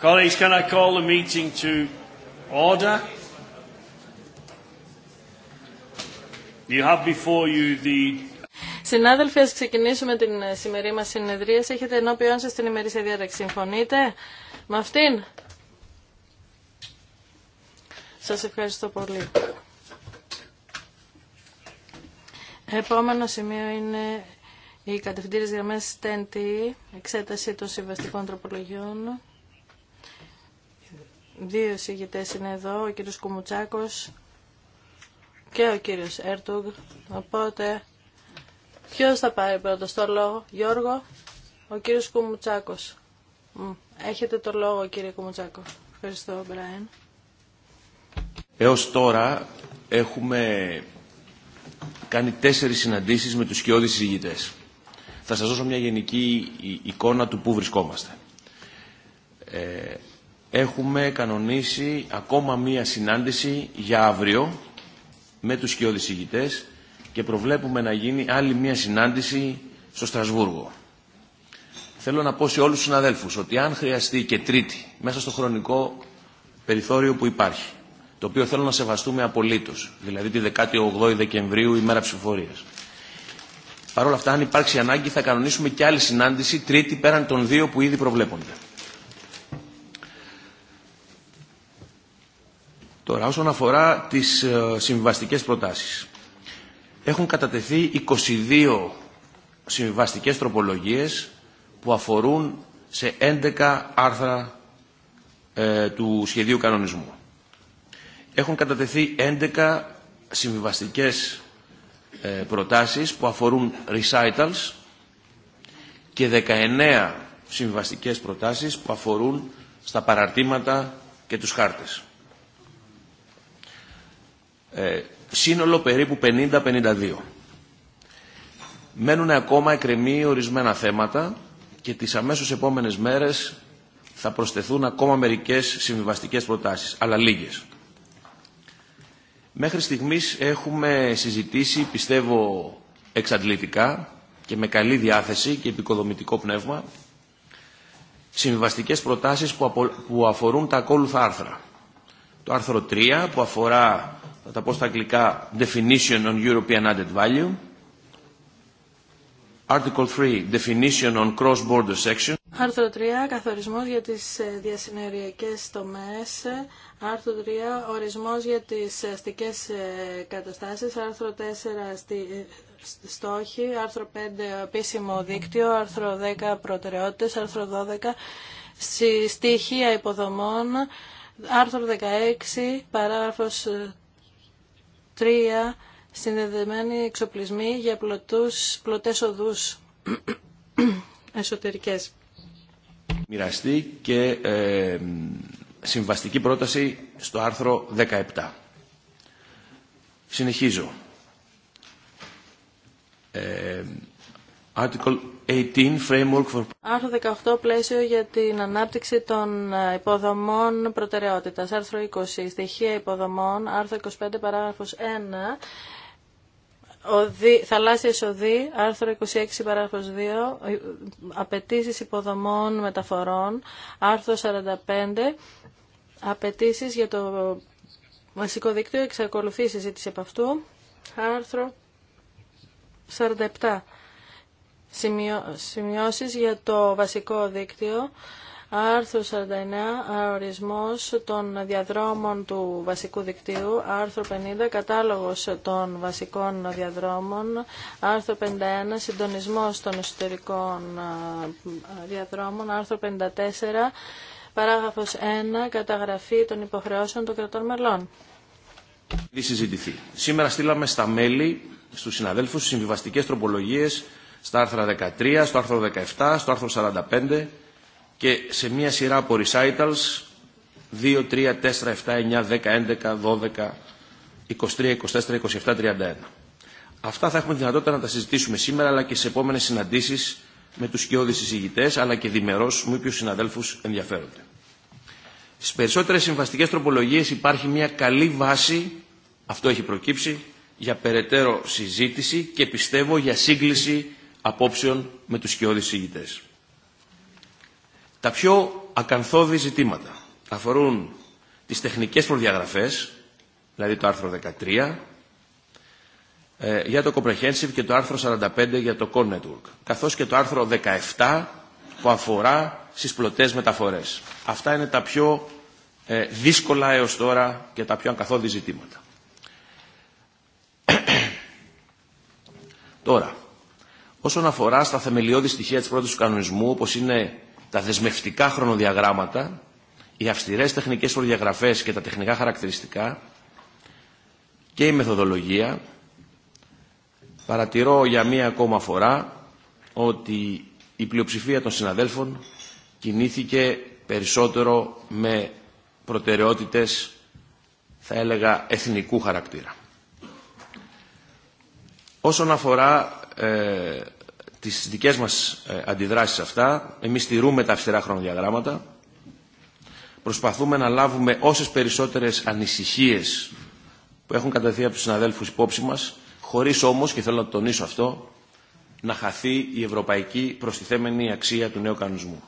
Colleagues, can I call the meeting to order? You have before you the... Συνάδελφοι, ας ξεκινήσουμε την σημερινή μας συνεδρία. Έχετε ενώπιόν σας την ημερήσια διάταξη. Συμφωνείτε με αυτήν? Σας ευχαριστώ πολύ. Επόμενο σημείο είναι οι κατευθυντήρες γραμμές TNT, εξέταση των συμβαστικών τροπολογιών. Δύο συγγητές είναι εδώ, ο κύριος Κουμουτσάκος και ο κύριος Έρτουγ. Οπότε, ποιος θα πάρει πρώτος το λόγο, Γιώργο, ο κύριος Κουμουτσάκος. Έχετε το λόγο κύριε Κουμουτσάκο. Ευχαριστώ, Μπράιν. Έως τώρα έχουμε κάνει τέσσερις συναντήσεις με τους σκιώδεις συζητητές. Θα σας δώσω μια γενική εικόνα του πού βρισκόμαστε. Ε, έχουμε κανονίσει ακόμα μία συνάντηση για αύριο με τους σκιώδης και προβλέπουμε να γίνει άλλη μία συνάντηση στο Στρασβούργο. Θέλω να πω σε όλους τους συναδέλφους ότι αν χρειαστεί και τρίτη μέσα στο χρονικό περιθώριο που υπάρχει το οποίο θέλω να σεβαστούμε απολύτως, δηλαδή τη 18η Δεκεμβρίου ημέρα ψηφοφορίας. Παρ' όλα αυτά, αν υπάρξει ανάγκη, θα κανονίσουμε και άλλη συνάντηση, τρίτη πέραν των δύο που ήδη προβλέπονται. Τώρα, όσον αφορά τις ε, συμβιβαστικέ προτάσεις. Έχουν κατατεθεί 22 συμβιβαστικές τροπολογίες που αφορούν σε 11 άρθρα ε, του σχεδίου κανονισμού. Έχουν κατατεθεί 11 συμβιβαστικές ε, προτάσεις που αφορούν recitals και 19 συμβιβαστικές προτάσεις που αφορούν στα παραρτήματα και τους χάρτες. Ε, σύνολο περίπου 50-52. Μένουν ακόμα εκκρεμή ορισμένα θέματα και τις αμέσως επόμενες μέρες θα προσθεθούν ακόμα μερικές συμβιβαστικές προτάσεις, αλλά λίγες. Μέχρι στιγμής έχουμε συζητήσει, πιστεύω, εξαντλητικά και με καλή διάθεση και επικοδομητικό πνεύμα συμβιβαστικές προτάσεις που αφορούν τα ακόλουθα άρθρα. Το άρθρο 3 που αφορά θα τα πω στα αγγλικά, Definition on European Added Value. Article 3, Definition on Cross-Border Section. Άρθρο 3, καθορισμός για τις ε, διασυνοριακές τομές. Άρθρο 3, ορισμός για τις αστικές ε, καταστάσεις. Άρθρο 4, ε, στη, στόχοι. Άρθρο 5, επίσημο δίκτυο. Άρθρο 10, προτεραιότητες. Άρθρο 12, στοιχεία υποδομών. Άρθρο 16, παράγραφος τρία Συνδεδεμένοι εξοπλισμοί για πλωτούς, πλωτές οδούς εσωτερικές. Μοιραστεί και ε, συμβαστική πρόταση στο άρθρο 17. Συνεχίζω. Ε, article 18 framework for... Άρθρο 18 πλαίσιο για την ανάπτυξη των ε, υποδομών προτεραιότητας. Άρθρο 20 στοιχεία υποδομών. Άρθρο 25 παράγραφος 1 οδή, θαλάσσιες οδοί, άρθρο 26 παράγραφος 2, ε, απαιτήσει υποδομών μεταφορών, άρθρο 45, απαιτήσει για το βασικό δίκτυο, εξακολουθεί η συζήτηση από αυτού, άρθρο 47 σημειώσεις για το βασικό δίκτυο. Άρθρο 49, ορισμός των διαδρόμων του βασικού δικτύου. Άρθρο 50, κατάλογος των βασικών διαδρόμων. Άρθρο 51, συντονισμός των εσωτερικών διαδρόμων. Άρθρο 54, παράγραφος 1, καταγραφή των υποχρεώσεων των κρατών μελών. Σήμερα στείλαμε στα μέλη, στους συναδέλφους, συμβιβαστικές τροπολογίες στα άρθρα 13, στο άρθρο 17, στο άρθρο 45 και σε μία σειρά από recitals 2, 3, 4, 7, 9, 10, 11, 12, 23, 24, 27, 31. Αυτά θα έχουμε δυνατότητα να τα συζητήσουμε σήμερα αλλά και σε επόμενες συναντήσεις με τους σκιώδεις εισηγητές αλλά και διμερώς ή όποιους συναδέλφους ενδιαφέρονται. Στις περισσότερες συμβαστικές τροπολογίες υπάρχει μια καλή βάση, αυτό έχει προκύψει, για περαιτέρω συζήτηση και πιστεύω για σύγκληση απόψεων με τους σκιώδεις ηγητές. Τα πιο ακαθόδη ζητήματα αφορούν τις τεχνικές προδιαγραφές, δηλαδή το άρθρο 13, ε, για το Comprehensive και το άρθρο 45 για το Core Network, καθώς και το άρθρο 17 που αφορά στις πλωτές μεταφορές. Αυτά είναι τα πιο ε, δύσκολα έως τώρα και τα πιο ακαθόδη ζητήματα. τώρα, Όσον αφορά στα θεμελιώδη στοιχεία της πρώτης του κανονισμού, όπως είναι τα δεσμευτικά χρονοδιαγράμματα, οι αυστηρές τεχνικές προδιαγραφές και τα τεχνικά χαρακτηριστικά και η μεθοδολογία, παρατηρώ για μία ακόμα φορά ότι η πλειοψηφία των συναδέλφων κινήθηκε περισσότερο με προτεραιότητες, θα έλεγα, εθνικού χαρακτήρα. Όσον αφορά ε, τις δικές μας ε, αντιδράσεις αυτά. Εμείς στηρούμε τα αυστηρά χρονοδιαγράμματα. Προσπαθούμε να λάβουμε όσες περισσότερες ανησυχίες που έχουν καταθεί από τους συναδέλφους υπόψη μας, χωρίς όμως, και θέλω να τονίσω αυτό, να χαθεί η ευρωπαϊκή προστιθέμενη αξία του νέου κανονισμού.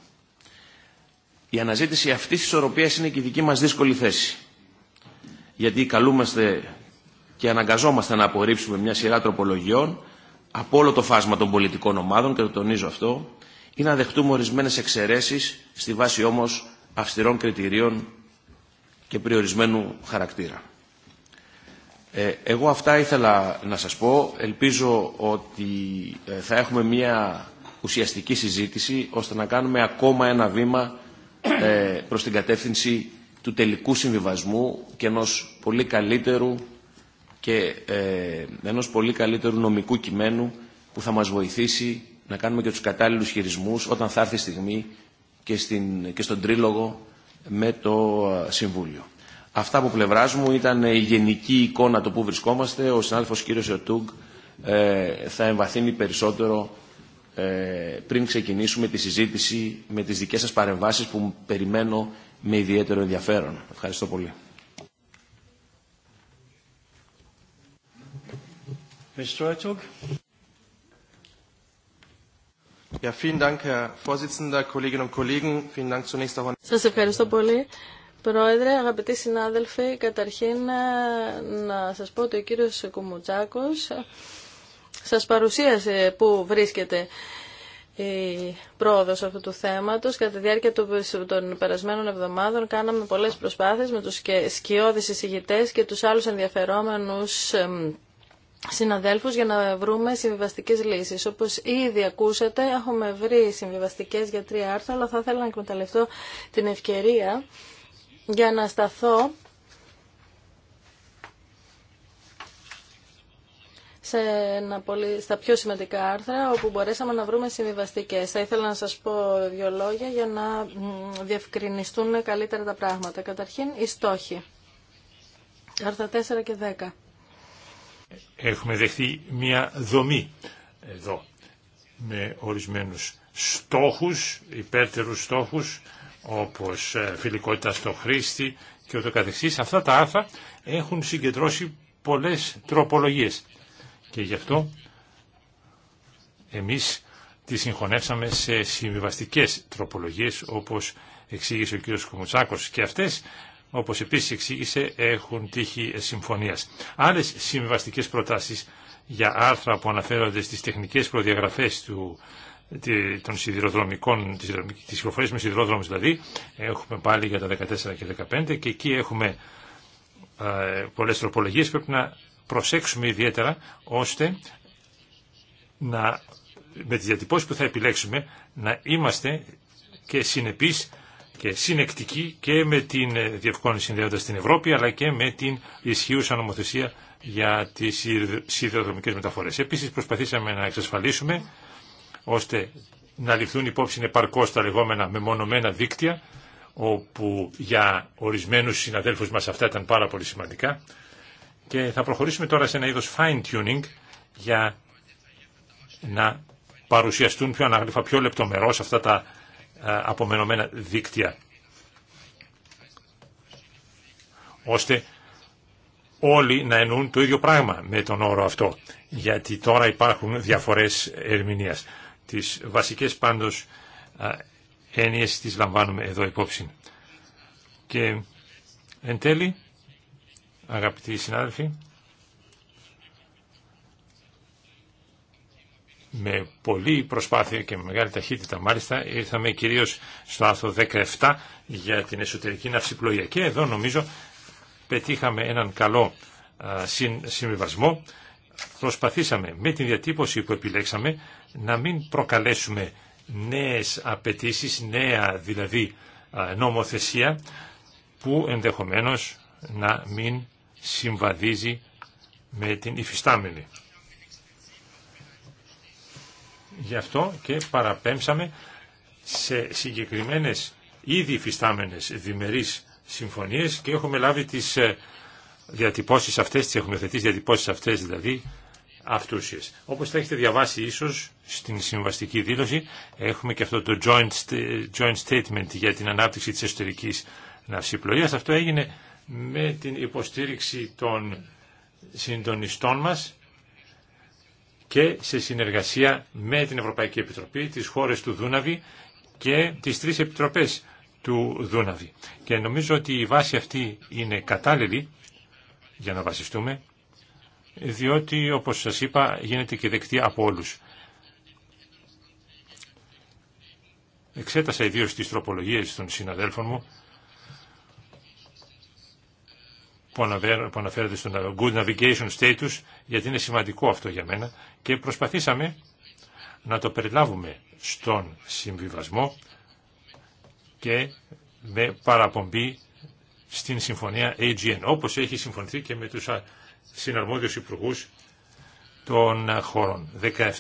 Η αναζήτηση αυτής της ισορροπίας είναι και η δική μας δύσκολη θέση. Γιατί καλούμαστε και αναγκαζόμαστε να απορρίψουμε μια σειρά τροπολογιών από όλο το φάσμα των πολιτικών ομάδων, και το τονίζω αυτό, ή να δεχτούμε ορισμένες εξαιρέσεις, στη βάση όμως αυστηρών κριτηρίων και περιορισμένου χαρακτήρα. Ε, εγώ αυτά ήθελα να σας πω. Ελπίζω ότι ε, θα έχουμε μια ουσιαστική συζήτηση ώστε να κάνουμε ακόμα ένα βήμα ε, προς την κατεύθυνση του τελικού συμβιβασμού και ενός πολύ καλύτερου και ε, ενός πολύ καλύτερου νομικού κειμένου που θα μας βοηθήσει να κάνουμε και τους κατάλληλους χειρισμούς όταν θα έρθει η στιγμή και, στην, και στον τρίλογο με το ε, Συμβούλιο. Αυτά από πλευρά μου ήταν η γενική εικόνα το που βρισκόμαστε. Ο συνάδελφος κύριος Ιωτούγκ ε, θα εμβαθύνει περισσότερο ε, πριν ξεκινήσουμε τη συζήτηση με τις δικές σας παρεμβάσεις που περιμένω με ιδιαίτερο ενδιαφέρον. Ευχαριστώ πολύ. Σα Σας ευχαριστώ πολύ. Πρόεδρε, αγαπητοί συνάδελφοι, καταρχήν ε, να σας πω ότι ο κύριος Κουμουτσάκος ε, σας παρουσίασε πού βρίσκεται η πρόοδος αυτού του θέματος. Κατά τη διάρκεια των περασμένων εβδομάδων κάναμε πολλές προσπάθειες με τους σκιώδεις εισηγητές και τους άλλους ενδιαφερόμενους συναδέλφους για να βρούμε συμβιβαστικές λύσεις. Όπως ήδη ακούσατε, έχουμε βρει συμβιβαστικές για τρία άρθρα, αλλά θα ήθελα να εκμεταλλευτώ την ευκαιρία για να σταθώ σε ένα πολύ, στα πιο σημαντικά άρθρα όπου μπορέσαμε να βρούμε συμβιβαστικέ. Θα ήθελα να σας πω δύο λόγια για να διευκρινιστούν καλύτερα τα πράγματα. Καταρχήν, οι στόχοι. Άρθρα 4 και 10. Έχουμε δεχθεί μια δομή εδώ με ορισμένους στόχους, υπέρτερους στόχους όπως ε, φιλικότητα στο χρήστη και ούτω καθεξής. Αυτά τα άρθρα έχουν συγκεντρώσει πολλές τροπολογίες και γι' αυτό εμείς τη συγχωνεύσαμε σε συμβιβαστικές τροπολογίες όπως εξήγησε ο κ. Κουμουτσάκος και αυτές όπως επίσης εξήγησε, έχουν τύχει συμφωνίας. Άλλες συμβαστικές προτάσεις για άρθρα που αναφέρονται στις τεχνικές προδιαγραφές του, των σιδηροδρομικών, της κυκλοφορίας με σιδηροδρόμους δηλαδή, έχουμε πάλι για τα 14 και 15 και εκεί έχουμε ε, πολλές τροπολογίες πρέπει να προσέξουμε ιδιαίτερα ώστε να, με τις διατυπώσεις που θα επιλέξουμε να είμαστε και συνεπείς και συνεκτική και με την ε, διευκόνηση Συνδέοντα στην Ευρώπη αλλά και με την ισχύουσα νομοθεσία για τις σιδηροδρομικές μεταφορές. Επίσης προσπαθήσαμε να εξασφαλίσουμε ώστε να ληφθούν υπόψη επαρκώ τα λεγόμενα μεμονωμένα δίκτυα όπου για ορισμένους συναδέλφους μας αυτά ήταν πάρα πολύ σημαντικά και θα προχωρήσουμε τώρα σε ένα είδος fine tuning για να παρουσιαστούν πιο ανάγλυφα, πιο λεπτομερώς αυτά τα ε, απομενωμένα δίκτυα ώστε όλοι να εννοούν το ίδιο πράγμα με τον όρο αυτό γιατί τώρα υπάρχουν διαφορές ερμηνείας τις βασικές πάντως ε, έννοιες τις λαμβάνουμε εδώ υπόψη και εν τέλει αγαπητοί συνάδελφοι με πολλή προσπάθεια και με μεγάλη ταχύτητα μάλιστα ήρθαμε κυρίως στο άρθρο 17 για την εσωτερική ναυσιπλογία. και εδώ νομίζω πετύχαμε έναν καλό συμβιβασμό προσπαθήσαμε με την διατύπωση που επιλέξαμε να μην προκαλέσουμε νέες απαιτήσει, νέα δηλαδή νομοθεσία που ενδεχομένως να μην συμβαδίζει με την υφιστάμενη. Γι' αυτό και παραπέμψαμε σε συγκεκριμένες ήδη υφιστάμενες διμερείς συμφωνίες και έχουμε λάβει τις ε, διατυπώσεις αυτές, τις έχουμε θετήσει διατυπώσεις αυτές δηλαδή αυτούσιες. Όπως θα έχετε διαβάσει ίσως στην συμβαστική δήλωση έχουμε και αυτό το joint, joint statement για την ανάπτυξη της εσωτερικής ναυσιπλοείας. Αυτό έγινε με την υποστήριξη των συντονιστών μας και σε συνεργασία με την Ευρωπαϊκή Επιτροπή, τις χώρες του Δούναβη και τις τρεις επιτροπές του Δούναβη. Και νομίζω ότι η βάση αυτή είναι κατάλληλη για να βασιστούμε, διότι όπως σας είπα γίνεται και δεκτή από όλους. Εξέτασα ιδίω τις τροπολογίες των συναδέλφων μου που αναφέρεται στο ε, Good Navigation Status, γιατί είναι σημαντικό αυτό για μένα και προσπαθήσαμε να το περιλάβουμε στον συμβιβασμό και με παραπομπή στην συμφωνία AGN, όπως έχει συμφωνηθεί και με τους συναρμόδιους υπουργούς των χώρων,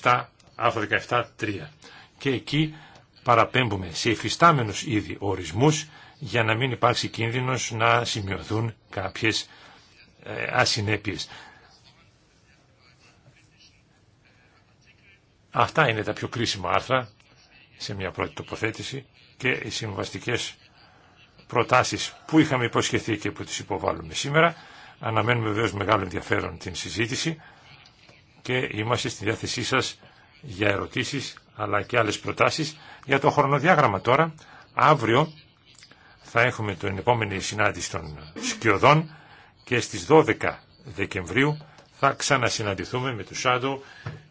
17, άρθρο 17.3. Και εκεί παραπέμπουμε σε εφιστάμενους ήδη ορισμούς για να μην υπάρξει κίνδυνος να σημειωθούν κάποιες ε, ασυνέπειες. Αυτά είναι τα πιο κρίσιμα άρθρα σε μια πρώτη τοποθέτηση και οι συμβαστικές προτάσεις που είχαμε υποσχεθεί και που τις υποβάλλουμε σήμερα. Αναμένουμε βεβαίω μεγάλο ενδιαφέρον την συζήτηση και είμαστε στη διάθεσή σας για ερωτήσεις αλλά και άλλες προτάσεις για το χρονοδιάγραμμα τώρα. Αύριο θα έχουμε την επόμενη συνάντηση των σκιωδών και στις 12 Δεκεμβρίου θα ξανασυναντηθούμε με του Σάντο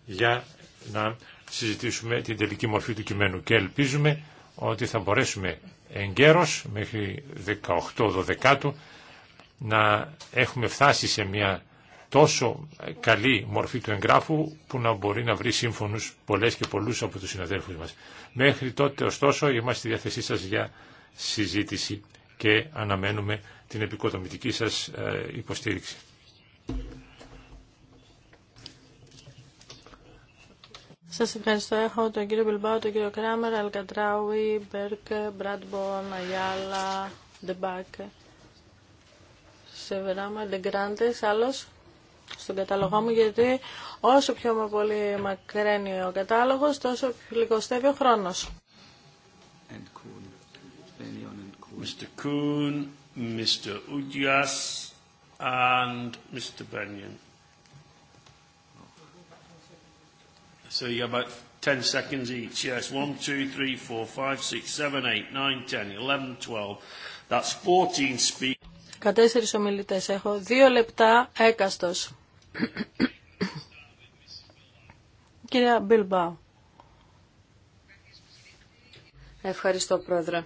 για να συζητήσουμε την τελική μορφή του κειμένου και ελπίζουμε ότι θα μπορέσουμε εγκαίρως μέχρι 18-12 να έχουμε φτάσει σε μια τόσο καλή μορφή του εγγράφου που να μπορεί να βρει σύμφωνους πολλές και πολλούς από τους συναδέλφους μας. Μέχρι τότε ωστόσο είμαστε στη διάθεσή σας για συζήτηση και αναμένουμε την επικοδομητική σας ε, υποστήριξη. Σας ευχαριστώ. Έχω τον κύριο Μπιλμπάου, τον κύριο Κράμερ, Αλκατράουι, Μπέρκ, Μπραντμπον, Αγιάλα, Ντεμπάκ, Σεβεράμα, Ντεγκράντες, άλλος στον κατάλογό μου γιατί όσο πιο πολύ μακραίνει ο κατάλογος τόσο λιγοστεύει ο χρόνος. Mr. Kuhn, Mr. Udias, and Mr. Benyon. So you have about 10 seconds each. Yes, 1, 2, 3, 4, 5, 6, 7, 8, 9, 10, 11, 12. That's 14 speakers. Κατέσσερις ομιλητές έχω. Δύο λεπτά έκαστος. Κυρία Μπιλμπάου. Ευχαριστώ, Πρόεδρε.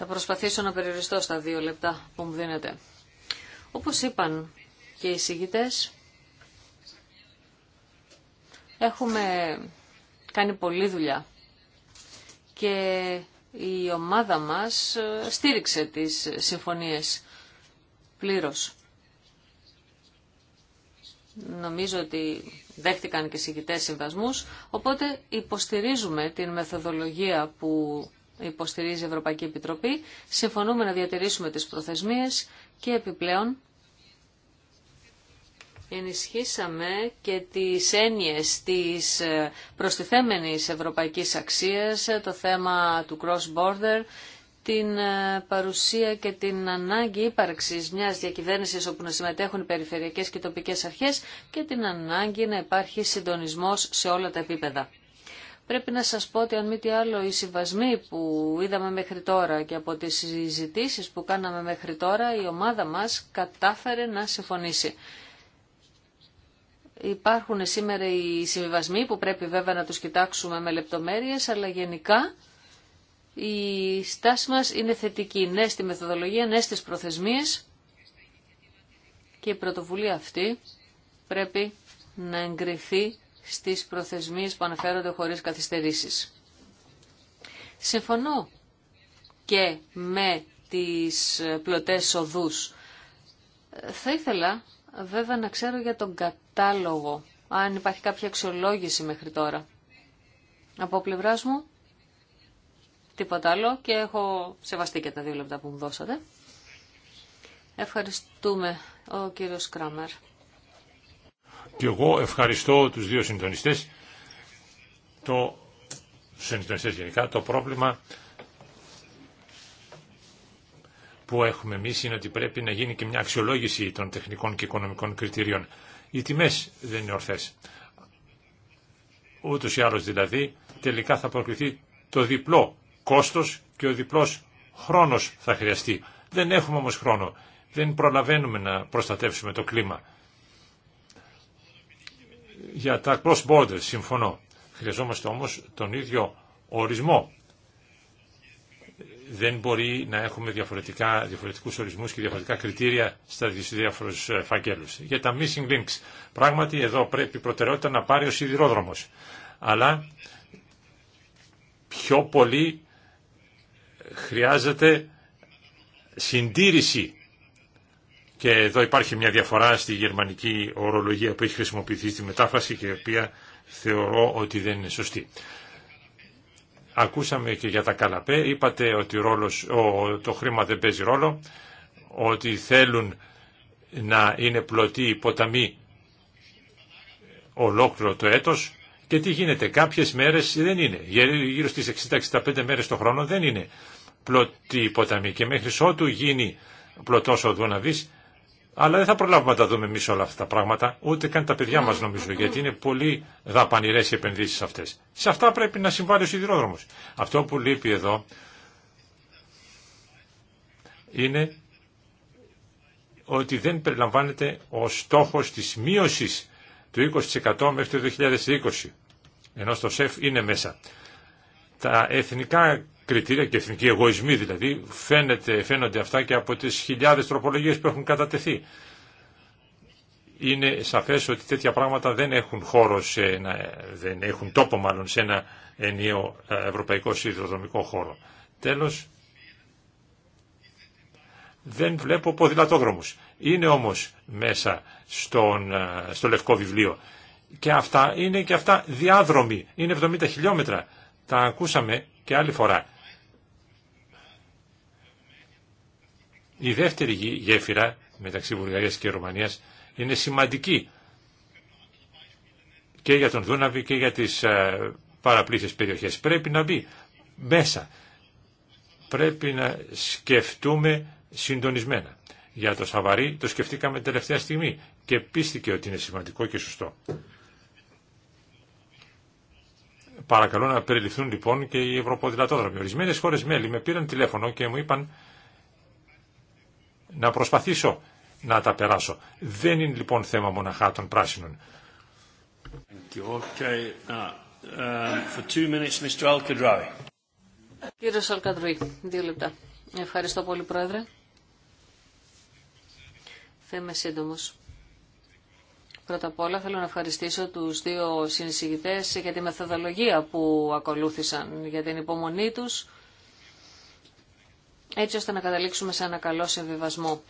Θα προσπαθήσω να περιοριστώ στα δύο λεπτά που μου δίνετε. Όπως είπαν και οι συγγητές, έχουμε κάνει πολλή δουλειά και η ομάδα μας στήριξε τις συμφωνίες πλήρως. Νομίζω ότι δέχτηκαν και συγκητές συμβασμούς, οπότε υποστηρίζουμε την μεθοδολογία που υποστηρίζει η Ευρωπαϊκή Επιτροπή. Συμφωνούμε να διατηρήσουμε τις προθεσμίες και επιπλέον ενισχύσαμε και τις έννοιες της ε, προστιθέμενης ευρωπαϊκής αξίας, ε, το θέμα του cross-border, την ε, παρουσία και την ανάγκη ύπαρξης μιας διακυβέρνησης όπου να συμμετέχουν οι περιφερειακές και τοπικές αρχές και την ανάγκη να υπάρχει συντονισμός σε όλα τα επίπεδα. Πρέπει να σας πω ότι αν μη τι άλλο οι συμβασμοί που είδαμε μέχρι τώρα και από τις συζητήσει που κάναμε μέχρι τώρα η ομάδα μας κατάφερε να συμφωνήσει. Υπάρχουν σήμερα οι συμβασμοί που πρέπει βέβαια να τους κοιτάξουμε με λεπτομέρειες, αλλά γενικά η στάση μας είναι θετική. Ναι στη μεθοδολογία, ναι στις προθεσμίες και η πρωτοβουλία αυτή πρέπει να εγκριθεί στις προθεσμίες που αναφέρονται χωρίς καθυστερήσεις. Συμφωνώ και με τις πλωτές οδούς. Θα ήθελα βέβαια να ξέρω για τον κατάλογο, αν υπάρχει κάποια αξιολόγηση μέχρι τώρα. Από πλευρά μου, τίποτα άλλο και έχω σεβαστεί και τα δύο λεπτά που μου δώσατε. Ευχαριστούμε ο κύριος Κράμερ. Και εγώ ευχαριστώ τους δύο συντονιστές, το συντονιστές γενικά, το πρόβλημα που έχουμε εμεί είναι ότι πρέπει να γίνει και μια αξιολόγηση των τεχνικών και οικονομικών κριτηρίων. Οι τιμές δεν είναι ορθές. Ούτως ή άλλως δηλαδή τελικά θα προκληθεί το διπλό κόστος και ο διπλός χρόνος θα χρειαστεί. Δεν έχουμε όμως χρόνο. Δεν προλαβαίνουμε να προστατεύσουμε το κλίμα για τα cross-border, συμφωνώ. Χρειαζόμαστε όμως τον ίδιο ορισμό. Δεν μπορεί να έχουμε διαφορετικά, διαφορετικούς ορισμούς και διαφορετικά κριτήρια στα διάφορους ε, φαγγέλους. Για τα missing links, πράγματι εδώ πρέπει προτεραιότητα να πάρει ο σιδηρόδρομος. Αλλά πιο πολύ χρειάζεται συντήρηση και εδώ υπάρχει μια διαφορά στη γερμανική ορολογία που έχει χρησιμοποιηθεί στη μετάφραση και η οποία θεωρώ ότι δεν είναι σωστή. Ακούσαμε και για τα καλαπέ, είπατε ότι ρόλος, ο, το χρήμα δεν παίζει ρόλο, ότι θέλουν να είναι πλωτοί οι ποταμοί ολόκληρο το έτος και τι γίνεται, κάποιες μέρες δεν είναι, γύρω στις 60-65 μέρες το χρόνο δεν είναι πλωτοί οι ποταμοί και μέχρι ότου γίνει πλωτός ο Δούναβης αλλά δεν θα προλάβουμε να τα δούμε εμεί όλα αυτά τα πράγματα, ούτε καν τα παιδιά μα νομίζω, γιατί είναι πολύ δαπανηρέ οι επενδύσει αυτέ. Σε αυτά πρέπει να συμβάλλει ο σιδηρόδρομο. Αυτό που λείπει εδώ είναι ότι δεν περιλαμβάνεται ο στόχος της μείωση του 20% μέχρι το 2020, ενώ στο ΣΕΦ είναι μέσα. Τα εθνικά κριτήρια και εθνικοί εγωισμοί δηλαδή, φαίνεται, φαίνονται αυτά και από τις χιλιάδες τροπολογίες που έχουν κατατεθεί. Είναι σαφές ότι τέτοια πράγματα δεν έχουν χώρο, σε δεν έχουν τόπο μάλλον σε ένα ενιαίο ε, ευρωπαϊκό σιδηροδρομικό χώρο. Τέλος, δεν βλέπω ποδηλατόδρομους. Είναι όμως μέσα στον, ε, στο λευκό βιβλίο. Και αυτά είναι και αυτά διάδρομοι. Είναι 70 χιλιόμετρα. Τα ακούσαμε και άλλη φορά. Η δεύτερη γέφυρα μεταξύ Βουλγαρίας και Ρουμανίας είναι σημαντική και για τον Δούναβη και για τις ε, παραπλήσεις περιοχές. Πρέπει να μπει μέσα. Πρέπει να σκεφτούμε συντονισμένα. Για το Σαβαρή το σκεφτήκαμε τελευταία στιγμή και πίστηκε ότι είναι σημαντικό και σωστό. Παρακαλώ να περιληφθούν λοιπόν και οι ευρωποδηλατόδρομοι. Ορισμένε χώρες μέλη με πήραν τηλέφωνο και μου είπαν να προσπαθήσω να τα περάσω. Δεν είναι λοιπόν θέμα μοναχά των πράσινων. Okay. Uh, δύο λεπτά. Ευχαριστώ πολύ, Πρόεδρε. Θα είμαι σύντομο. Πρώτα απ' όλα θέλω να ευχαριστήσω τους δύο συνεισηγητές για τη μεθοδολογία που ακολούθησαν, για την υπομονή τους έτσι ώστε να καταλήξουμε σε ένα καλό συμβιβασμό.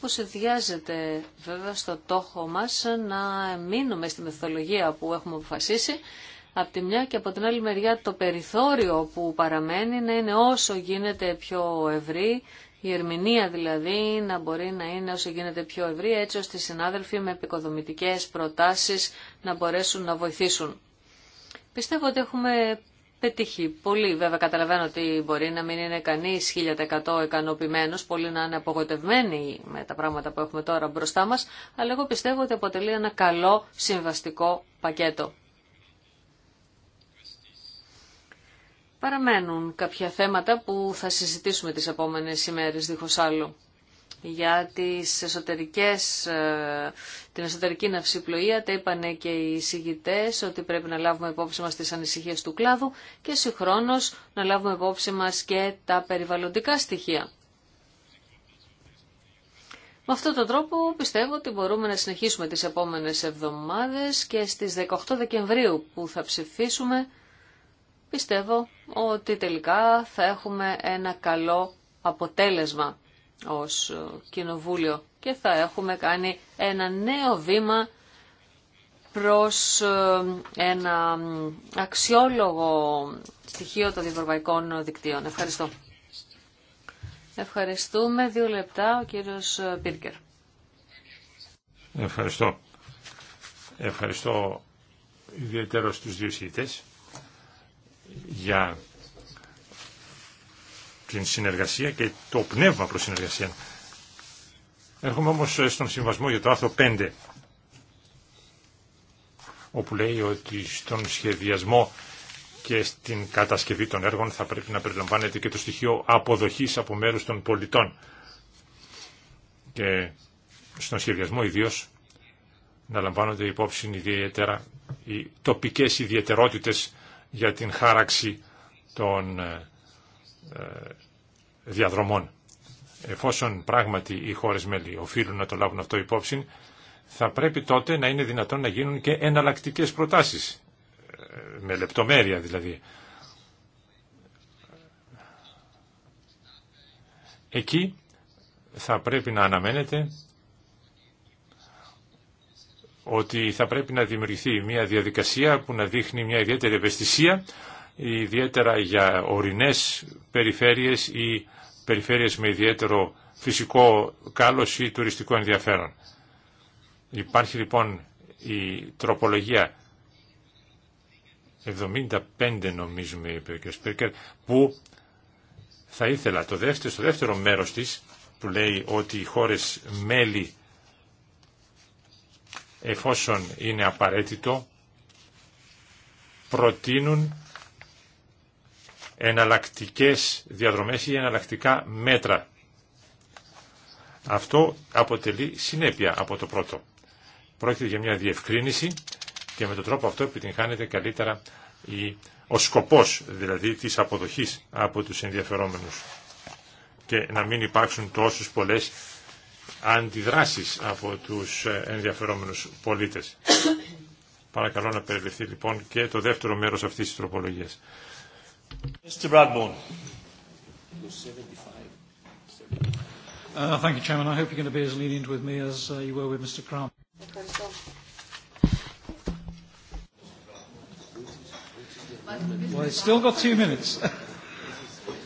που συνδυάζεται βέβαια στο τόχο μας να μείνουμε στη μεθοδολογία που έχουμε αποφασίσει από τη μια και από την άλλη μεριά το περιθώριο που παραμένει να είναι όσο γίνεται πιο ευρύ, η ερμηνεία δηλαδή να μπορεί να είναι όσο γίνεται πιο ευρύ έτσι ώστε οι συνάδελφοι με επικοδομητικές προτάσεις να μπορέσουν να βοηθήσουν. Πιστεύω ότι έχουμε πετύχει πολύ. Βέβαια καταλαβαίνω ότι μπορεί να μην είναι κανεί 1000% ικανοποιημένο, πολύ να είναι απογοτευμένοι με τα πράγματα που έχουμε τώρα μπροστά μας, αλλά εγώ πιστεύω ότι αποτελεί ένα καλό συμβαστικό πακέτο. Παραμένουν κάποια θέματα που θα συζητήσουμε τις επόμενες ημέρες δίχως άλλο για τις εσωτερικές, ε, την εσωτερική ναυσιπλοεία. Τα είπαν και οι συγητές ότι πρέπει να λάβουμε υπόψη μας τις ανησυχίες του κλάδου και συγχρόνως να λάβουμε υπόψη μας και τα περιβαλλοντικά στοιχεία. Με αυτόν τον τρόπο πιστεύω ότι μπορούμε να συνεχίσουμε τις επόμενες εβδομάδες και στις 18 Δεκεμβρίου που θα ψηφίσουμε πιστεύω ότι τελικά θα έχουμε ένα καλό αποτέλεσμα ως ε, κοινοβούλιο και θα έχουμε κάνει ένα νέο βήμα προς ε, ένα αξιόλογο στοιχείο των ευρωπαϊκών δικτύων. Ευχαριστώ. Ευχαριστούμε. Δύο λεπτά ο κύριος ε, Πίρκερ. Ευχαριστώ. Ευχαριστώ ιδιαίτερα στους δύο σχητές για την συνεργασία και το πνεύμα προς συνεργασία. Έρχομαι όμως στον συμβασμό για το άρθρο 5 όπου λέει ότι στον σχεδιασμό και στην κατασκευή των έργων θα πρέπει να περιλαμβάνεται και το στοιχείο αποδοχής από μέρους των πολιτών και στον σχεδιασμό ιδίω να λαμβάνονται υπόψη ιδιαίτερα οι τοπικές ιδιαιτερότητες για την χάραξη των ε, ε, διαδρομών. Εφόσον πράγματι οι χώρες μέλη οφείλουν να το λάβουν αυτό υπόψη, θα πρέπει τότε να είναι δυνατόν να γίνουν και εναλλακτικέ προτάσεις, ε, με λεπτομέρεια δηλαδή. Εκεί θα πρέπει να αναμένεται ότι θα πρέπει να δημιουργηθεί μια διαδικασία που να δείχνει μια ιδιαίτερη ευαισθησία ιδιαίτερα για ορεινές περιφέρειες ή περιφέρειες με ιδιαίτερο φυσικό κάλος ή τουριστικό ενδιαφέρον. Υπάρχει λοιπόν η τροπολογία 75 νομίζουμε είπε ο που θα ήθελα το δεύτερο, στο δεύτερο μέρος της που λέει ότι οι χώρες μέλη εφόσον είναι απαραίτητο προτείνουν εναλλακτικές διαδρομές ή εναλλακτικά μέτρα. Αυτό αποτελεί συνέπεια από το πρώτο. Πρόκειται για μια διευκρίνηση και με τον τρόπο αυτό επιτυγχάνεται καλύτερα η, ο σκοπός δηλαδή της αποδοχής από τους ενδιαφερόμενους και να μην υπάρξουν τόσες πολλές αντιδράσεις από τους ε, ενδιαφερόμενους πολίτες. Παρακαλώ να περιληφθεί λοιπόν και το δεύτερο μέρος αυτής της τροπολογίας. Mr. Bradbourne. Uh, thank you, Chairman. I hope you're going to be as lenient with me as uh, you were with Mr. Crum. Well, it's still got two minutes.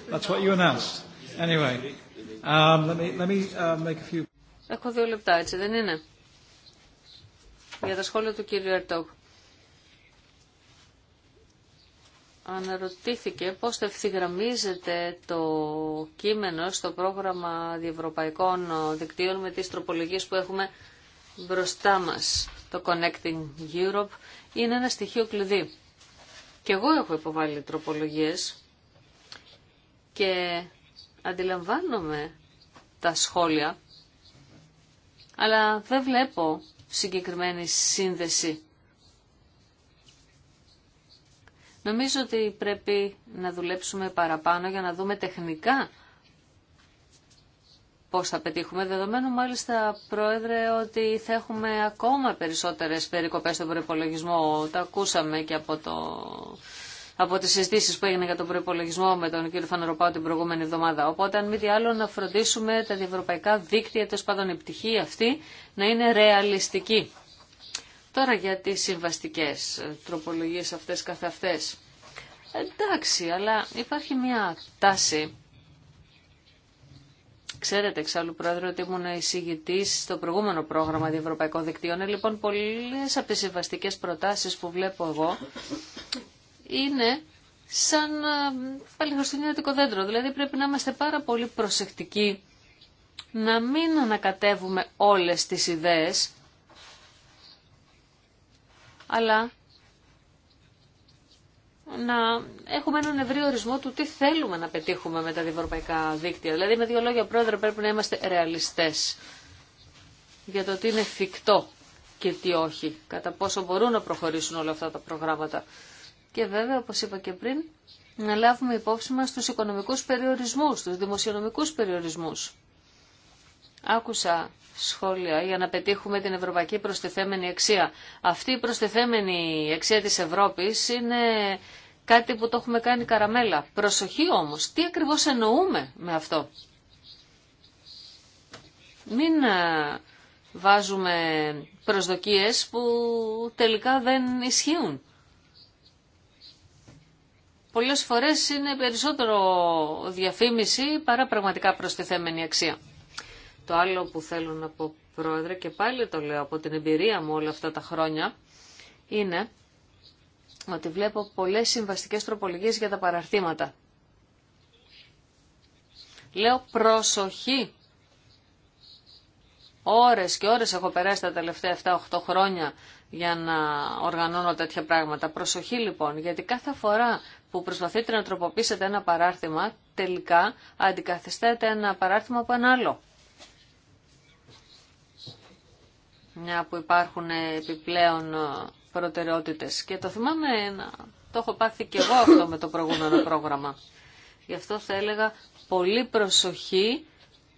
That's what you announced. Anyway, um, let me, let me uh, make a few... Έχω δύο λεπτά, έτσι δεν είναι. Για τα σχόλια του κύριου Ερτόκ. αναρωτήθηκε πώς θα ευθυγραμμίζεται το κείμενο στο πρόγραμμα διευρωπαϊκών δικτύων με τις τροπολογίες που έχουμε μπροστά μας. Το Connecting Europe είναι ένα στοιχείο κλειδί. Και εγώ έχω υποβάλει τροπολογίες και αντιλαμβάνομαι τα σχόλια, αλλά δεν βλέπω συγκεκριμένη σύνδεση Νομίζω ότι πρέπει να δουλέψουμε παραπάνω για να δούμε τεχνικά πώς θα πετύχουμε, δεδομένου μάλιστα, Πρόεδρε, ότι θα έχουμε ακόμα περισσότερες περικοπές στον προπολογισμό. Τα ακούσαμε και από, το... από τις συζητήσεις που έγινε για τον προπολογισμό με τον κύριο Φανεροπάου την προηγούμενη εβδομάδα. Οπότε, αν μη τι άλλο, να φροντίσουμε τα διευρωπαϊκά δίκτυα, τέλο πάντων η πτυχή αυτή, να είναι ρεαλιστική. Τώρα για τις συμβαστικές ε, τροπολογίες αυτές καθ' αυτές. Εντάξει, αλλά υπάρχει μια τάση. Ξέρετε εξάλλου, Πρόεδρε, ότι ήμουν εισηγητή στο προηγούμενο πρόγραμμα Διευρωπαϊκών Δικτύων. Ε, λοιπόν, πολλέ από τι συμβαστικέ προτάσει που βλέπω εγώ είναι σαν ε, πάλι δέντρο. Δηλαδή, πρέπει να είμαστε πάρα πολύ προσεκτικοί να μην ανακατεύουμε όλες τις ιδέες αλλά να έχουμε έναν ευρύ ορισμό του τι θέλουμε να πετύχουμε με τα διευρωπαϊκά δίκτυα. Δηλαδή, με δύο λόγια, πρόεδρε, πρέπει να είμαστε ρεαλιστές για το τι είναι εφικτό και τι όχι, κατά πόσο μπορούν να προχωρήσουν όλα αυτά τα προγράμματα. Και βέβαια, όπως είπα και πριν, να λάβουμε υπόψη μας τους οικονομικούς περιορισμούς, τους δημοσιονομικούς περιορισμούς. Άκουσα σχόλια για να πετύχουμε την ευρωπαϊκή προστιθέμενη αξία. Αυτή η προστιθέμενη αξία της Ευρώπης είναι κάτι που το έχουμε κάνει καραμέλα. Προσοχή όμως, τι ακριβώς εννοούμε με αυτό. Μην βάζουμε προσδοκίες που τελικά δεν ισχύουν. Πολλές φορές είναι περισσότερο διαφήμιση παρά πραγματικά προστιθέμενη αξία. Το άλλο που θέλω να πω, Πρόεδρε, και πάλι το λέω από την εμπειρία μου όλα αυτά τα χρόνια, είναι ότι βλέπω πολλές συμβαστικές τροπολογίες για τα παραρθήματα. Λέω προσοχή. Ώρες και ώρες έχω περάσει τα τελευταία 7-8 χρόνια για να οργανώνω τέτοια πράγματα. Προσοχή λοιπόν, γιατί κάθε φορά που προσπαθείτε να τροποποιήσετε ένα παράρτημα, τελικά αντικαθιστάτε ένα παράρτημα από ένα άλλο. μια που υπάρχουν επιπλέον ε, προτεραιότητες. Και το θυμάμαι, να... το έχω πάθει και εγώ αυτό με το προηγούμενο πρόγραμμα. Γι' αυτό θα έλεγα πολύ προσοχή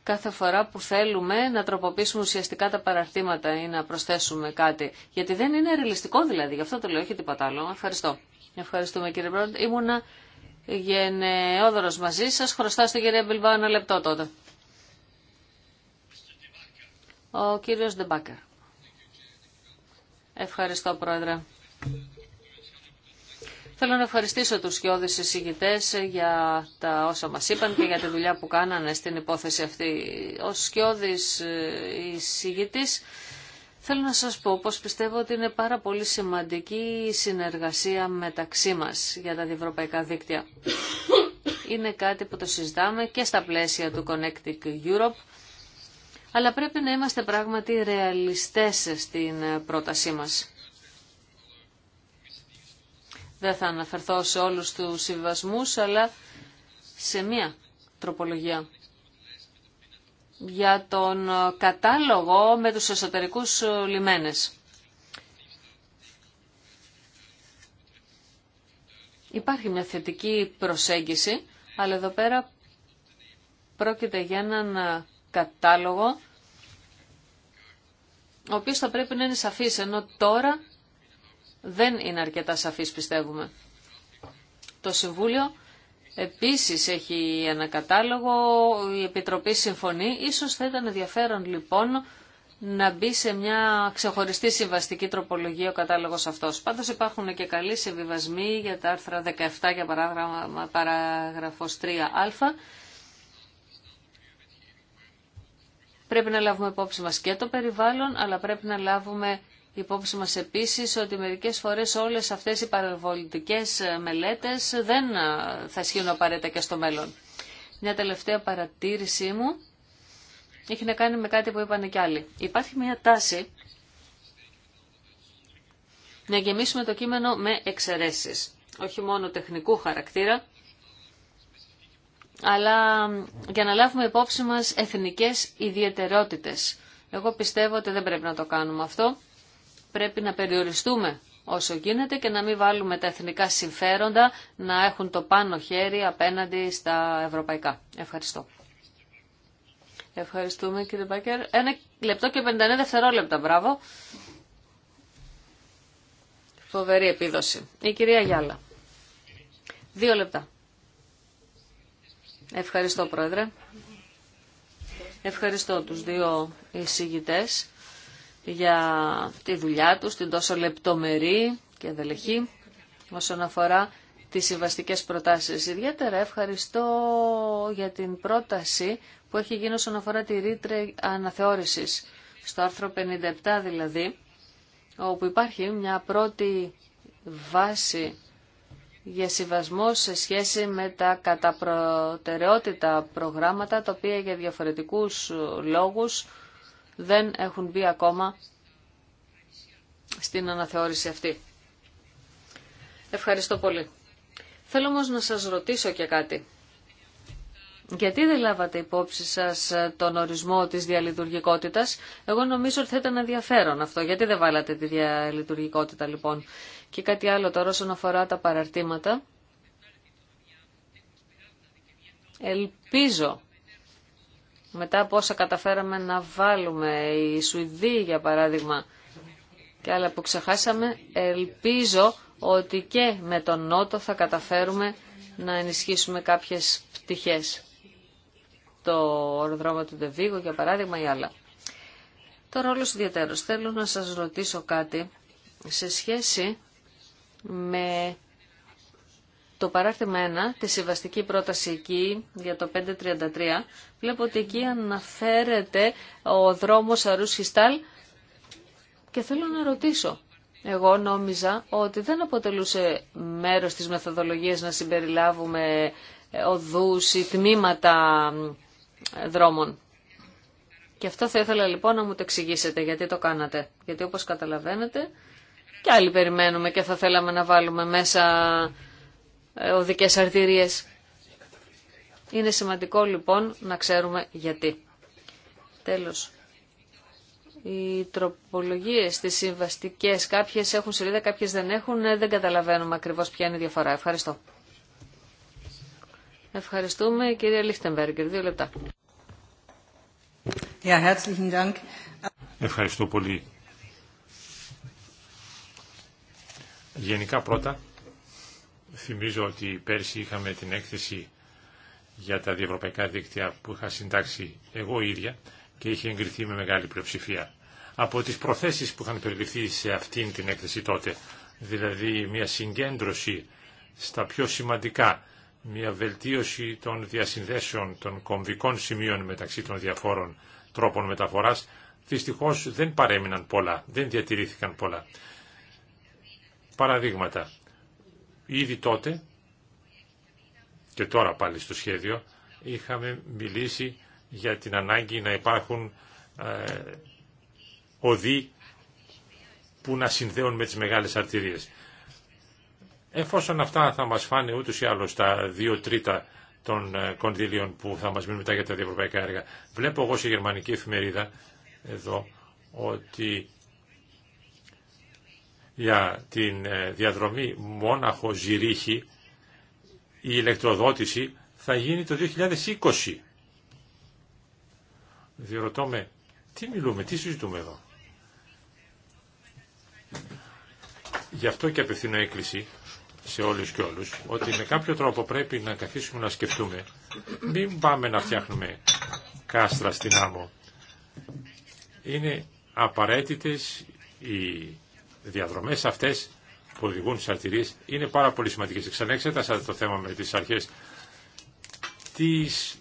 κάθε φορά που θέλουμε να τροποποιήσουμε ουσιαστικά τα παραρτήματα ή να προσθέσουμε κάτι. Γιατί δεν είναι ρεαλιστικό δηλαδή, γι' αυτό το λέω, όχι τίποτα άλλο. Ευχαριστώ. Ευχαριστούμε κύριε Μπρόντ. Ήμουνα γενναιόδωρος μαζί σας. Χρωστά στο κύριε Μπιλμπά λεπτό τότε. Ο κύριος Ντεμπάκερ. Ευχαριστώ, Πρόεδρε. Θέλω να ευχαριστήσω τους σκιώδεις εισηγητές για τα όσα μας είπαν και για τη δουλειά που κάνανε στην υπόθεση αυτή. Ως σκιώδης ε, εισηγητής θέλω να σας πω πως πιστεύω ότι είναι πάρα πολύ σημαντική η συνεργασία μεταξύ μας για τα διευρωπαϊκά δίκτυα. Είναι κάτι που το συζητάμε και στα πλαίσια του Connecting Europe αλλά πρέπει να είμαστε πράγματι ρεαλιστές στην ε, πρότασή μας. Δεν θα αναφερθώ σε όλους τους συμβασμούς, αλλά σε μία τροπολογία. Για τον ε, κατάλογο με τους εσωτερικούς ε, λιμένες. Υπάρχει μια θετική προσέγγιση, αλλά εδώ πέρα πρόκειται για έναν κατάλογο, ο οποίος θα πρέπει να είναι σαφής, ενώ τώρα δεν είναι αρκετά σαφής πιστεύουμε. Το Συμβούλιο επίσης έχει ένα κατάλογο, η Επιτροπή συμφωνεί, ίσως θα ήταν ενδιαφέρον λοιπόν να μπει σε μια ξεχωριστή συμβαστική τροπολογία ο κατάλογος αυτός. Πάντως υπάρχουν και καλοί συμβιβασμοί για τα άρθρα 17 για παράγραφος 3α Πρέπει να λάβουμε υπόψη μας και το περιβάλλον, αλλά πρέπει να λάβουμε υπόψη μας επίσης ότι μερικές φορές όλες αυτές οι παραβολητικές μελέτες δεν ε, θα ισχύουν απαραίτητα και στο μέλλον. Μια τελευταία παρατήρησή μου έχει να κάνει με κάτι που είπαν και άλλοι. Υπάρχει μια τάση να γεμίσουμε το κείμενο με εξαιρέσεις, όχι μόνο τεχνικού χαρακτήρα, αλλά για να λάβουμε υπόψη μας εθνικές ιδιαιτερότητες. Εγώ πιστεύω ότι δεν πρέπει να το κάνουμε αυτό. Πρέπει να περιοριστούμε όσο γίνεται και να μην βάλουμε τα εθνικά συμφέροντα να έχουν το πάνω χέρι απέναντι στα ευρωπαϊκά. Ευχαριστώ. Ευχαριστούμε κύριε Μπάκερ. Ένα λεπτό και 59 δευτερόλεπτα. Μπράβο. Φοβερή επίδοση. Η κυρία Γιάλα. Δύο λεπτά. Ευχαριστώ, Πρόεδρε. Ευχαριστώ τους δύο εισηγητές για τη δουλειά τους, την τόσο λεπτομερή και δελεχή όσον αφορά τις συμβαστικές προτάσεις. Ιδιαίτερα ευχαριστώ για την πρόταση που έχει γίνει όσον αφορά τη ρήτρα αναθεώρησης. Στο άρθρο 57 δηλαδή, όπου υπάρχει μια πρώτη βάση για συμβασμό σε σχέση με τα κατά προγράμματα τα οποία για διαφορετικούς λόγους δεν έχουν μπει ακόμα στην αναθεώρηση αυτή. Ευχαριστώ πολύ. Θέλω όμως να σας ρωτήσω και κάτι. Γιατί δεν λάβατε υπόψη σας τον ορισμό της διαλειτουργικότητας. Εγώ νομίζω ότι θα ήταν ενδιαφέρον αυτό. Γιατί δεν βάλατε τη διαλειτουργικότητα λοιπόν. Και κάτι άλλο τώρα όσον αφορά τα παραρτήματα. Ελπίζω μετά από όσα καταφέραμε να βάλουμε οι Σουηδοί για παράδειγμα και άλλα που ξεχάσαμε, ελπίζω ότι και με τον Νότο θα καταφέρουμε να ενισχύσουμε κάποιες πτυχές. Το οροδρόμο του Ντεβίγου για παράδειγμα ή άλλα. Τώρα όλος ιδιαίτερος θέλω να σας ρωτήσω κάτι σε σχέση με το παράρτημα 1, τη συμβαστική πρόταση εκεί για το 533, βλέπω ότι εκεί αναφέρεται ο δρόμος Αρούς Χιστάλ και θέλω να ρωτήσω. Εγώ νόμιζα ότι δεν αποτελούσε μέρος της μεθοδολογίας να συμπεριλάβουμε οδούς ή τμήματα δρόμων. Και αυτό θα ήθελα λοιπόν να μου το εξηγήσετε γιατί το κάνατε. Γιατί όπως καταλαβαίνετε και άλλοι περιμένουμε και θα θέλαμε να βάλουμε μέσα ε, οδικές αρτηρίες. Είναι σημαντικό λοιπόν να ξέρουμε γιατί. Τέλος. Οι τροπολογίες, τις συμβαστικές, κάποιες έχουν σελίδα, κάποιες δεν έχουν. Ε, δεν καταλαβαίνουμε ακριβώς ποια είναι η διαφορά. Ευχαριστώ. Ευχαριστούμε κυρία Λίχτεμπεργκερ. Δύο λεπτά. Ευχαριστώ πολύ Γενικά πρώτα, θυμίζω ότι πέρσι είχαμε την έκθεση για τα διευρωπαϊκά δίκτυα που είχα συντάξει εγώ ίδια και είχε εγκριθεί με μεγάλη πλειοψηφία. Από τις προθέσεις που είχαν περιληφθεί σε αυτήν την έκθεση τότε, δηλαδή μια συγκέντρωση στα πιο σημαντικά, μια βελτίωση των διασυνδέσεων των κομβικών σημείων μεταξύ των διαφόρων τρόπων μεταφοράς, δυστυχώς δεν παρέμειναν πολλά, δεν διατηρήθηκαν πολλά. Παραδείγματα. Ήδη τότε και τώρα πάλι στο σχέδιο είχαμε μιλήσει για την ανάγκη να υπάρχουν ε, οδοί που να συνδέουν με τις μεγάλες αρτηρίες. Εφόσον αυτά θα μας φάνε ούτως ή άλλως τα δύο τρίτα των ε, κονδυλίων που θα μας μείνουν μετά για τα διευρωπαϊκά έργα. Βλέπω εγώ σε γερμανική εφημερίδα εδώ ότι για την ε, διαδρομή Μόναχο-Ζυρίχη η ηλεκτροδότηση θα γίνει το 2020. Διερωτώ με, τι μιλούμε, τι συζητούμε εδώ. Γι' αυτό και απευθύνω έκκληση σε όλους και όλους ότι με κάποιο τρόπο πρέπει να καθίσουμε να σκεφτούμε μην πάμε να φτιάχνουμε κάστρα στην άμμο. Είναι απαραίτητες οι διαδρομές αυτές που οδηγούν στις αρτηρίες είναι πάρα πολύ σημαντικές. εξέτασα το θέμα με τις αρχές της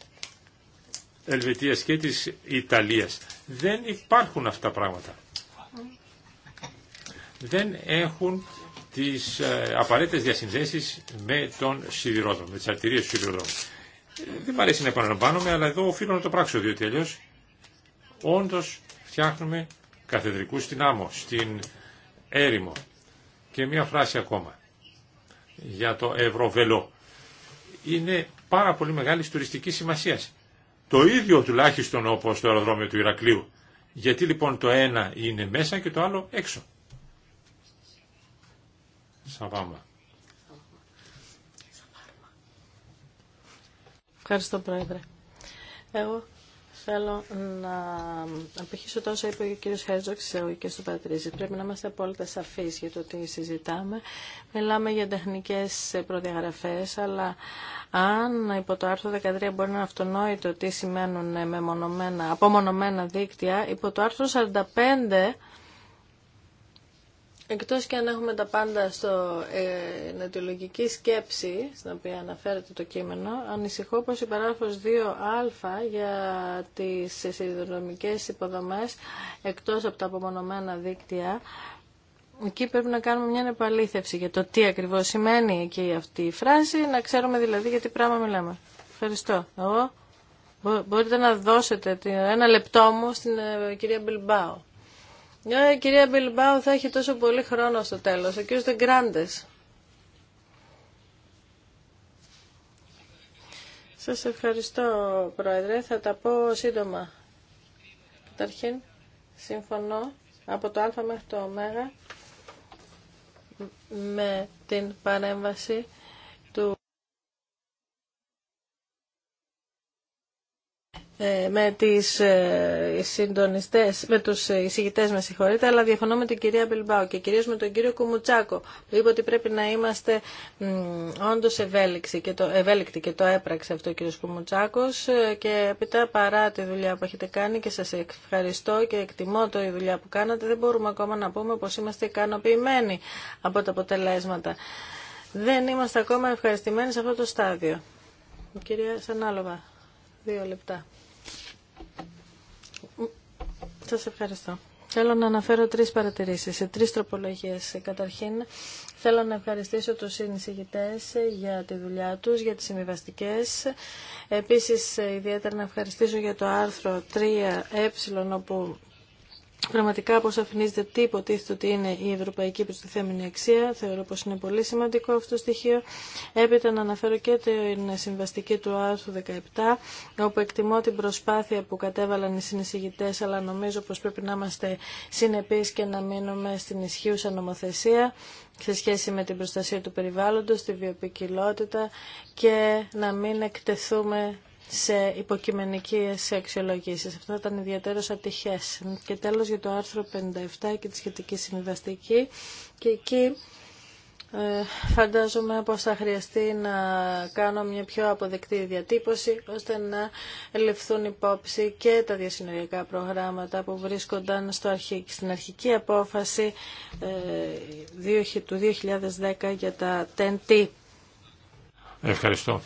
Ελβετίας και της Ιταλίας. Δεν υπάρχουν αυτά τα πράγματα. Δεν έχουν τις ε, απαραίτητες διασυνδέσεις με τον σιδηρόδρομο, με τις αρτηρίες του σιδηρόδρομου. Δεν μ' αρέσει να επαναλαμβάνομαι, αλλά εδώ οφείλω να το πράξω, διότι αλλιώ όντω φτιάχνουμε καθεδρικού στην άμμο, στην έρημο. Και μια φράση ακόμα για το Ευρωβελό. Είναι πάρα πολύ μεγάλη τουριστική σημασία. Το ίδιο τουλάχιστον όπω το αεροδρόμιο του Ηρακλείου. Γιατί λοιπόν το ένα είναι μέσα και το άλλο έξω. Σαβάμα. Ευχαριστώ Πρόεδρε. Εγώ Θέλω να απηχήσω τόσο είπε ο κ. Χέρτζοξ και εγωγικές του Πατρίζη. Πρέπει να είμαστε απόλυτα σαφεί για το τι συζητάμε. Μιλάμε για τεχνικές προδιαγραφέ, αλλά αν υπό το άρθρο 13 μπορεί να είναι αυτονόητο τι σημαίνουν μεμονωμένα, απομονωμένα δίκτυα, υπό το άρθρο 45 Εκτός και αν έχουμε τα πάντα στο ε, σκέψη, στην οποία αναφέρεται το κείμενο, ανησυχώ πως η παράγραφος 2α για τις σιδηροδρομικές υποδομές, εκτός από τα απομονωμένα δίκτυα, εκεί πρέπει να κάνουμε μια επαλήθευση για το τι ακριβώς σημαίνει εκεί αυτή η φράση, να ξέρουμε δηλαδή για τι πράγμα μιλάμε. Ευχαριστώ. Εγώ μπορείτε να δώσετε ένα λεπτό μου στην ε, κυρία Μπιλμπάου. Η ε, κυρία Μπιλμπάου θα έχει τόσο πολύ χρόνο στο τέλος. Ο κύριος Δεγκράντες. Σας ευχαριστώ, Πρόεδρε. Θα τα πω σύντομα. Καταρχήν, συμφωνώ από το Α μέχρι το Ω με την παρέμβαση του Ε, με, τις, ε, συντονιστές, με τους ε, εισηγητές με συγχωρείτε, αλλά διαφωνώ με την κυρία Μπιλμπάου και κυρίως με τον κύριο Κουμουτσάκο που είπε ότι πρέπει να είμαστε όντως ευέλικτοι και, το, ευέλικτοι και το έπραξε αυτό ο κύριος Κουμουτσάκος και έπειτα παρά τη δουλειά που έχετε κάνει και σας ευχαριστώ και εκτιμώ το η δουλειά που κάνατε δεν μπορούμε ακόμα να πούμε πως είμαστε ικανοποιημένοι από τα αποτελέσματα. Δεν είμαστε ακόμα ευχαριστημένοι σε αυτό το στάδιο. κυρία Σανάλοβα, δύο λεπτά. Σας ευχαριστώ. Θέλω να αναφέρω τρεις παρατηρήσεις σε τρεις τροπολογίες. Καταρχήν, θέλω να ευχαριστήσω τους συνεισηγητές για τη δουλειά τους, για τις συμβιβαστικέ. Επίσης, ιδιαίτερα να ευχαριστήσω για το άρθρο 3 ε, όπου πραγματικά αφηνίζεται τι υποτίθεται ότι είναι η ευρωπαϊκή προστιθέμενη αξία. Θεωρώ πως είναι πολύ σημαντικό αυτό το στοιχείο. Έπειτα να αναφέρω και την συμβαστική του άρθρου 17, όπου εκτιμώ την προσπάθεια που κατέβαλαν οι συνεισηγητές, αλλά νομίζω πως πρέπει να είμαστε συνεπείς και να μείνουμε στην ισχύουσα νομοθεσία σε σχέση με την προστασία του περιβάλλοντος, τη βιοποικιλότητα και να μην εκτεθούμε σε υποκειμενικές αξιολογήσεις. Αυτό ήταν ιδιαίτερο ατυχές. Και τέλος για το άρθρο 57 και τη σχετική συμβιβαστική και εκεί ε, φαντάζομαι πως θα χρειαστεί να κάνω μια πιο αποδεκτή διατύπωση ώστε να ληφθούν υπόψη και τα διασυνοριακά προγράμματα που βρίσκονταν στο στην αρχική απόφαση ε, του 2010 για τα TEN-T. Ευχαριστώ.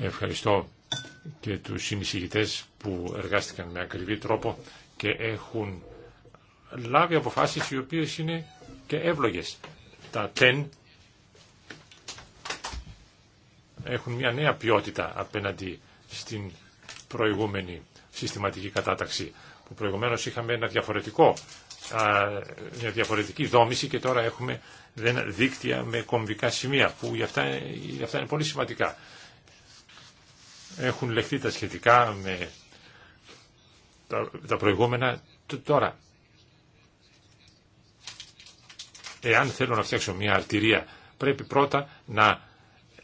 Ευχαριστώ και τους συνεισηγητές που εργάστηκαν με ακριβή τρόπο και έχουν λάβει αποφάσεις οι οποίες είναι και εύλογες. Τα τεν έχουν μια νέα ποιότητα απέναντι στην προηγούμενη συστηματική κατάταξη που προηγουμένως είχαμε ένα διαφορετικό, μια διαφορετική δόμηση και τώρα έχουμε δίκτυα με κομβικά σημεία που για αυτά, για αυτά είναι πολύ σημαντικά. Έχουν λεχθεί τα σχετικά με τα προηγούμενα τώρα. Εάν θέλω να φτιάξω μια αρτηρία, πρέπει πρώτα να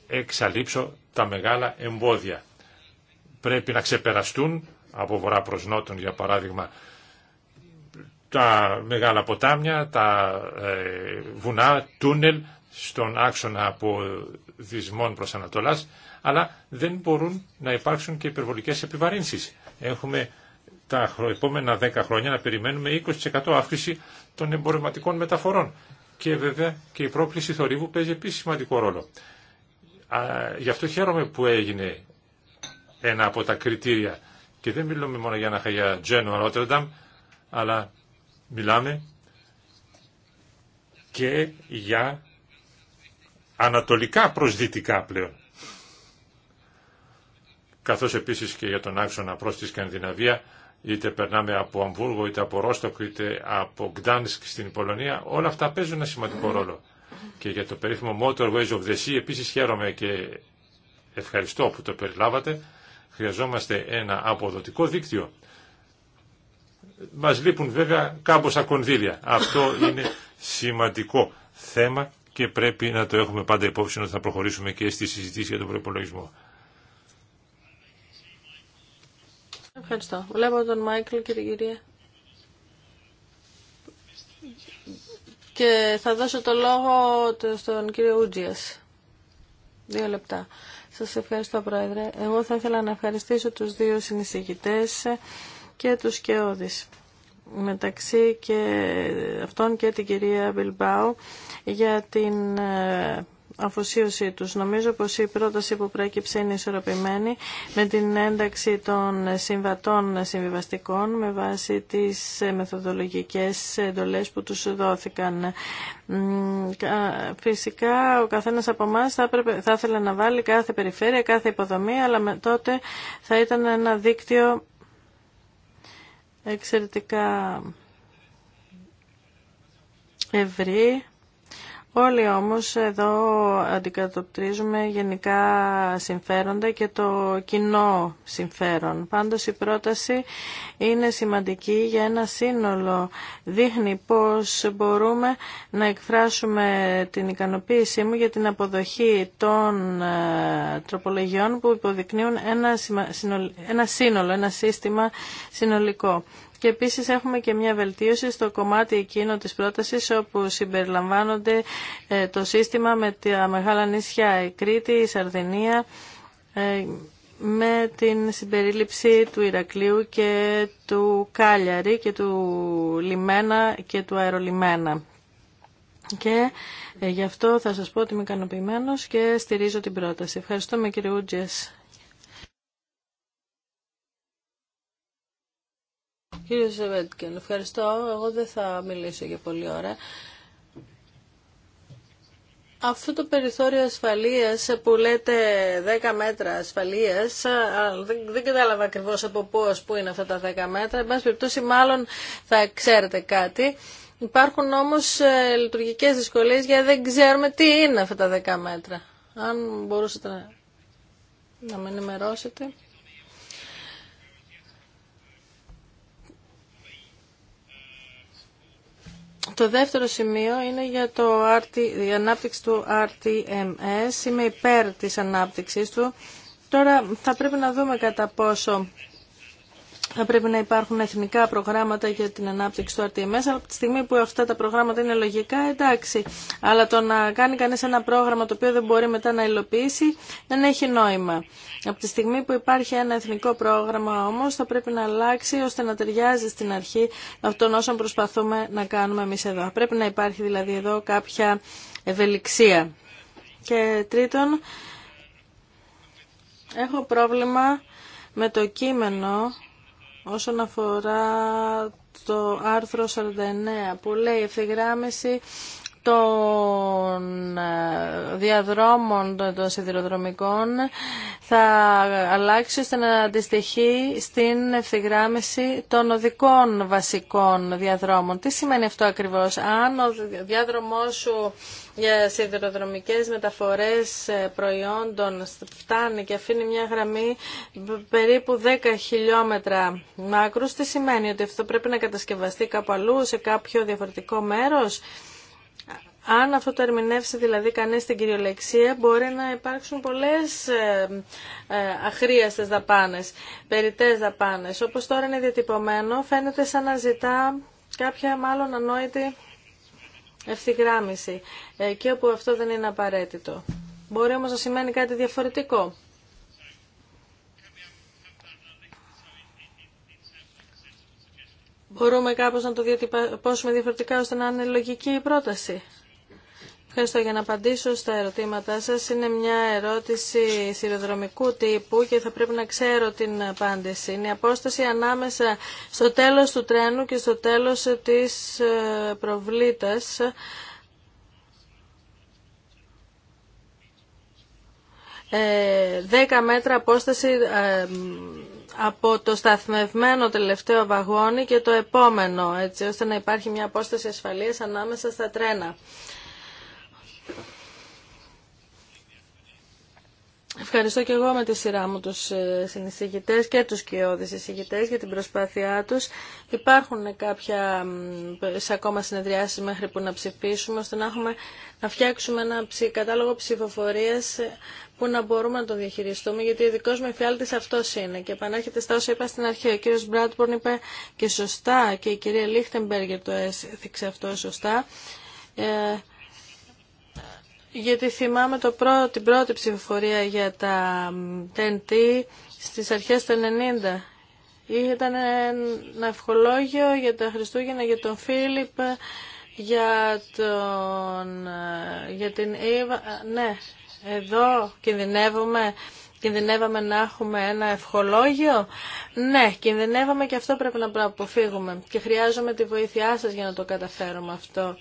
εξαλείψω τα μεγάλα εμπόδια. Πρέπει να ξεπεραστούν από βορρά προς νότον, για παράδειγμα, τα μεγάλα ποτάμια, τα ε, βουνά, τούνελ στον άξονα από δυσμόν προς Ανατολάς, αλλά δεν μπορούν να υπάρξουν και υπερβολικές επιβαρύνσεις. Έχουμε τα επόμενα 10 χρόνια να περιμένουμε 20% αύξηση των εμπορευματικών μεταφορών. Και βέβαια και η πρόκληση θορύβου παίζει επίσης σημαντικό ρόλο. Γι' αυτό χαίρομαι που έγινε ένα από τα κριτήρια και δεν μιλούμε μόνο για, για Genoa Rotterdam, αλλά μιλάμε και για ανατολικά προσδυτικά πλέον καθώς επίσης και για τον άξονα προς τη Σκανδιναβία, είτε περνάμε από Αμβούργο, είτε από Ρόστοκ, είτε από Γκτάνσκ στην Πολωνία, όλα αυτά παίζουν ένα σημαντικό ρόλο. Και για το περίφημο Motorways of the Sea, επίσης χαίρομαι και ευχαριστώ που το περιλάβατε, χρειαζόμαστε ένα αποδοτικό δίκτυο. Μας λείπουν βέβαια κάμποσα κονδύλια. Αυτό είναι σημαντικό θέμα και πρέπει να το έχουμε πάντα υπόψη ότι θα προχωρήσουμε και στη συζήτηση για τον προπολογισμό. Ευχαριστώ. Βλέπω τον Μάικλ και την κυρία. Και θα δώσω το λόγο στον κύριο Ούτζιας. Δύο λεπτά. Σας ευχαριστώ, Πρόεδρε. Εγώ θα ήθελα να ευχαριστήσω τους δύο συνεισηγητές και τους Κεώδης μεταξύ και αυτών και την κυρία Μπιλμπάου για την ε, αφοσίωσή τους. Νομίζω πως η πρόταση που προέκυψε είναι ισορροπημένη με την ένταξη των συμβατών συμβιβαστικών με βάση τις μεθοδολογικές εντολές που τους δόθηκαν. Φυσικά ο καθένας από εμά θα, ήθελε να βάλει κάθε περιφέρεια, κάθε υποδομή, αλλά με, τότε θα ήταν ένα δίκτυο εξαιρετικά ευρύ Όλοι όμως εδώ αντικατοπτρίζουμε γενικά συμφέροντα και το κοινό συμφέρον. Πάντως η πρόταση είναι σημαντική για ένα σύνολο. Δείχνει πώς μπορούμε να εκφράσουμε την ικανοποίησή μου για την αποδοχή των ε, τροπολογιών που υποδεικνύουν ένα σύνολο, ένα σύστημα συνολικό. Και επίσης έχουμε και μια βελτίωση στο κομμάτι εκείνο της πρότασης όπου συμπεριλαμβάνονται ε, το σύστημα με τα μεγάλα νησιά, η Κρήτη, η Σαρδινία, ε, με την συμπερίληψη του Ηρακλείου και του Κάλιαρη και του Λιμένα και του Αερολιμένα. Και ε, γι' αυτό θα σας πω ότι είμαι ικανοποιημένο και στηρίζω την πρόταση. Ευχαριστούμε κύριε Ούτζες. Κύριε Ζεβέντκεν, ευχαριστώ. Εγώ δεν θα μιλήσω για πολλή ώρα. Αυτό το περιθώριο ασφαλείας που λέτε 10 μέτρα ασφαλείας, δεν, δεν κατάλαβα ακριβώς από πώς που είναι αυτά τα 10 μέτρα, εν πάση περιπτώσει μάλλον θα ξέρετε κάτι. Υπάρχουν όμως ε, λειτουργικές δυσκολίες γιατί δεν ξέρουμε τι είναι αυτά τα 10 μέτρα. Αν μπορούσατε να, να με ενημερώσετε. Το δεύτερο σημείο είναι για το ανάπτυξη του RTMS. Είμαι υπέρ της ανάπτυξης του. Τώρα θα πρέπει να δούμε κατά πόσο θα πρέπει να υπάρχουν εθνικά προγράμματα για την ανάπτυξη του RTMS, αλλά από τη στιγμή που αυτά τα προγράμματα είναι λογικά, εντάξει. Αλλά το να κάνει κανείς ένα πρόγραμμα το οποίο δεν μπορεί μετά να υλοποιήσει, δεν έχει νόημα. Από τη στιγμή που υπάρχει ένα εθνικό πρόγραμμα όμως, θα πρέπει να αλλάξει ώστε να ταιριάζει στην αρχή αυτών όσων προσπαθούμε να κάνουμε εμείς εδώ. Πρέπει να υπάρχει δηλαδή εδώ κάποια ευελιξία. Και τρίτον, έχω πρόβλημα με το κείμενο όσον αφορά το άρθρο 49 που λέει ευθυγράμμιση των ε, διαδρόμων των σιδηροδρομικών θα αλλάξει ώστε να αντιστοιχεί στην ευθυγράμμιση των οδικών βασικών διαδρόμων. Τι σημαίνει αυτό ακριβώς. Αν ο διάδρομός σου για σιδηροδρομικές μεταφορές ε, προϊόντων φτάνει και αφήνει μια γραμμή περίπου 10 χιλιόμετρα μάκρους, τι σημαίνει ότι αυτό πρέπει να κατασκευαστεί κάπου αλλού, σε κάποιο διαφορετικό μέρος. Αν αυτό το ερμηνεύσει δηλαδή κανείς στην κυριολεξία, μπορεί να υπάρξουν πολλές ε, ε, αχρίαστες δαπάνες, περιττές δαπάνες. Όπως τώρα είναι διατυπωμένο, φαίνεται σαν να ζητά κάποια μάλλον ανόητη ευθυγράμμιση, ε, και όπου αυτό δεν είναι απαραίτητο. Μπορεί όμως να σημαίνει κάτι διαφορετικό. Μπορούμε κάπως να το διατυπώσουμε διαφορετικά ώστε να είναι λογική η πρόταση. Ευχαριστώ για να απαντήσω στα ερωτήματά σας. Είναι μια ερώτηση σειροδρομικού τύπου και θα πρέπει να ξέρω την απάντηση. Είναι η απόσταση ανάμεσα στο τέλος του τρένου και στο τέλος της ε, προβλήτας. Ε, δέκα μέτρα απόσταση ε, από το σταθμευμένο τελευταίο βαγόνι και το επόμενο, έτσι ώστε να υπάρχει μια απόσταση ασφαλείας ανάμεσα στα τρένα. Ευχαριστώ και εγώ με τη σειρά μου τους ε, συνεισηγητές και τους κοιόδης εισηγητές για την προσπάθειά τους. Υπάρχουν κάποια σε ακόμα συνεδριάσεις μέχρι που να ψηφίσουμε, ώστε να, έχουμε, να φτιάξουμε ένα κατάλογο ψηφοφορίας ε, που να μπορούμε να το διαχειριστούμε, γιατί ο δικό μου εφιάλτης αυτό είναι. Και επανέρχεται στα όσα είπα στην αρχή. Ο κύριο Μπράτμπορν είπε και σωστά, και η κυρία Λίχτεμπεργκερ το έθιξε αυτό σωστά. Ε, γιατί θυμάμαι το την πρώτη ψηφοφορία για τα TNT στις αρχές του 90. Ήταν ένα ευχολόγιο για τα Χριστούγεννα, για τον Φίλιπ, για, τον, για την Ήβα. Ναι, εδώ κινδυνεύουμε. Κινδυνεύαμε να έχουμε ένα ευχολόγιο. Ναι, κινδυνεύαμε και αυτό πρέπει να αποφύγουμε. Και χρειάζομαι τη βοήθειά σας για να το καταφέρουμε αυτό.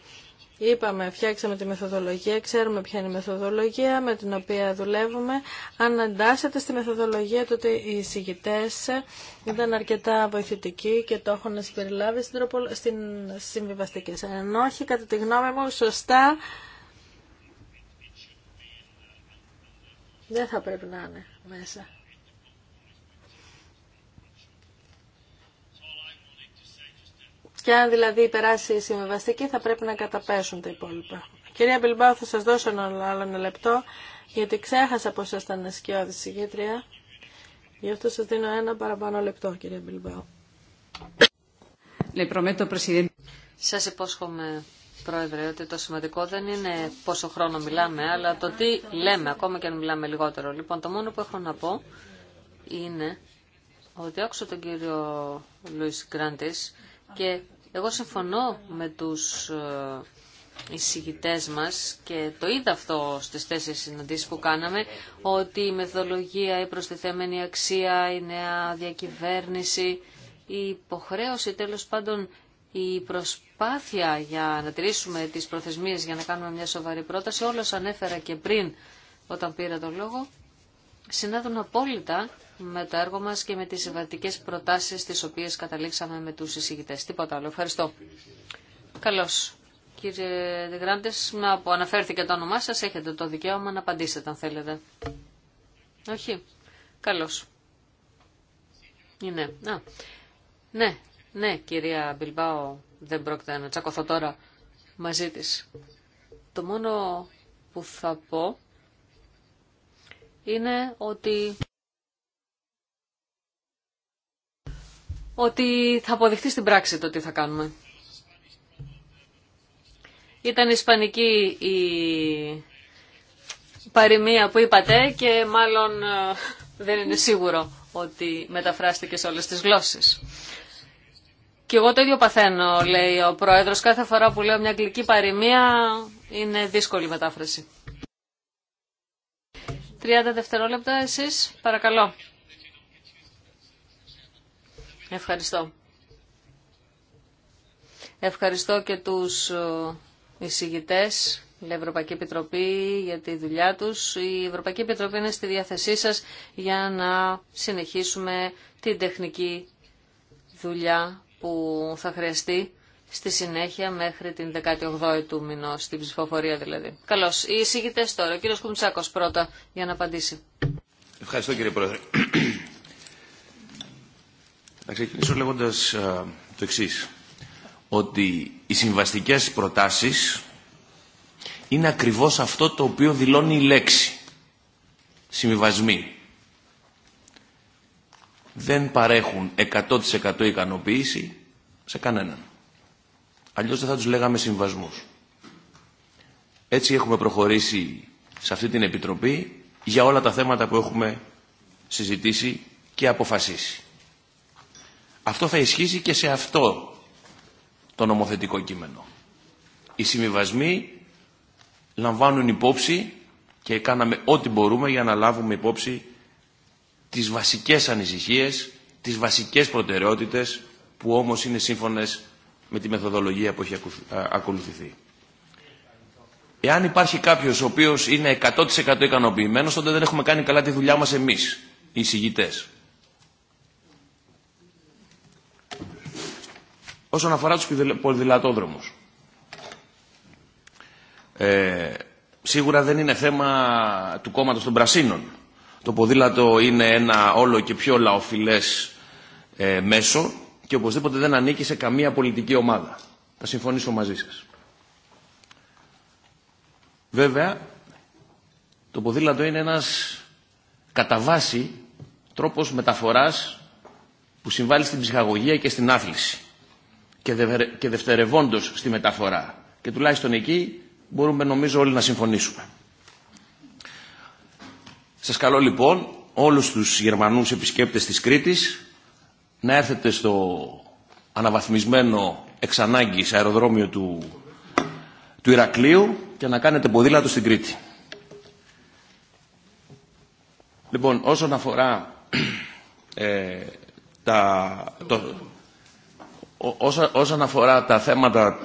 Είπαμε, φτιάξαμε τη μεθοδολογία, ξέρουμε ποια είναι η μεθοδολογία με την οποία δουλεύουμε. Αν εντάσσεται στη μεθοδολογία, τότε οι εισηγητέ ήταν αρκετά βοηθητικοί και το έχουν συμπεριλάβει στην τροπολο... στην συμβιβαστικές. Αν όχι, κατά τη γνώμη μου, σωστά δεν θα πρέπει να είναι μέσα. Και αν δηλαδή περάσει η συμβιβαστική θα πρέπει να καταπέσουν τα υπόλοιπα. Κυρία Μπιλμπάου, θα σας δώσω ένα άλλο ένα λεπτό, γιατί ξέχασα πως ήσασταν σκιώδη συγκέτρια. Γι' αυτό σας δίνω ένα παραπάνω λεπτό, κυρία Μπιλμπάου. Σας υπόσχομαι, Πρόεδρε, ότι το σημαντικό δεν είναι πόσο χρόνο μιλάμε, αλλά το τι λέμε, ακόμα και αν μιλάμε λιγότερο. Λοιπόν, το μόνο που έχω να πω είναι ότι άκουσα τον κύριο Λουίς Γκράντης, και εγώ συμφωνώ με τους ε, εισηγητές μας και το είδα αυτό στις τέσσερις συναντήσεις που κάναμε ότι η μεθοδολογία, η προστιθέμενη αξία, η νέα διακυβέρνηση, η υποχρέωση τέλος πάντων η προσπάθεια για να τηρήσουμε τις προθεσμίες για να κάνουμε μια σοβαρή πρόταση, όλος ανέφερα και πριν όταν πήρα το λόγο, συνάδουν απόλυτα με το έργο μας και με τις συμβατικές προτάσεις τις οποίες καταλήξαμε με τους εισηγητές. Τίποτα άλλο. Ευχαριστώ. Καλώς. Κύριε Δεγράντες, με που αναφέρθηκε το όνομά σας, έχετε το δικαίωμα να απαντήσετε αν θέλετε. Όχι. Καλώς. Είναι. Α. Ναι, ναι, κυρία Μπιλμπάο, δεν πρόκειται να τσακωθώ τώρα μαζί της. Το μόνο που θα πω είναι ότι ότι θα αποδειχθεί στην πράξη το τι θα κάνουμε. Ήταν ισπανική η παροιμία που είπατε και μάλλον ε, δεν είναι σίγουρο ότι μεταφράστηκε σε όλες τις γλώσσες. Και εγώ το ίδιο παθαίνω, λέει ο πρόεδρος. Κάθε φορά που λέω μια αγγλική παροιμία είναι δύσκολη μετάφραση. 30 δευτερόλεπτα εσείς, παρακαλώ. Ευχαριστώ. Ευχαριστώ και τους ε, εισηγητές, η Ευρωπαϊκή Επιτροπή για τη δουλειά τους. Η Ευρωπαϊκή Επιτροπή είναι στη διάθεσή σας για να συνεχίσουμε την τεχνική δουλειά που θα χρειαστεί στη συνέχεια μέχρι την 18η του μηνό, στην ψηφοφορία δηλαδή. Καλώς. Οι εισηγητές τώρα. Ο κύριος Κουμτσάκος πρώτα για να απαντήσει. Ευχαριστώ κύριε Πρόεδρε. Θα ξεκινήσω λέγοντας ε, το εξής, ότι οι συμβαστικές προτάσεις είναι ακριβώς αυτό το οποίο δηλώνει η λέξη. Συμβιβασμοί. Δεν παρέχουν 100% ικανοποίηση σε κανέναν. Αλλιώς δεν θα τους λέγαμε συμβασμούς. Έτσι έχουμε προχωρήσει σε αυτή την Επιτροπή για όλα τα θέματα που έχουμε συζητήσει και αποφασίσει. Αυτό θα ισχύσει και σε αυτό το νομοθετικό κείμενο. Οι συμβιβασμοί λαμβάνουν υπόψη και κάναμε ό,τι μπορούμε για να λάβουμε υπόψη τις βασικές ανησυχίες, τις βασικές προτεραιότητες που όμως είναι σύμφωνες με τη μεθοδολογία που έχει ακολουθηθεί. Εάν υπάρχει κάποιος ο οποίος είναι 100% ικανοποιημένος, τότε δεν έχουμε κάνει καλά τη δουλειά μας εμείς, οι εισηγητές. όσον αφορά τους ποδηλατόδρομους. Ε, σίγουρα δεν είναι θέμα του κόμματος των Πρασίνων. Το ποδήλατο είναι ένα όλο και πιο λαοφιλές ε, μέσο και οπωσδήποτε δεν ανήκει σε καμία πολιτική ομάδα. Θα συμφωνήσω μαζί σας. Βέβαια, το ποδήλατο είναι ένας κατά βάση τρόπος μεταφοράς που συμβάλλει στην ψυχαγωγία και στην άθληση και δευτερευόντως στη μεταφορά. Και τουλάχιστον εκεί μπορούμε νομίζω όλοι να συμφωνήσουμε. Σας καλώ λοιπόν όλους τους Γερμανούς επισκέπτες της Κρήτης να έρθετε στο αναβαθμισμένο εξανάγκης αεροδρόμιο του, του Ηρακλείου και να κάνετε ποδήλατο στην Κρήτη. Λοιπόν, όσον αφορά ε, τα, το, όσον αφορά τα θέματα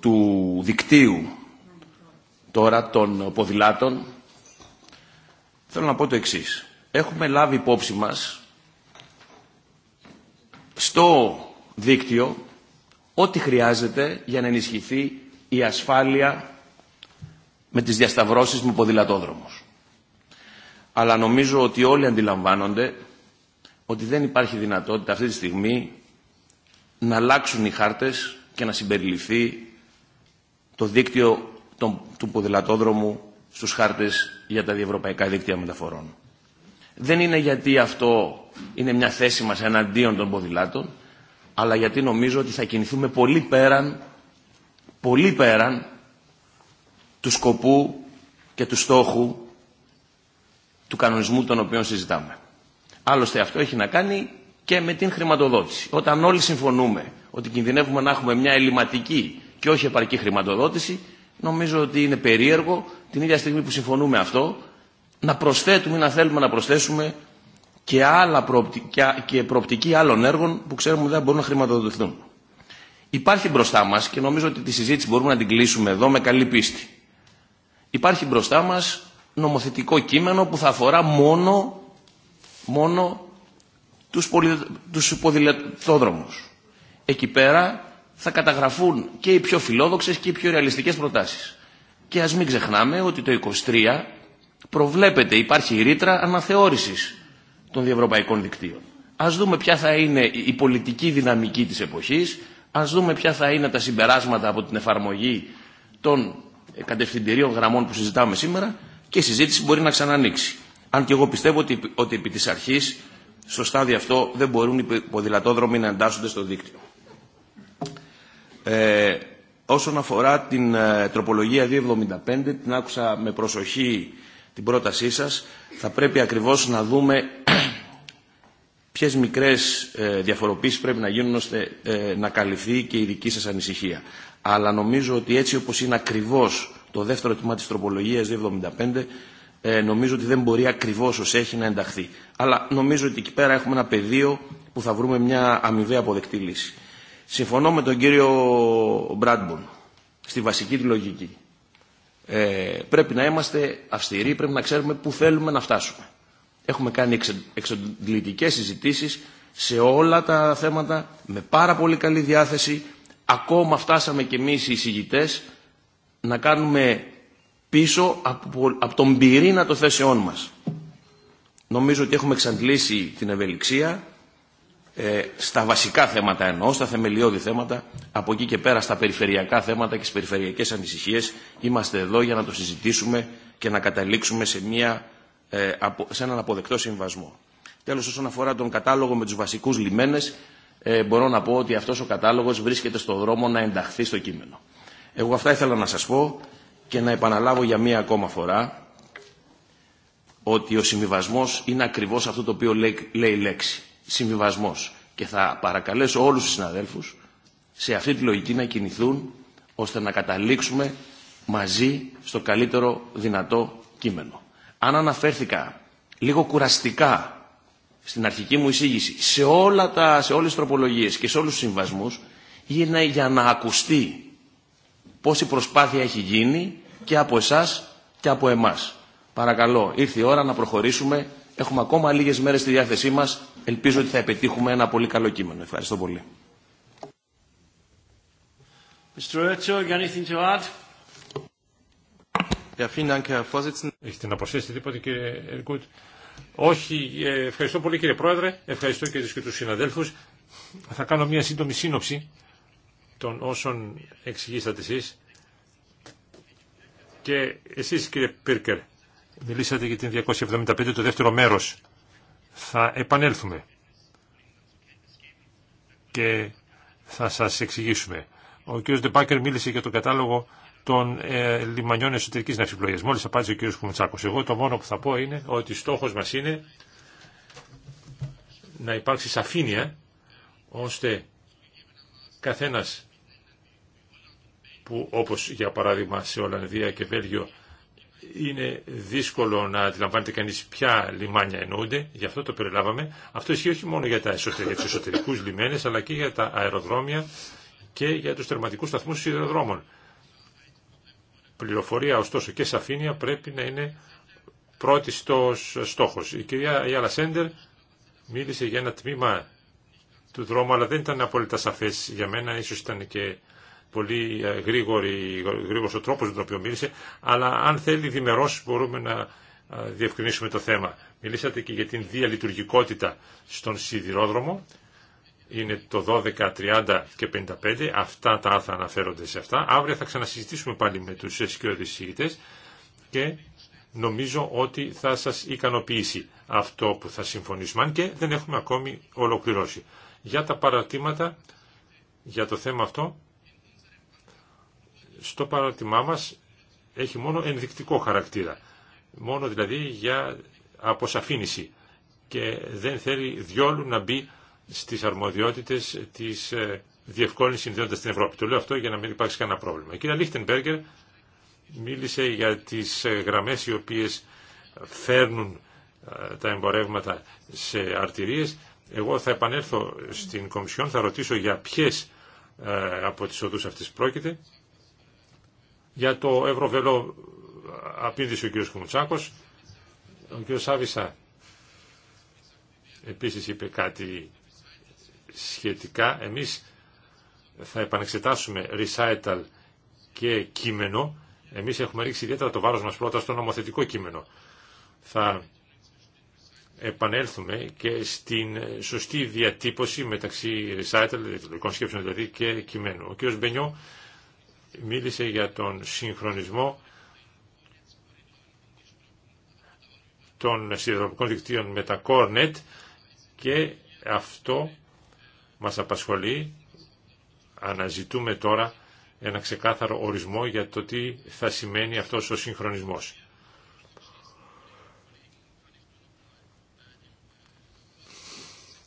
του δικτύου τώρα των ποδηλάτων, θέλω να πω το εξής. Έχουμε λάβει υπόψη μας στο δίκτυο ό,τι χρειάζεται για να ενισχυθεί η ασφάλεια με τις διασταυρώσεις με ποδηλατόδρομους. Αλλά νομίζω ότι όλοι αντιλαμβάνονται ότι δεν υπάρχει δυνατότητα αυτή τη στιγμή να αλλάξουν οι χάρτες και να συμπεριληφθεί το δίκτυο του ποδηλατόδρομου στους χάρτες για τα διευρωπαϊκά δίκτυα μεταφορών. Δεν είναι γιατί αυτό είναι μια θέση μας εναντίον των ποδηλάτων, αλλά γιατί νομίζω ότι θα κινηθούμε πολύ πέραν, πολύ πέραν του σκοπού και του στόχου του κανονισμού τον οποίο συζητάμε. Άλλωστε αυτό έχει να κάνει και με την χρηματοδότηση. Όταν όλοι συμφωνούμε ότι κινδυνεύουμε να έχουμε μια ελληματική και όχι επαρκή χρηματοδότηση, νομίζω ότι είναι περίεργο την ίδια στιγμή που συμφωνούμε αυτό να προσθέτουμε ή να θέλουμε να προσθέσουμε και, άλλα και προοπτική άλλων έργων που ξέρουμε δεν μπορούν να χρηματοδοτηθούν. Υπάρχει μπροστά μα και νομίζω ότι τη συζήτηση μπορούμε να την κλείσουμε εδώ με καλή πίστη. Υπάρχει μπροστά μα νομοθετικό κείμενο που θα αφορά μόνο, μόνο τους, πολυ... Εκεί πέρα θα καταγραφούν και οι πιο φιλόδοξες και οι πιο ρεαλιστικές προτάσεις. Και ας μην ξεχνάμε ότι το 23 προβλέπεται, υπάρχει η ρήτρα αναθεώρησης των διευρωπαϊκών δικτύων. Ας δούμε ποια θα είναι η πολιτική δυναμική της εποχής, ας δούμε ποια θα είναι τα συμπεράσματα από την εφαρμογή των ε, κατευθυντηρίων γραμμών που συζητάμε σήμερα και η συζήτηση μπορεί να ξανανοίξει. Αν και εγώ πιστεύω ότι, ότι επί της αρχής στο στάδιο αυτό δεν μπορούν οι ποδηλατόδρομοι να εντάσσονται στο δίκτυο. Ε, όσον αφορά την ε, τροπολογία 275, την άκουσα με προσοχή την πρότασή σας, θα πρέπει ακριβώς να δούμε ποιες μικρές ε, διαφοροποίησεις πρέπει να γίνουν ώστε ε, να καλυφθεί και η δική σας ανησυχία. Αλλά νομίζω ότι έτσι όπως είναι ακριβώς το δεύτερο τμήμα της τροπολογίας 275 ε, νομίζω ότι δεν μπορεί ακριβώς ως έχει να ενταχθεί. Αλλά νομίζω ότι εκεί πέρα έχουμε ένα πεδίο που θα βρούμε μια αμοιβαία αποδεκτή λύση. Συμφωνώ με τον κύριο Μπράντμπον στη βασική τη λογική. Ε, πρέπει να είμαστε αυστηροί, πρέπει να ξέρουμε πού θέλουμε να φτάσουμε. Έχουμε κάνει εξαντλητικές συζητήσεις σε όλα τα θέματα, με πάρα πολύ καλή διάθεση. Ακόμα φτάσαμε κι εμείς οι εισηγητές να κάνουμε πίσω από τον πυρήνα των θέσεών μας. Νομίζω ότι έχουμε εξαντλήσει την ευελιξία ε, στα βασικά θέματα εννοώ, στα θεμελιώδη θέματα, από εκεί και πέρα στα περιφερειακά θέματα και στις περιφερειακές ανησυχίες είμαστε εδώ για να το συζητήσουμε και να καταλήξουμε σε, μια, ε, σε έναν αποδεκτό συμβασμό. Τέλος, όσον αφορά τον κατάλογο με τους βασικούς λιμένες, ε, μπορώ να πω ότι αυτός ο κατάλογος βρίσκεται στο δρόμο να ενταχθεί στο κείμενο. Εγώ αυτά ήθελα να σας πω και να επαναλάβω για μία ακόμα φορά ότι ο συμβιβασμό είναι ακριβώ αυτό το οποίο λέει, η λέξη. Συμβιβασμό. Και θα παρακαλέσω όλου του συναδέλφου σε αυτή τη λογική να κινηθούν ώστε να καταλήξουμε μαζί στο καλύτερο δυνατό κείμενο. Αν αναφέρθηκα λίγο κουραστικά στην αρχική μου εισήγηση σε, όλα τα, σε όλες τις τροπολογίες και σε όλους τους συμβασμούς είναι για να ακουστεί πόση προσπάθεια έχει γίνει και από εσάς και από εμάς. Παρακαλώ, ήρθε η ώρα να προχωρήσουμε. Έχουμε ακόμα λίγες μέρες στη διάθεσή μας. Ελπίζω ότι θα επιτύχουμε ένα πολύ καλό κείμενο. Ευχαριστώ πολύ. Έχετε να προσθέσετε τίποτα κύριε Ερκούτ. Όχι, ε, ευχαριστώ πολύ κύριε Πρόεδρε, ευχαριστώ και και τους συναδέλφους. Θα κάνω μια σύντομη σύνοψη των όσων εξηγήσατε εσείς και εσείς κύριε Πίρκερ μιλήσατε για την 275 το δεύτερο μέρος θα επανέλθουμε και θα σας εξηγήσουμε ο κύριος Ντεπάκερ μίλησε για τον κατάλογο των ε, λιμανιών εσωτερικής ναυσιπλογία. μόλις απάντησε ο κύριος Κουμουτσάκο. εγώ το μόνο που θα πω είναι ότι στόχος μας είναι να υπάρξει σαφήνεια ώστε καθένας που όπως για παράδειγμα σε Ολλανδία και Βέλγιο είναι δύσκολο να αντιλαμβάνεται κανείς ποια λιμάνια εννοούνται, γι' αυτό το περιλάβαμε. Αυτό ισχύει όχι μόνο για, τα εσωτερικά, για λιμένες, αλλά και για τα αεροδρόμια και για τους τερματικούς σταθμούς σιδηροδρόμων. Πληροφορία ωστόσο και σαφήνεια πρέπει να είναι πρώτη στόχος. Η κυρία Ιάλα Σέντερ μίλησε για ένα τμήμα του δρόμου, αλλά δεν ήταν απόλυτα σαφές για μένα, ίσως ήταν και πολύ ε, γρήγορη, γρήγορος ο τρόπος με τον οποίο μίλησε, αλλά αν θέλει διμερώσεις μπορούμε να ε, διευκρινίσουμε το θέμα. Μιλήσατε και για την διαλειτουργικότητα στον σιδηρόδρομο, είναι το 12, 30 και 55, αυτά τα άρθρα αναφέρονται σε αυτά. Αύριο θα ξανασυζητήσουμε πάλι με τους εσκιώδεις και νομίζω ότι θα σας ικανοποιήσει αυτό που θα συμφωνήσουμε, αν και δεν έχουμε ακόμη ολοκληρώσει. Για τα παρατήματα, για το θέμα αυτό, στο παρατημά μας έχει μόνο ενδεικτικό χαρακτήρα. Μόνο δηλαδή για αποσαφήνιση και δεν θέλει διόλου να μπει στις αρμοδιότητες της ε, διευκόλυνσης συνδέοντας την Ευρώπη. Το λέω αυτό για να μην υπάρξει κανένα πρόβλημα. Η κυρία Λίχτενμπέργκερ μίλησε για τις ε, γραμμές οι οποίες φέρνουν ε, τα εμπορεύματα σε αρτηρίες. Εγώ θα επανέλθω στην Κομισιόν, θα ρωτήσω για ποιες από τις οδούς αυτές πρόκειται για το Ευρωβελό απήντησε ο κ. Κουμουτσάκος. Ο κ. Σάβησα επίσης είπε κάτι σχετικά. Εμείς θα επανεξετάσουμε recital και κείμενο. Εμείς έχουμε ρίξει ιδιαίτερα το βάρος μας πρώτα στο νομοθετικό κείμενο. Θα επανέλθουμε και στην σωστή διατύπωση μεταξύ recital, δηλαδή σκέψεων δηλαδή, και κειμένου. Ο κ. Μπενιό μίλησε για τον συγχρονισμό των συνδρομικών δικτύων με τα Cornet και αυτό μας απασχολεί. Αναζητούμε τώρα ένα ξεκάθαρο ορισμό για το τι θα σημαίνει αυτός ο συγχρονισμός.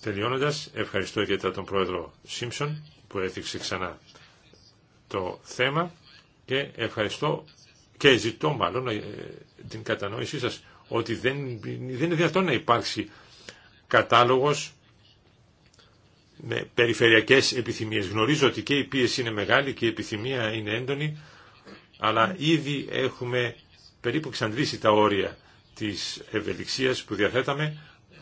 Τελειώνοντας, ευχαριστώ ιδιαίτερα τον πρόεδρο Σίμψον που έθιξε ξανά το θέμα και ευχαριστώ και ζητώ μάλλον ε, την κατανόησή σας ότι δεν, δεν είναι δυνατόν να υπάρξει κατάλογος με περιφερειακές επιθυμίες. Γνωρίζω ότι και η πίεση είναι μεγάλη και η επιθυμία είναι έντονη, αλλά ήδη έχουμε περίπου εξαντλήσει τα όρια της ευελιξίας που διαθέταμε.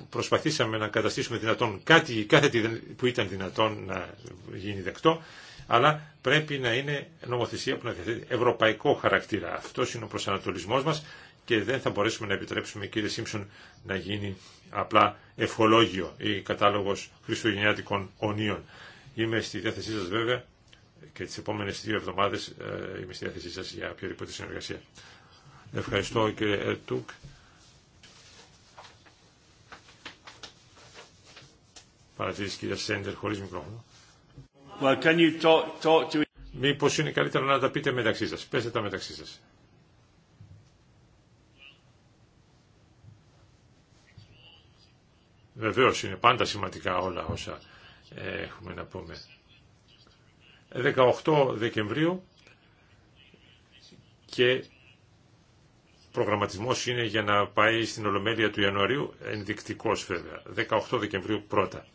Προσπαθήσαμε να καταστήσουμε δυνατόν κάτι, κάθε που ήταν δυνατόν να γίνει δεκτό αλλά πρέπει να είναι νομοθεσία που να διαθέτει ευρωπαϊκό χαρακτήρα. Αυτό είναι ο προσανατολισμός μας και δεν θα μπορέσουμε να επιτρέψουμε, κύριε Σίμψον, να γίνει απλά ευχολόγιο ή κατάλογος χριστουγεννιάτικων ονείων. Είμαι στη διάθεσή σα, βέβαια και τις επόμενες δύο εβδομάδες ε, είμαι στη διάθεσή σα για οποιαδήποτε συνεργασία. Ευχαριστώ κύριε Ερτούκ. Παρατηρήσει κύριε Σέντερ χωρίς μικρόφωνο. Well, Μήπως είναι καλύτερο να τα πείτε μεταξύ σας. Πέστε τα μεταξύ σας. Βεβαίω είναι πάντα σημαντικά όλα όσα ε, έχουμε να πούμε. 18 Δεκεμβρίου και προγραμματισμός είναι για να πάει στην Ολομέλεια του Ιανουαρίου, ενδεικτικός βέβαια. 18 Δεκεμβρίου πρώτα.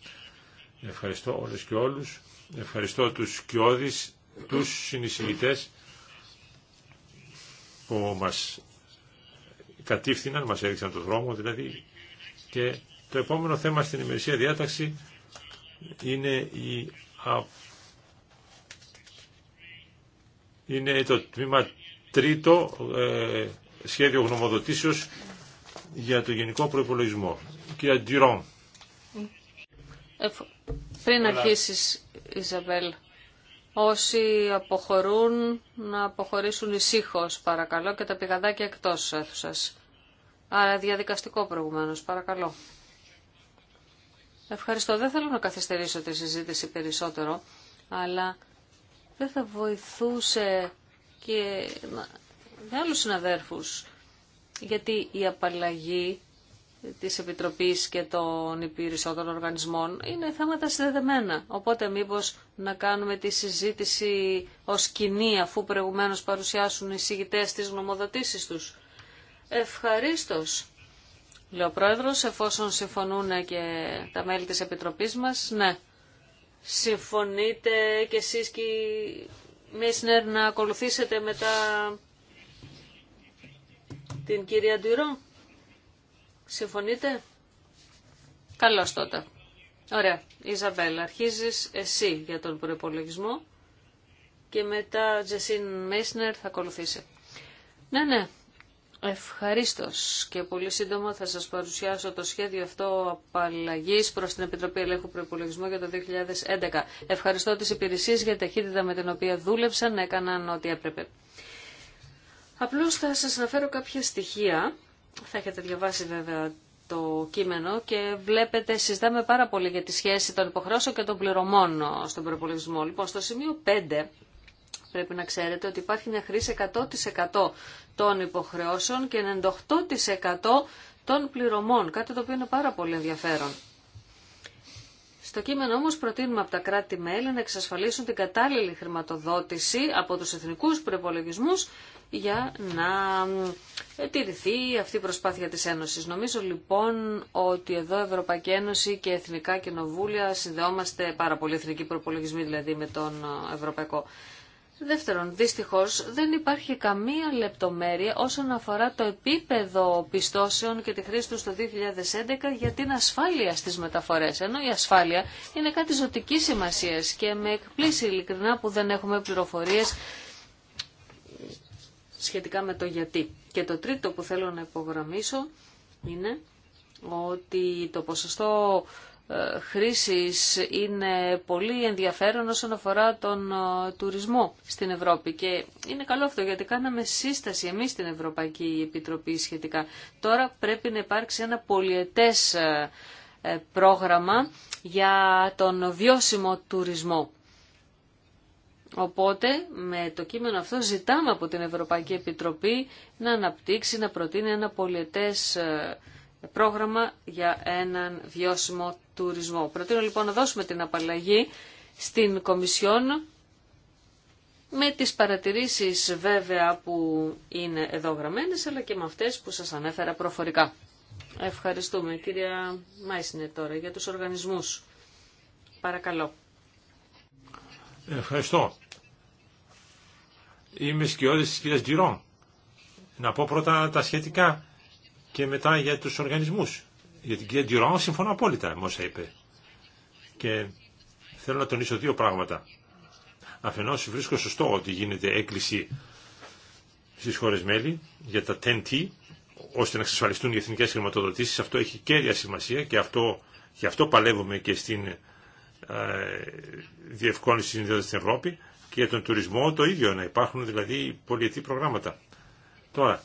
Ευχαριστώ όλες και όλους. Ευχαριστώ τους κοιόδης, τους συνεισηγητές που μας κατήφθηναν, μας έδειξαν τον δρόμο δηλαδή και το επόμενο θέμα στην ημερησία διάταξη είναι η είναι το τμήμα τρίτο ε, σχέδιο γνωμοδοτήσεως για το γενικό προϋπολογισμό. Κυρία Ντυρόν. Πριν αρχίσεις, Ιζαμπέλ, όσοι αποχωρούν, να αποχωρήσουν ησύχω, παρακαλώ, και τα πηγαδάκια εκτός αίθουσας. Άρα διαδικαστικό προηγουμένως, παρακαλώ. Ευχαριστώ. Δεν θέλω να καθυστερήσω τη συζήτηση περισσότερο, αλλά δεν θα βοηθούσε και με άλλους συναδέρφους, γιατί η απαλλαγή της Επιτροπής και των υπηρεσιών οργανισμών είναι θέματα συνδεδεμένα. Οπότε μήπως να κάνουμε τη συζήτηση ως κοινή αφού προηγουμένως παρουσιάσουν οι συγητές τις γνωμοδοτήσεις τους. Ευχαρίστως. Λέω ο Πρόεδρος, εφόσον συμφωνούν και τα μέλη της Επιτροπής μας, ναι. Συμφωνείτε και εσείς και Μίσνερ, να ακολουθήσετε μετά την κυρία Ντουιρό. Συμφωνείτε? Καλώς τότε. Ωραία. Ιζαμπέλ, αρχίζεις εσύ για τον προπολογισμό και μετά Τζεσίν Μέισνερ θα ακολουθήσει. Ναι, ναι. Ευχαρίστως και πολύ σύντομα θα σας παρουσιάσω το σχέδιο αυτό απαλλαγής προς την Επιτροπή Ελέγχου Προπολογισμού για το 2011. Ευχαριστώ τις υπηρεσίες για ταχύτητα με την οποία δούλεψαν, έκαναν ό,τι έπρεπε. Απλώς θα σας αναφέρω κάποια στοιχεία θα έχετε διαβάσει βέβαια το κείμενο και βλέπετε, συζητάμε πάρα πολύ για τη σχέση των υποχρεώσεων και των πληρωμών στον προπολογισμό. Λοιπόν, στο σημείο 5 πρέπει να ξέρετε ότι υπάρχει μια χρήση 100% των υποχρεώσεων και 98% των πληρωμών, κάτι το οποίο είναι πάρα πολύ ενδιαφέρον. Στο κείμενο όμως προτείνουμε από τα κράτη-μέλη να εξασφαλίσουν την κατάλληλη χρηματοδότηση από τους εθνικούς προπολογισμού για να τηρηθεί αυτή η προσπάθεια της Ένωσης. Νομίζω λοιπόν ότι εδώ Ευρωπαϊκή Ένωση και Εθνικά Κοινοβούλια συνδεόμαστε πάρα πολύ εθνικοί προπολογισμοί δηλαδή με τον ε, Ευρωπαϊκό. Δεύτερον, δυστυχώς δεν υπάρχει καμία λεπτομέρεια όσον αφορά το επίπεδο πιστώσεων και τη χρήση του το 2011 για την ασφάλεια στις μεταφορές. Ενώ η ασφάλεια είναι κάτι ζωτική σημασία και με εκπλήσει ειλικρινά που δεν έχουμε πληροφορίες σχετικά με το γιατί. Και το τρίτο που θέλω να υπογραμμίσω είναι ότι το ποσοστό ε, χρήσης είναι πολύ ενδιαφέρον όσον αφορά τον ε, τουρισμό στην Ευρώπη και είναι καλό αυτό γιατί κάναμε σύσταση εμείς στην Ευρωπαϊκή Επιτροπή σχετικά. Τώρα πρέπει να υπάρξει ένα πολιετές ε, πρόγραμμα για τον βιώσιμο τουρισμό. Οπότε με το κείμενο αυτό ζητάμε από την Ευρωπαϊκή Επιτροπή να αναπτύξει, να προτείνει ένα πολιετές πρόγραμμα για έναν βιώσιμο τουρισμό. Προτείνω λοιπόν να δώσουμε την απαλλαγή στην Κομισιόν με τις παρατηρήσεις βέβαια που είναι εδώ γραμμένες αλλά και με αυτές που σας ανέφερα προφορικά. Ευχαριστούμε. Κυρία Μάισνε τώρα για τους οργανισμούς. Παρακαλώ. Ευχαριστώ. Είμαι σκιώδης της κυρίας Γκυρών. Να πω πρώτα τα σχετικά και μετά για τους οργανισμούς. Για την κυρία Ντιουράν συμφωνώ απόλυτα με όσα είπε. Και θέλω να τονίσω δύο πράγματα. Αφενό βρίσκω σωστό ότι γίνεται έκκληση στι χώρε μέλη για τα 10T, ώστε να εξασφαλιστούν οι εθνικές χρηματοδοτήσεις. Αυτό έχει κέρια σημασία και αυτό, γι' αυτό παλεύουμε και στην ε, διευκόλυνση συνδέοντα στην Ευρώπη και για τον τουρισμό το ίδιο, να υπάρχουν δηλαδή πολιετή προγράμματα. Τώρα,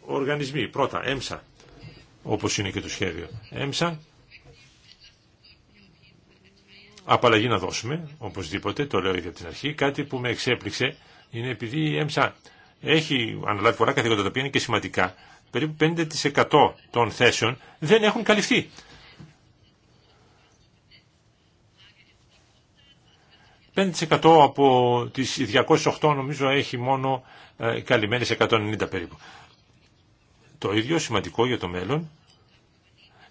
οργανισμοί. Πρώτα, έμσα όπως είναι και το σχέδιο ΕΜΣΑ Απαλλαγή να δώσουμε, οπωσδήποτε, το λέω ήδη από την αρχή. Κάτι που με εξέπληξε είναι επειδή η ΕΜΣΑ έχει αναλάβει πολλά καθήκοντα, τα οποία είναι και σημαντικά. Περίπου 5% των θέσεων δεν έχουν καλυφθεί. από τις 208 νομίζω έχει μόνο ε, καλυμμένες 190 περίπου. Το ίδιο σημαντικό για το μέλλον,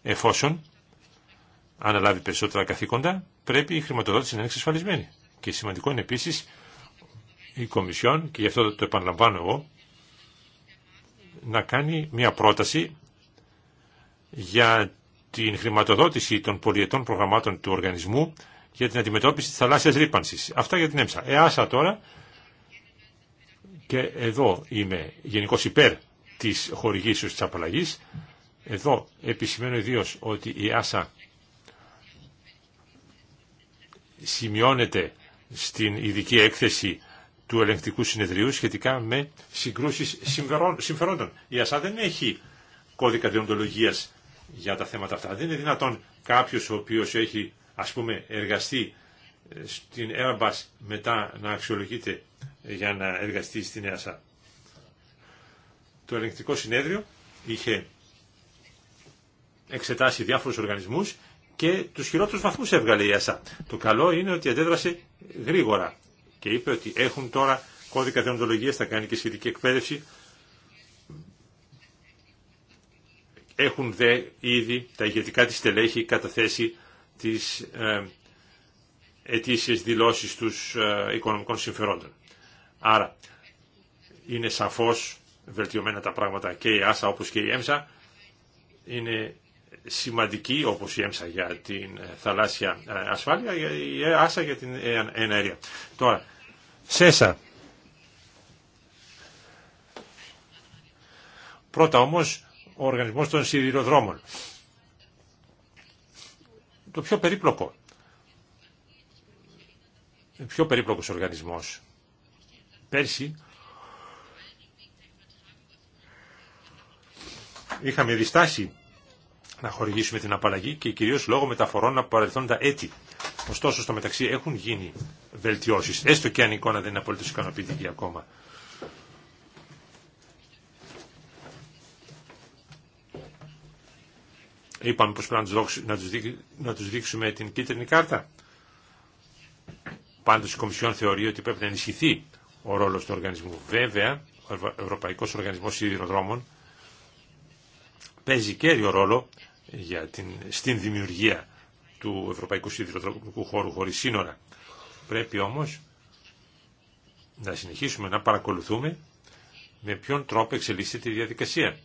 εφόσον αναλάβει περισσότερα καθήκοντα, πρέπει η χρηματοδότηση να είναι εξασφαλισμένη. Και σημαντικό είναι επίσης η Κομισιόν, και γι' αυτό το επαναλαμβάνω εγώ, να κάνει μια πρόταση για την χρηματοδότηση των πολιετών προγραμμάτων του οργανισμού για την αντιμετώπιση της θαλάσσιας ρήπανσης. Αυτά για την ΕΜΣΑ. ΕΑΣΑ τώρα, και εδώ είμαι γενικώ υπέρ της χορηγήσεως της απαλλαγής. Εδώ επισημαίνω ιδίω ότι η Άσα σημειώνεται στην ειδική έκθεση του ελεγκτικού συνεδρίου σχετικά με συγκρούσεις συμφερόντων. Η ΑΣΑ δεν έχει κώδικα διοντολογίας για τα θέματα αυτά. Δεν είναι δυνατόν κάποιος ο οποίος έχει ας πούμε εργαστεί ε, στην Airbus μετά να αξιολογείται για να εργαστεί στην ΕΑΣΑ. Το ελεγκτικό συνέδριο είχε εξετάσει διάφορους οργανισμούς και τους χειρότερους βαθμούς έβγαλε η ΑΣΑ. Το καλό είναι ότι αντέδρασε γρήγορα και είπε ότι έχουν τώρα κώδικα δεοντολογίας, θα κάνει και σχετική εκπαίδευση. Έχουν δε ήδη τα ηγετικά της τελέχη καταθέσει τις ε, ετήσιες δηλώσεις τους ε, οικονομικών συμφερόντων. Άρα είναι σαφώς βελτιωμένα τα πράγματα και η ΆΣΑ όπως και η ΕΜΣΑ είναι σημαντική όπως η ΕΜΣΑ για την ε, θαλάσσια ε, ασφάλεια η ΆΣΑ για την ε, ενέργεια. Τώρα, ΣΕΣΑ πρώτα όμως ο οργανισμός των σιδηροδρόμων το πιο περίπλοκο πιο περίπλοκος οργανισμός πέρσι είχαμε διστάσει να χορηγήσουμε την απαλλαγή και κυρίω λόγω μεταφορών από παρελθόντα έτη. Ωστόσο, στο μεταξύ έχουν γίνει βελτιώσει, έστω και αν η εικόνα δεν είναι απολύτω ικανοποιητική ακόμα. Είπαμε πως πρέπει να τους, δείξουμε την κίτρινη κάρτα. Πάντως η Κομισιόν θεωρεί ότι πρέπει να ενισχυθεί ο ρόλος του οργανισμού. Βέβαια, ο Ευρωπαϊκός Οργανισμός Σιδηροδρόμων παίζει κέριο ρόλο για την, στην δημιουργία του Ευρωπαϊκού Σιδηροδρομικού Χώρου χωρίς σύνορα. Πρέπει όμως να συνεχίσουμε να παρακολουθούμε με ποιον τρόπο εξελίσσεται η διαδικασία.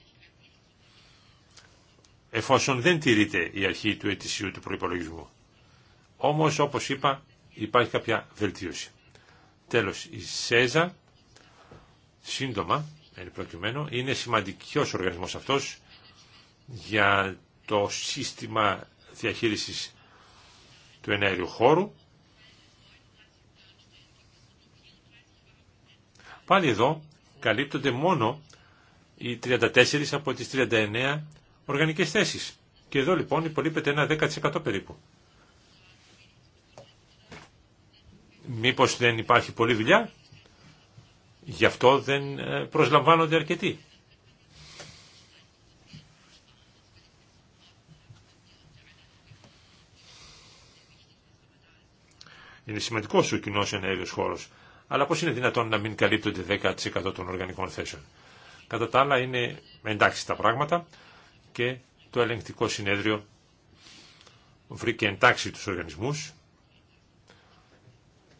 Εφόσον δεν τηρείται η αρχή του ετησίου του προϋπολογισμού. Όμως, όπως είπα, υπάρχει κάποια βελτίωση. Τέλος, η ΣΕΖΑ, σύντομα, προκειμένου, είναι σημαντικός οργανισμός αυτός, για το σύστημα διαχείρισης του ενέργειου χώρου. Πάλι εδώ καλύπτονται μόνο οι 34 από τις 39 οργανικές θέσεις. Και εδώ λοιπόν υπολείπεται ένα 10% περίπου. Μήπως δεν υπάρχει πολλή δουλειά, γι' αυτό δεν ε, προσλαμβάνονται αρκετοί. Είναι σημαντικό ο κοινό ενέργειο χώρο. Αλλά πώ είναι δυνατόν να μην καλύπτονται 10% των οργανικών θέσεων. Κατά τα άλλα είναι εντάξει τα πράγματα και το ελεγκτικό συνέδριο βρήκε εντάξει τους οργανισμούς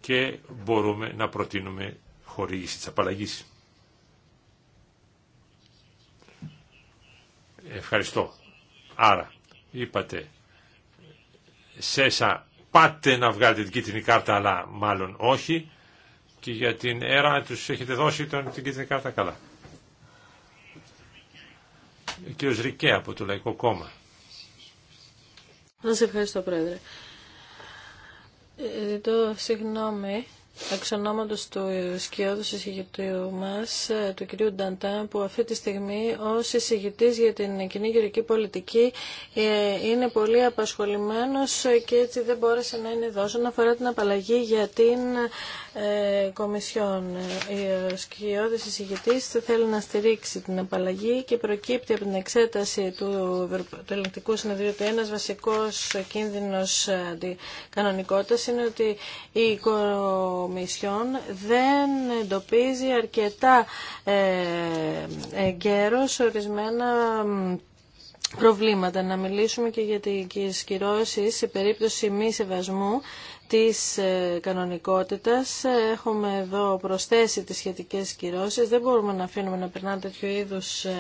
και μπορούμε να προτείνουμε χορήγηση τη απαλλαγή. Ευχαριστώ. Άρα, είπατε, ΣΕΣΑ πάτε να βγάλετε την κίτρινη κάρτα, αλλά μάλλον όχι. Και για την αίρα τους έχετε δώσει τον, την κίτρινη κάρτα καλά. Ο κ. Ρικέ από το Λαϊκό Κόμμα. Σας ευχαριστώ, Πρόεδρε. Ε, το συγγνώμη Εξ ονόματος του σκιώδους εισηγητή μας, ε, του κυρίου Νταντάν, που αυτή τη στιγμή ως εισηγητής για την κοινή γερική πολιτική ε, είναι πολύ απασχολημένος και έτσι δεν μπόρεσε να είναι εδώ. να αφορά την απαλλαγή για την ε, Κομισιόν, ε, ο σκιώδης εισηγητής θέλει να στηρίξει την απαλλαγή και προκύπτει από την εξέταση του, του Ελληνικού Συνεδρίου ότι ένας βασικός κίνδυνος κανονικότητας είναι ότι η δεν εντοπίζει αρκετά ε, καιρός ορισμένα προβλήματα. Να μιλήσουμε και για τις κυρώσεις σε περίπτωση μη σεβασμού της ε, κανονικότητας. Έχουμε εδώ προσθέσει τις σχετικές κυρώσεις. Δεν μπορούμε να αφήνουμε να περνάνε τέτοιου είδους ε,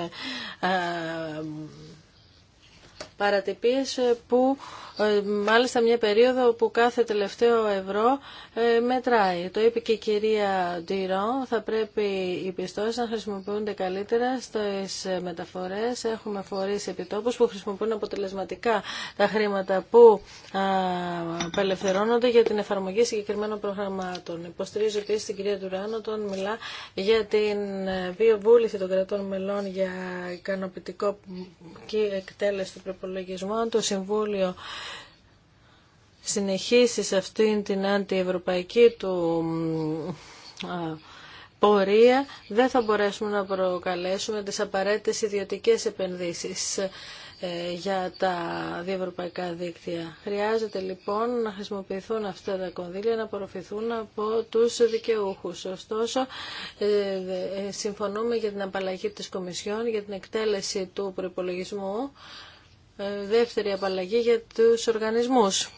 παρατυπίες ε, που ε, μάλιστα μια περίοδο που κάθε τελευταίο ευρώ ε, μετράει. Το είπε και η κυρία Ντυρό, θα πρέπει οι πιστώσεις να χρησιμοποιούνται καλύτερα στις μεταφορές. Έχουμε φορείς επιτόπους που χρησιμοποιούν αποτελεσματικά τα χρήματα που απελευθερώνονται για την εφαρμογή συγκεκριμένων προγραμμάτων. Υποστηρίζω επίση την κυρία Ντουράνο μιλά για την βιοβούληση των κρατών μελών για ικανοποιητικό και εκτέλεση του αν το Συμβούλιο συνεχίσει σε αυτήν την αντιευρωπαϊκή του πορεία, δεν θα μπορέσουμε να προκαλέσουμε τις απαραίτητες ιδιωτικές επενδύσεις ε, για τα διευρωπαϊκά δίκτυα. Χρειάζεται λοιπόν να χρησιμοποιηθούν αυτά τα κονδύλια να απορροφηθούν από τους δικαιούχους. Ωστόσο, ε, ε, συμφωνούμε για την απαλλαγή της Κομισιόν για την εκτέλεση του προπολογισμού ε, δεύτερη απαλλαγή για τους οργανισμούς.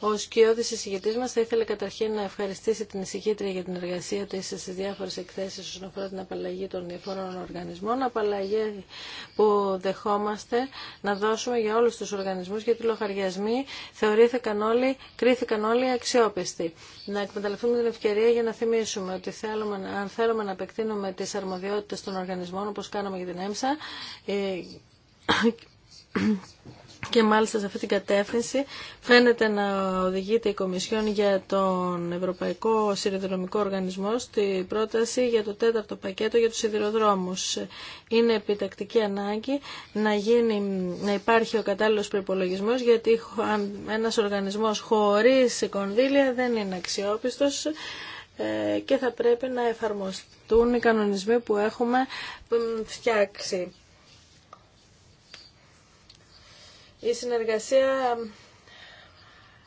Ο σκιώδης εισηγητής μας θα ήθελε καταρχήν να ευχαριστήσει την εισηγήτρια για την εργασία της στις διάφορες εκθέσεις όσον αφορά την απαλλαγή των διαφόρων οργανισμών, απαλλαγή που δεχόμαστε να δώσουμε για όλους τους οργανισμούς γιατί οι λογαριασμοί θεωρήθηκαν όλοι, κρίθηκαν όλοι αξιόπιστοι. Να εκμεταλλευτούμε την ευκαιρία για να θυμίσουμε ότι θέλουμε, αν θέλουμε να επεκτείνουμε τις αρμοδιότητες των οργανισμών όπως κάναμε για την ΕΜΣΑ, ε, και μάλιστα σε αυτή την κατεύθυνση φαίνεται να οδηγείται η Κομισιόν για τον Ευρωπαϊκό Σιδηροδρομικό Οργανισμό στη πρόταση για το τέταρτο πακέτο για τους σιδηροδρόμους. Είναι επιτακτική ανάγκη να, γίνει, να υπάρχει ο κατάλληλος προπολογισμό γιατί ένας οργανισμός χωρίς κονδύλια δεν είναι αξιόπιστος ε, και θα πρέπει να εφαρμοστούν οι κανονισμοί που έχουμε φτιάξει. Η συνεργασία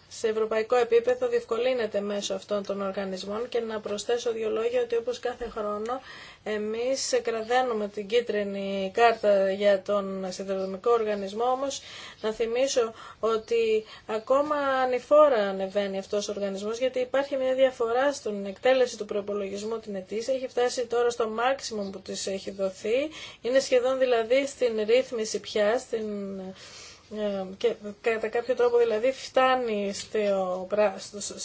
σε ευρωπαϊκό επίπεδο διευκολύνεται μέσω αυτών των οργανισμών και να προσθέσω δύο λόγια ότι όπως κάθε χρόνο εμείς κραδένουμε την κίτρινη κάρτα για τον συνδρομικό οργανισμό όμως να θυμίσω ότι ακόμα ανηφόρα ανεβαίνει αυτός ο οργανισμός γιατί υπάρχει μια διαφορά στην εκτέλεση του προπολογισμού την ετήσια έχει φτάσει τώρα στο μάξιμο που της έχει δοθεί είναι σχεδόν δηλαδή στην ρύθμιση πια στην ε, και κατά κάποιο τρόπο δηλαδή φτάνει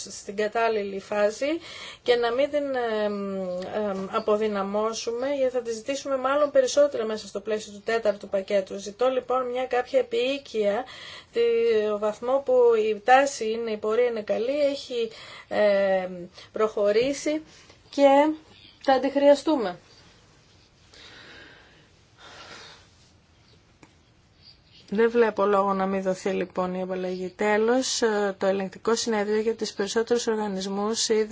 στην κατάλληλη φάση και να μην την ε, ε, αποδυναμώσουμε γιατί θα τη ζητήσουμε μάλλον περισσότερα μέσα στο πλαίσιο του τέταρτου πακέτου. Ζητώ λοιπόν μια κάποια επίοικια, το βαθμό που η τάση είναι, η πορεία είναι καλή, έχει προχωρήσει και θα τη χρειαστούμε. Δεν βλέπω λόγο να μην δοθεί λοιπόν η απαλλαγή. Τέλο. Ε, το ελεγκτικό συνέδριο για του περισσότερου οργανισμούς ε,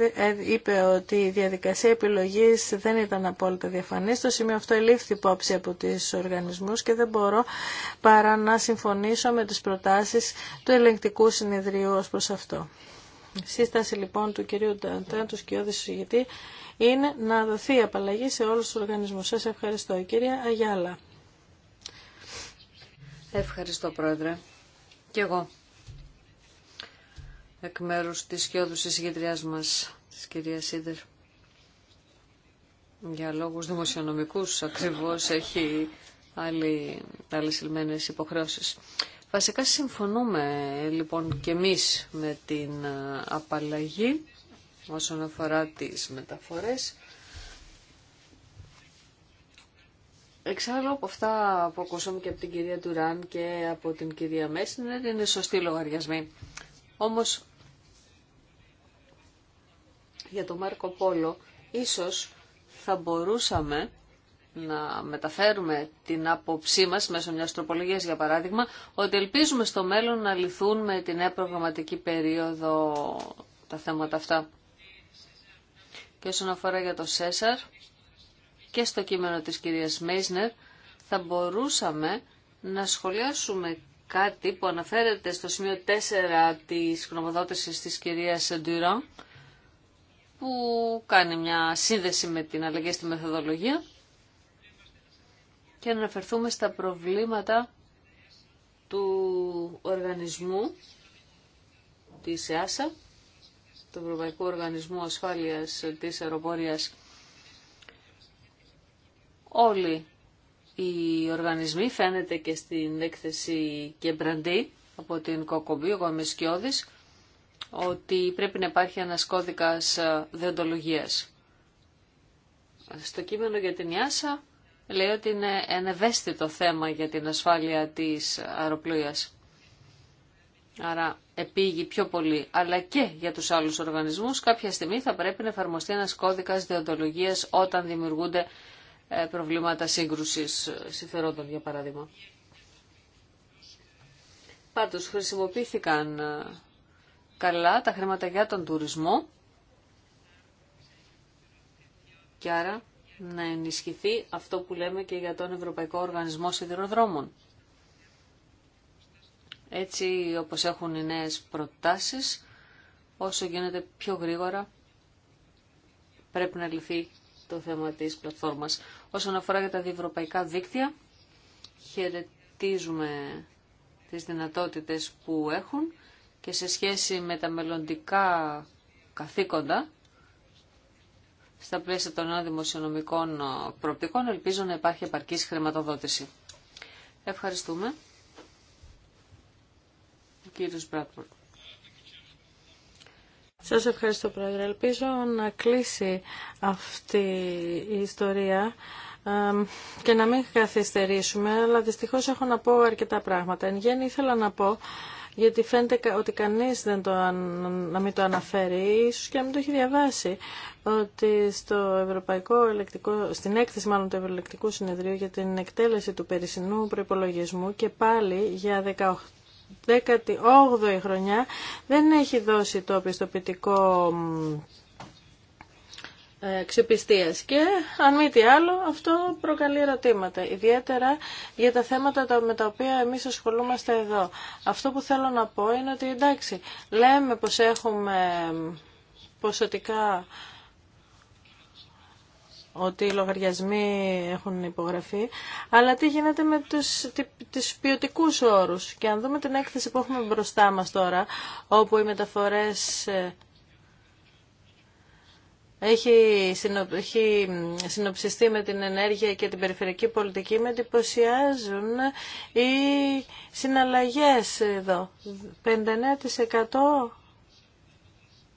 είπε ότι η διαδικασία επιλογής δεν ήταν απόλυτα διαφανή. Στο σημείο αυτό ελήφθη υπόψη από τους οργανισμούς και δεν μπορώ παρά να συμφωνήσω με τις προτάσεις του ελεγκτικού συνεδρίου ως προς αυτό. Η σύσταση λοιπόν του κυρίου Νταντάν, του σκιώδη είναι να δοθεί απαλλαγή σε όλους τους οργανισμούς. Σας ευχαριστώ. κυρία Αγιάλα. Ευχαριστώ Πρόεδρε. Και εγώ. Εκ μέρους της σκιώδους εισηγητριάς μας, της κυρίας Σίδερ. Για λόγους δημοσιονομικούς ακριβώς έχει άλλη, άλλες υποχρεώσει. υποχρεώσεις. Βασικά συμφωνούμε λοιπόν και εμείς με την ε, απαλλαγή όσον αφορά τις μεταφορές Εξάλλου από αυτά που ακούσαμε και από την κυρία Τουράν και από την κυρία Μέσνερ είναι σωστοί λογαριασμοί. Όμως για το Μάρκο Πόλο ίσως θα μπορούσαμε να μεταφέρουμε την άποψή μας μέσω μιας τροπολογίας για παράδειγμα ότι ελπίζουμε στο μέλλον να λυθούν με την νέα προγραμματική περίοδο τα θέματα αυτά. Και όσον αφορά για το ΣΕΣΑΡ, και στο κείμενο της κυρίας Μέισνερ θα μπορούσαμε να σχολιάσουμε κάτι που αναφέρεται στο σημείο 4 της γνωμοδότησης της κυρίας Ντουραν που κάνει μια σύνδεση με την αλλαγή στη μεθοδολογία και να αναφερθούμε στα προβλήματα του οργανισμού της ΕΑΣΑ, του Ευρωπαϊκού Οργανισμού Ασφάλειας της Αεροπορίας όλοι οι οργανισμοί, φαίνεται και στην έκθεση Κεμπραντή από την Κοκομπή, εγώ είμαι ότι πρέπει να υπάρχει ένας κώδικας ε, δεοντολογίας. Στο κείμενο για την Ιάσα λέει ότι είναι ένα θέμα για την ασφάλεια της αεροπλοίας. Άρα επήγει πιο πολύ, αλλά και για τους άλλους οργανισμούς κάποια στιγμή θα πρέπει να εφαρμοστεί ένας κώδικας δεοντολογίας όταν δημιουργούνται ε, προβλήματα σύγκρουσης συμφερόντων, για παράδειγμα. Πάντως, χρησιμοποιήθηκαν ε, καλά τα χρήματα για τον τουρισμό και άρα να ενισχυθεί αυτό που λέμε και για τον Ευρωπαϊκό Οργανισμό Σιδηροδρόμων. Έτσι, όπως έχουν οι νέες προτάσεις, όσο γίνεται πιο γρήγορα πρέπει να λυθεί το θέμα της πλατφόρμας. Όσον αφορά για τα διευρωπαϊκά δίκτυα, χαιρετίζουμε τις δυνατότητες που έχουν και σε σχέση με τα μελλοντικά καθήκοντα, στα πλαίσια των νέων δημοσιονομικών προοπτικών, ελπίζω να υπάρχει επαρκής χρηματοδότηση. Ευχαριστούμε. κύριος σας ευχαριστώ Πρόεδρε. Ελπίζω να κλείσει αυτή η ιστορία και να μην καθυστερήσουμε, αλλά δυστυχώς έχω να πω αρκετά πράγματα. Εν γέννη ήθελα να πω, γιατί φαίνεται ότι κανείς δεν το, να μην το αναφέρει, ίσως και να μην το έχει διαβάσει, ότι στο Ευρωπαϊκό Ελεκτικό, στην έκθεση μάλλον του Ευρωελεκτικού Συνεδρίου για την εκτέλεση του περσινού προϋπολογισμού και πάλι για 18η χρονιά δεν έχει δώσει το πιστοποιητικό ε, ξεπιστίας και αν μη τι άλλο αυτό προκαλεί ερωτήματα ιδιαίτερα για τα θέματα με τα οποία εμείς ασχολούμαστε εδώ αυτό που θέλω να πω είναι ότι εντάξει λέμε πως έχουμε ποσοτικά ότι οι λογαριασμοί έχουν υπογραφεί, αλλά τι γίνεται με τους, τις ποιοτικού όρους. Και αν δούμε την έκθεση που έχουμε μπροστά μας τώρα, όπου οι μεταφορές ε, έχει, συνοψιστεί με την ενέργεια και την περιφερειακή πολιτική, με εντυπωσιάζουν οι συναλλαγές εδώ. 59%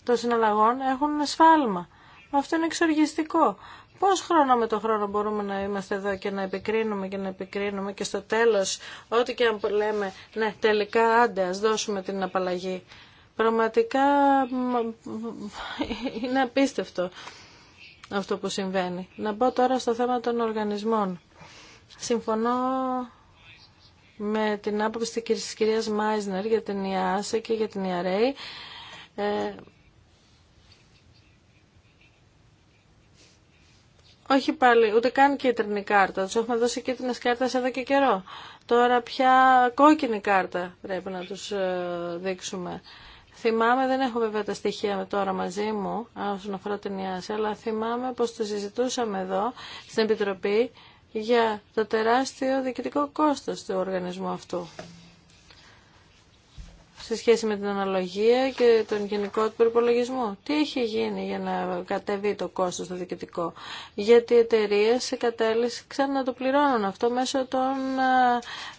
των συναλλαγών έχουν σφάλμα. Αυτό είναι εξοργιστικό. Πώς χρόνο με το χρόνο μπορούμε να είμαστε εδώ και να επικρίνουμε και να επικρίνουμε και στο τέλος ό,τι και αν λέμε ναι τελικά άντε ας δώσουμε την απαλλαγή. Πραγματικά είναι απίστευτο αυτό που συμβαίνει. Να μπω τώρα στο θέμα των οργανισμών. Συμφωνώ με την άποψη της κυρίας Μάιζνερ για την ΙΑΣΕ και για την ΙΑΡΕΗ ε, Όχι πάλι, ούτε καν κίτρινη κάρτα. του έχουμε δώσει κίτρινε κάρτε εδώ και καιρό. Τώρα πια κόκκινη κάρτα πρέπει να τους ε, δείξουμε. Θυμάμαι, δεν έχω βέβαια τα στοιχεία τώρα μαζί μου όσον αφορά την Ιάση, αλλά θυμάμαι πως το συζητούσαμε εδώ στην Επιτροπή για το τεράστιο διοικητικό κόστος του οργανισμού αυτού σε σχέση με την αναλογία και τον γενικό του προπολογισμό. Τι έχει γίνει για να κατεβεί το κόστος στο διοικητικό. Γιατί οι εταιρείε ξέρουν να το πληρώνουν αυτό μέσω των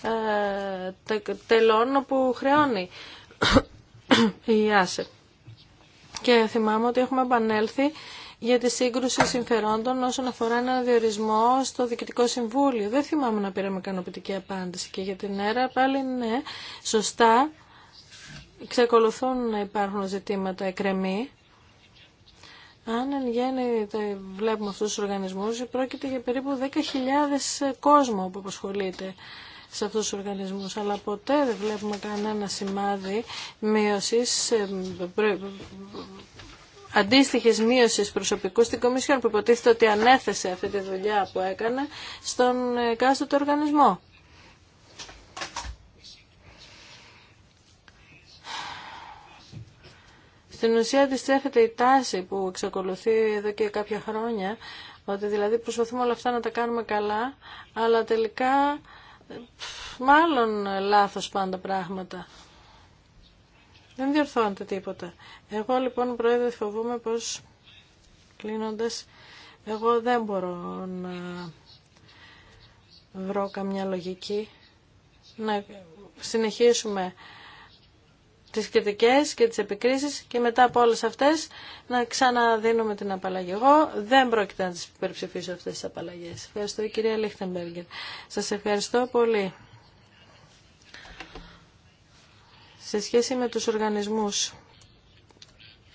ε, ε, τελών που χρεώνει η ΆΣΕ. Και θυμάμαι ότι έχουμε επανέλθει για τη σύγκρουση συμφερόντων όσον αφορά ένα διορισμό στο Διοικητικό Συμβούλιο. Δεν θυμάμαι να πήραμε ικανοποιητική απάντηση και για την ΕΡΑ πάλι ναι, σωστά Ξεκολουθούν να υπάρχουν ζητήματα εκκρεμή. Αν εν γέννη βλέπουμε αυτούς τους οργανισμούς, πρόκειται για περίπου 10.000 κόσμο που απασχολείται σε αυτούς τους οργανισμούς, αλλά ποτέ δεν βλέπουμε κανένα σημάδι μείωσης, ε, αντίστοιχης μείωσης προσωπικού στην Κομισιόν, που υποτίθεται ότι ανέθεσε αυτή τη δουλειά που έκανε στον εκάστοτε οργανισμό. Στην ουσία αντιστρέφεται η τάση που εξακολουθεί εδώ και κάποια χρόνια, ότι δηλαδή προσπαθούμε όλα αυτά να τα κάνουμε καλά, αλλά τελικά μάλλον λάθος πάντα πράγματα. Δεν διορθώνεται τίποτα. Εγώ λοιπόν, Πρόεδρε, φοβούμαι πως, κλείνοντας, εγώ δεν μπορώ να βρω καμιά λογική να συνεχίσουμε τις κριτικές και τις επικρίσεις και μετά από όλες αυτές να ξαναδίνουμε την απαλλαγή. Εγώ δεν πρόκειται να τις υπερψηφίσω αυτές τις απαλλαγές. Ευχαριστώ κυρία Λίχτεμπεργκερ. Σας ευχαριστώ πολύ. Σε σχέση με τους οργανισμούς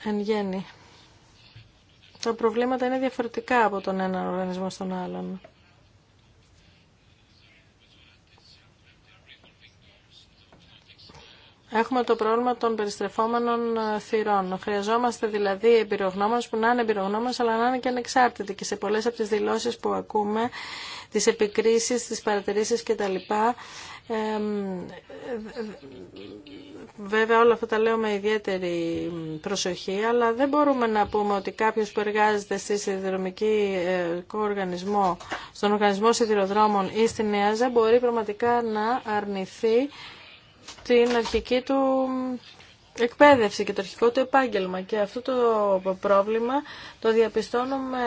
εν γέννη, τα προβλήματα είναι διαφορετικά από τον ένα οργανισμό στον άλλον. Έχουμε το πρόβλημα των περιστρεφόμενων ε, θυρών. Χρειαζόμαστε δηλαδή εμπειρογνώμονε που να είναι εμπειρογνώμονε, αλλά να είναι και ανεξάρτητοι και σε πολλέ από τι δηλώσει που ακούμε, τι επικρίσει, τι παρατηρήσει κτλ. Ε, βέβαια όλα αυτά τα λέω με ιδιαίτερη προσοχή αλλά δεν μπορούμε να πούμε ότι κάποιο που εργάζεται στη σιδηροδρομική ε, οργανισμό, στον οργανισμό σιδηροδρόμων ή στην ΕΑΖΑ μπορεί πραγματικά να αρνηθεί την αρχική του εκπαίδευση και το αρχικό του επάγγελμα και αυτό το πρόβλημα το διαπιστώνουμε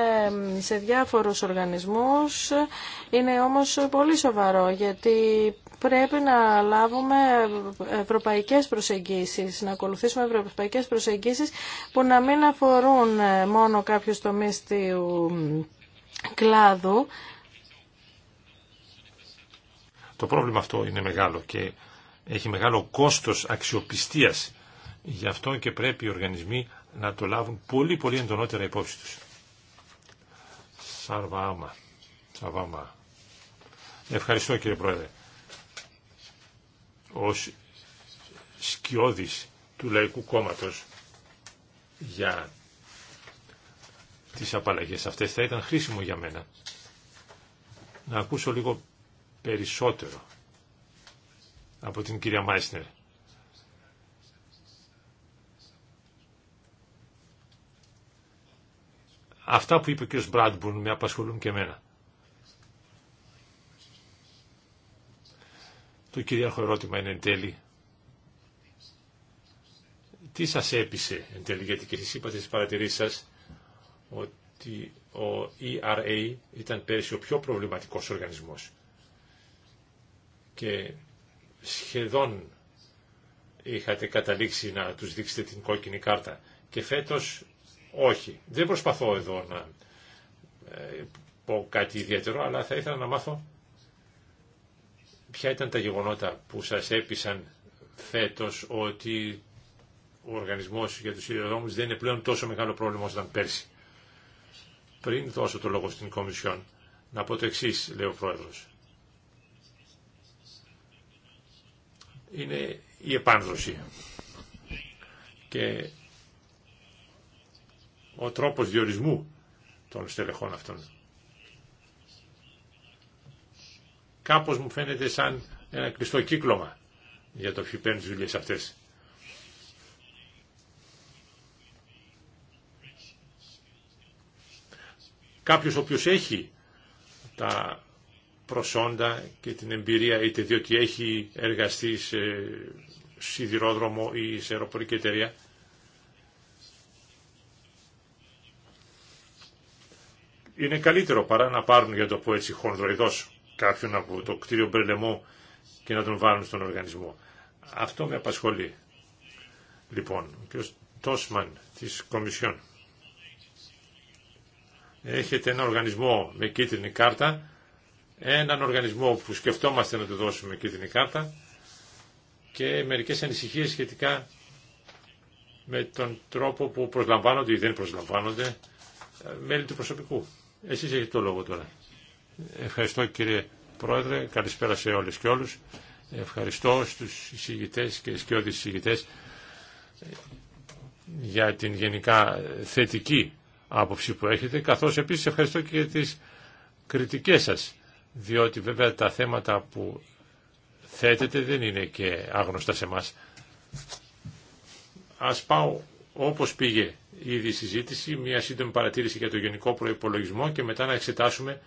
σε διάφορους οργανισμούς είναι όμως πολύ σοβαρό γιατί πρέπει να λάβουμε ευρωπαϊκές προσεγγίσεις, να ακολουθήσουμε ευρωπαϊκές προσεγγίσεις που να μην αφορούν μόνο κάποιους τομείς του κλάδου. Το πρόβλημα αυτό είναι μεγάλο και έχει μεγάλο κόστος αξιοπιστίας. Γι' αυτό και πρέπει οι οργανισμοί να το λάβουν πολύ πολύ εντονότερα υπόψη τους. Σαρβάμα. Σαρβάμα. Ευχαριστώ κύριε Πρόεδρε. Ως σκιώδης του Λαϊκού Κόμματος για τις απαλλαγές αυτές θα ήταν χρήσιμο για μένα να ακούσω λίγο περισσότερο από την κυρία Μάισνερ. Αυτά που είπε ο κύριος Μπράντμπουν με απασχολούν και εμένα. Το κυρίαρχο ερώτημα είναι εν τέλει τι σας έπεισε εν τέλει, γιατί και εσείς είπατε στις παρατηρήσεις σας ότι ο ERA ήταν πέρσι ο πιο προβληματικός οργανισμός. Και σχεδόν είχατε καταλήξει να τους δείξετε την κόκκινη κάρτα και φέτος όχι. Δεν προσπαθώ εδώ να ε, πω κάτι ιδιαίτερο, αλλά θα ήθελα να μάθω ποια ήταν τα γεγονότα που σας έπεισαν φέτος ότι ο οργανισμός για τους ιδιοδρόμους δεν είναι πλέον τόσο μεγάλο πρόβλημα όσο ήταν πέρσι. Πριν δώσω το λόγο στην Κομισιόν, να πω το εξή, λέει ο Πρόεδρος. είναι η επάνδρωση. Και ο τρόπος διορισμού των στελεχών αυτών. Κάπως μου φαίνεται σαν ένα κλειστό κύκλωμα για το ποιοι παίρνουν τις δουλειές αυτές. Κάποιος ο οποίος έχει τα προσόντα και την εμπειρία είτε διότι έχει εργαστεί σε σιδηρόδρομο ή σε αεροπορική εταιρεία. Είναι καλύτερο παρά να πάρουν, για το που έτσι, χονδροειδός κάποιον από το κτίριο Μπρελεμό και να τον βάλουν στον οργανισμό. Αυτό με απασχολεί. Λοιπόν, ο κ. Τόσμαν της Κομισιόν. Έχετε ένα οργανισμό με κίτρινη κάρτα έναν οργανισμό που σκεφτόμαστε να του δώσουμε και κάρτα και μερικές ανησυχίες σχετικά με τον τρόπο που προσλαμβάνονται ή δεν προσλαμβάνονται ε, μέλη του προσωπικού. Εσείς έχετε το λόγο τώρα. Ευχαριστώ κύριε Πρόεδρε, καλησπέρα σε όλες και όλους. Ευχαριστώ στους εισηγητές και σκιώδεις εισηγητές ε, για την γενικά ε, θετική άποψη που έχετε, καθώς επίσης ευχαριστώ και για τις κριτικές σας διότι βέβαια τα θέματα που θέτεται δεν είναι και άγνωστα σε μας. Ας πάω όπως πήγε ήδη η συζήτηση, μια σύντομη παρατήρηση για το γενικό προϋπολογισμό και μετά να εξετάσουμε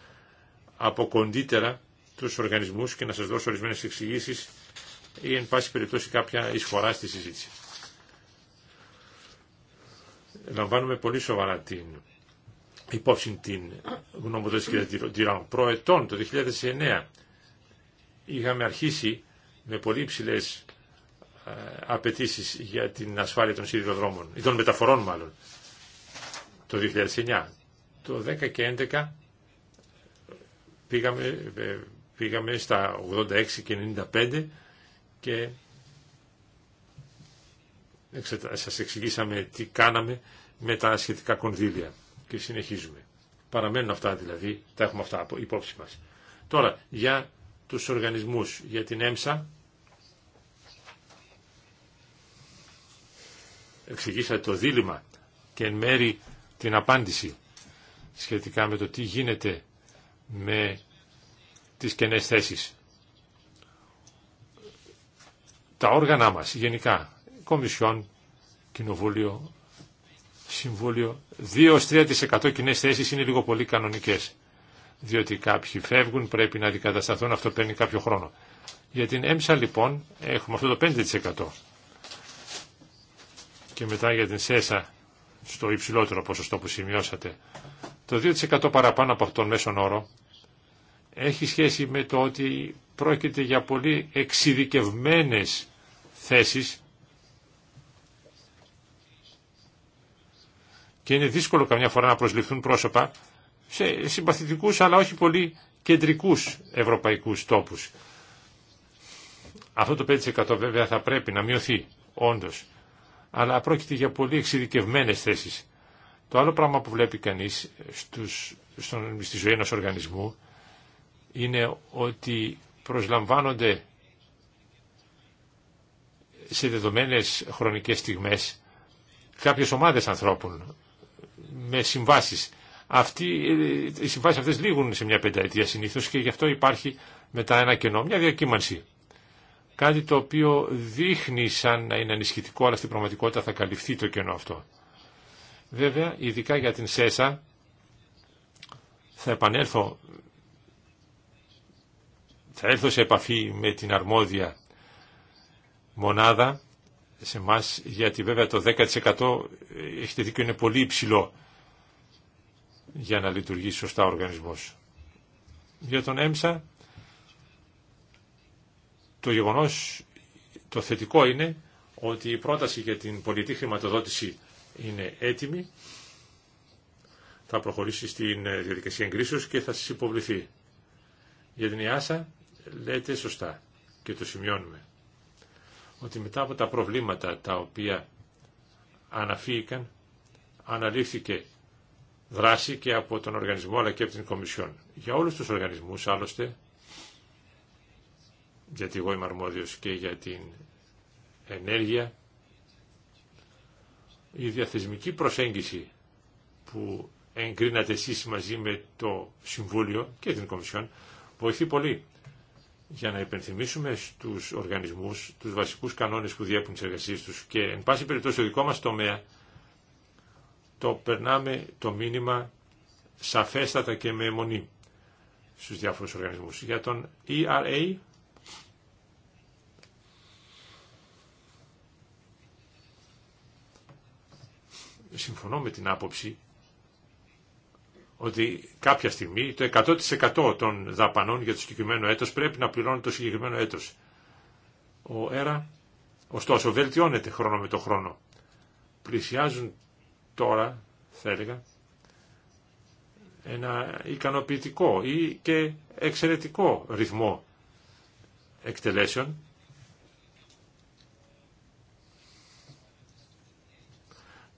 από κοντύτερα τους οργανισμούς και να σας δώσω ορισμένες εξηγήσεις ή εν πάση περιπτώσει κάποια εισφορά στη συζήτηση. Λαμβάνουμε πολύ σοβαρά την υπόψη την γνωμοδότηση κ. Ντυράν. Προετών το 2009 είχαμε αρχίσει με πολύ υψηλέ ε, απαιτήσει για την ασφάλεια των σιδηροδρόμων, ή των μεταφορών μάλλον, το 2009. Το 10 και 11 πήγαμε, ε, πήγαμε στα 86 και 95 και σας εξηγήσαμε τι κάναμε με τα σχετικά κονδύλια και συνεχίζουμε. Παραμένουν αυτά δηλαδή, τα έχουμε αυτά από υπόψη μας. Τώρα, για τους οργανισμούς, για την ΕΜΣΑ, εξηγήσατε το δίλημα και εν μέρη την απάντηση σχετικά με το τι γίνεται με τις κενές θέσεις. Τα όργανα μας γενικά, Κομισιόν, Κοινοβούλιο, Συμβούλιο 2-3% κοινέ θέσει είναι λίγο πολύ κανονικέ. Διότι κάποιοι φεύγουν, πρέπει να αντικατασταθούν, αυτό παίρνει κάποιο χρόνο. Για την ΕΜΣΑ λοιπόν έχουμε αυτό το 5%. Και μετά για την ΣΕΣΑ στο υψηλότερο ποσοστό που σημειώσατε. Το 2% παραπάνω από τον μέσον όρο έχει σχέση με το ότι πρόκειται για πολύ εξειδικευμένες θέσεις και είναι δύσκολο καμιά φορά να προσληφθούν πρόσωπα σε συμπαθητικούς αλλά όχι πολύ κεντρικούς ευρωπαϊκούς τόπους. Αυτό το 5% βέβαια θα πρέπει να μειωθεί, όντως. Αλλά πρόκειται για πολύ εξειδικευμένες θέσεις. Το άλλο πράγμα που βλέπει κανείς στον, στη ζωή ενός οργανισμού είναι ότι προσλαμβάνονται σε δεδομένες χρονικές στιγμές κάποιες ομάδες ανθρώπων με συμβάσεις. Αυτοί, ε, οι συμβάσεις αυτές λήγουν σε μια πενταετία συνήθως και γι' αυτό υπάρχει μετά ένα κενό, μια διακύμανση. Κάτι το οποίο δείχνει σαν να είναι ανισχυτικό, αλλά στην πραγματικότητα θα καλυφθεί το κενό αυτό. Βέβαια, ειδικά για την ΣΕΣΑ, θα επανέλθω, θα έλθω σε επαφή με την αρμόδια μονάδα σε εμά, γιατί βέβαια το 10% ε, έχετε δίκιο είναι πολύ υψηλό για να λειτουργήσει σωστά ο οργανισμός. Για τον ΕΜΣΑ, το γεγονός, το θετικό είναι ότι η πρόταση για την πολιτική χρηματοδότηση είναι έτοιμη, θα προχωρήσει στην διαδικασία εγκρίσεως και θα σα υποβληθεί. Για την ΙΑΣΑ λέτε σωστά και το σημειώνουμε ότι μετά από τα προβλήματα τα οποία αναφύγηκαν αναλύθηκε δράση και από τον οργανισμό αλλά και από την Κομισιόν. Για όλους τους οργανισμούς άλλωστε, γιατί εγώ είμαι αρμόδιος και για την ενέργεια, η διαθεσμική προσέγγιση που εγκρίνατε εσείς μαζί με το Συμβούλιο και την Κομισιόν βοηθεί πολύ για να υπενθυμίσουμε στους οργανισμούς τους βασικούς κανόνες που διέπουν τις εργασίες τους και εν πάση περιπτώσει ο δικό μας τομέα το περνάμε το μήνυμα σαφέστατα και με αιμονή στους διάφορους οργανισμούς. Για τον ERA συμφωνώ με την άποψη ότι κάποια στιγμή το 100% των δαπανών για το συγκεκριμένο έτος πρέπει να πληρώνει το συγκεκριμένο έτος. Ο ΕΡΑ, ωστόσο, βελτιώνεται χρόνο με το χρόνο. Πλησιάζουν τώρα, θα έλεγα, ένα ικανοποιητικό ή και εξαιρετικό ρυθμό εκτελέσεων.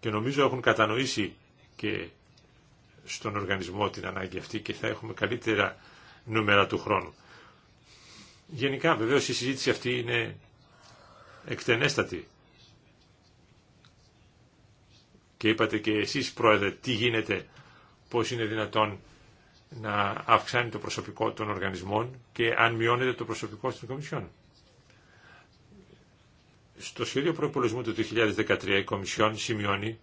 Και νομίζω έχουν κατανοήσει και στον οργανισμό την ανάγκη αυτή και θα έχουμε καλύτερα νούμερα του χρόνου. Γενικά βεβαίως η συζήτηση αυτή είναι εκτενέστατη. και είπατε και εσείς πρόεδρε τι γίνεται, πώς είναι δυνατόν να αυξάνει το προσωπικό των οργανισμών και αν μειώνεται το προσωπικό των Κομισιόν. Στο σχέδιο προπολογισμού του 2013 η Κομισιόν σημειώνει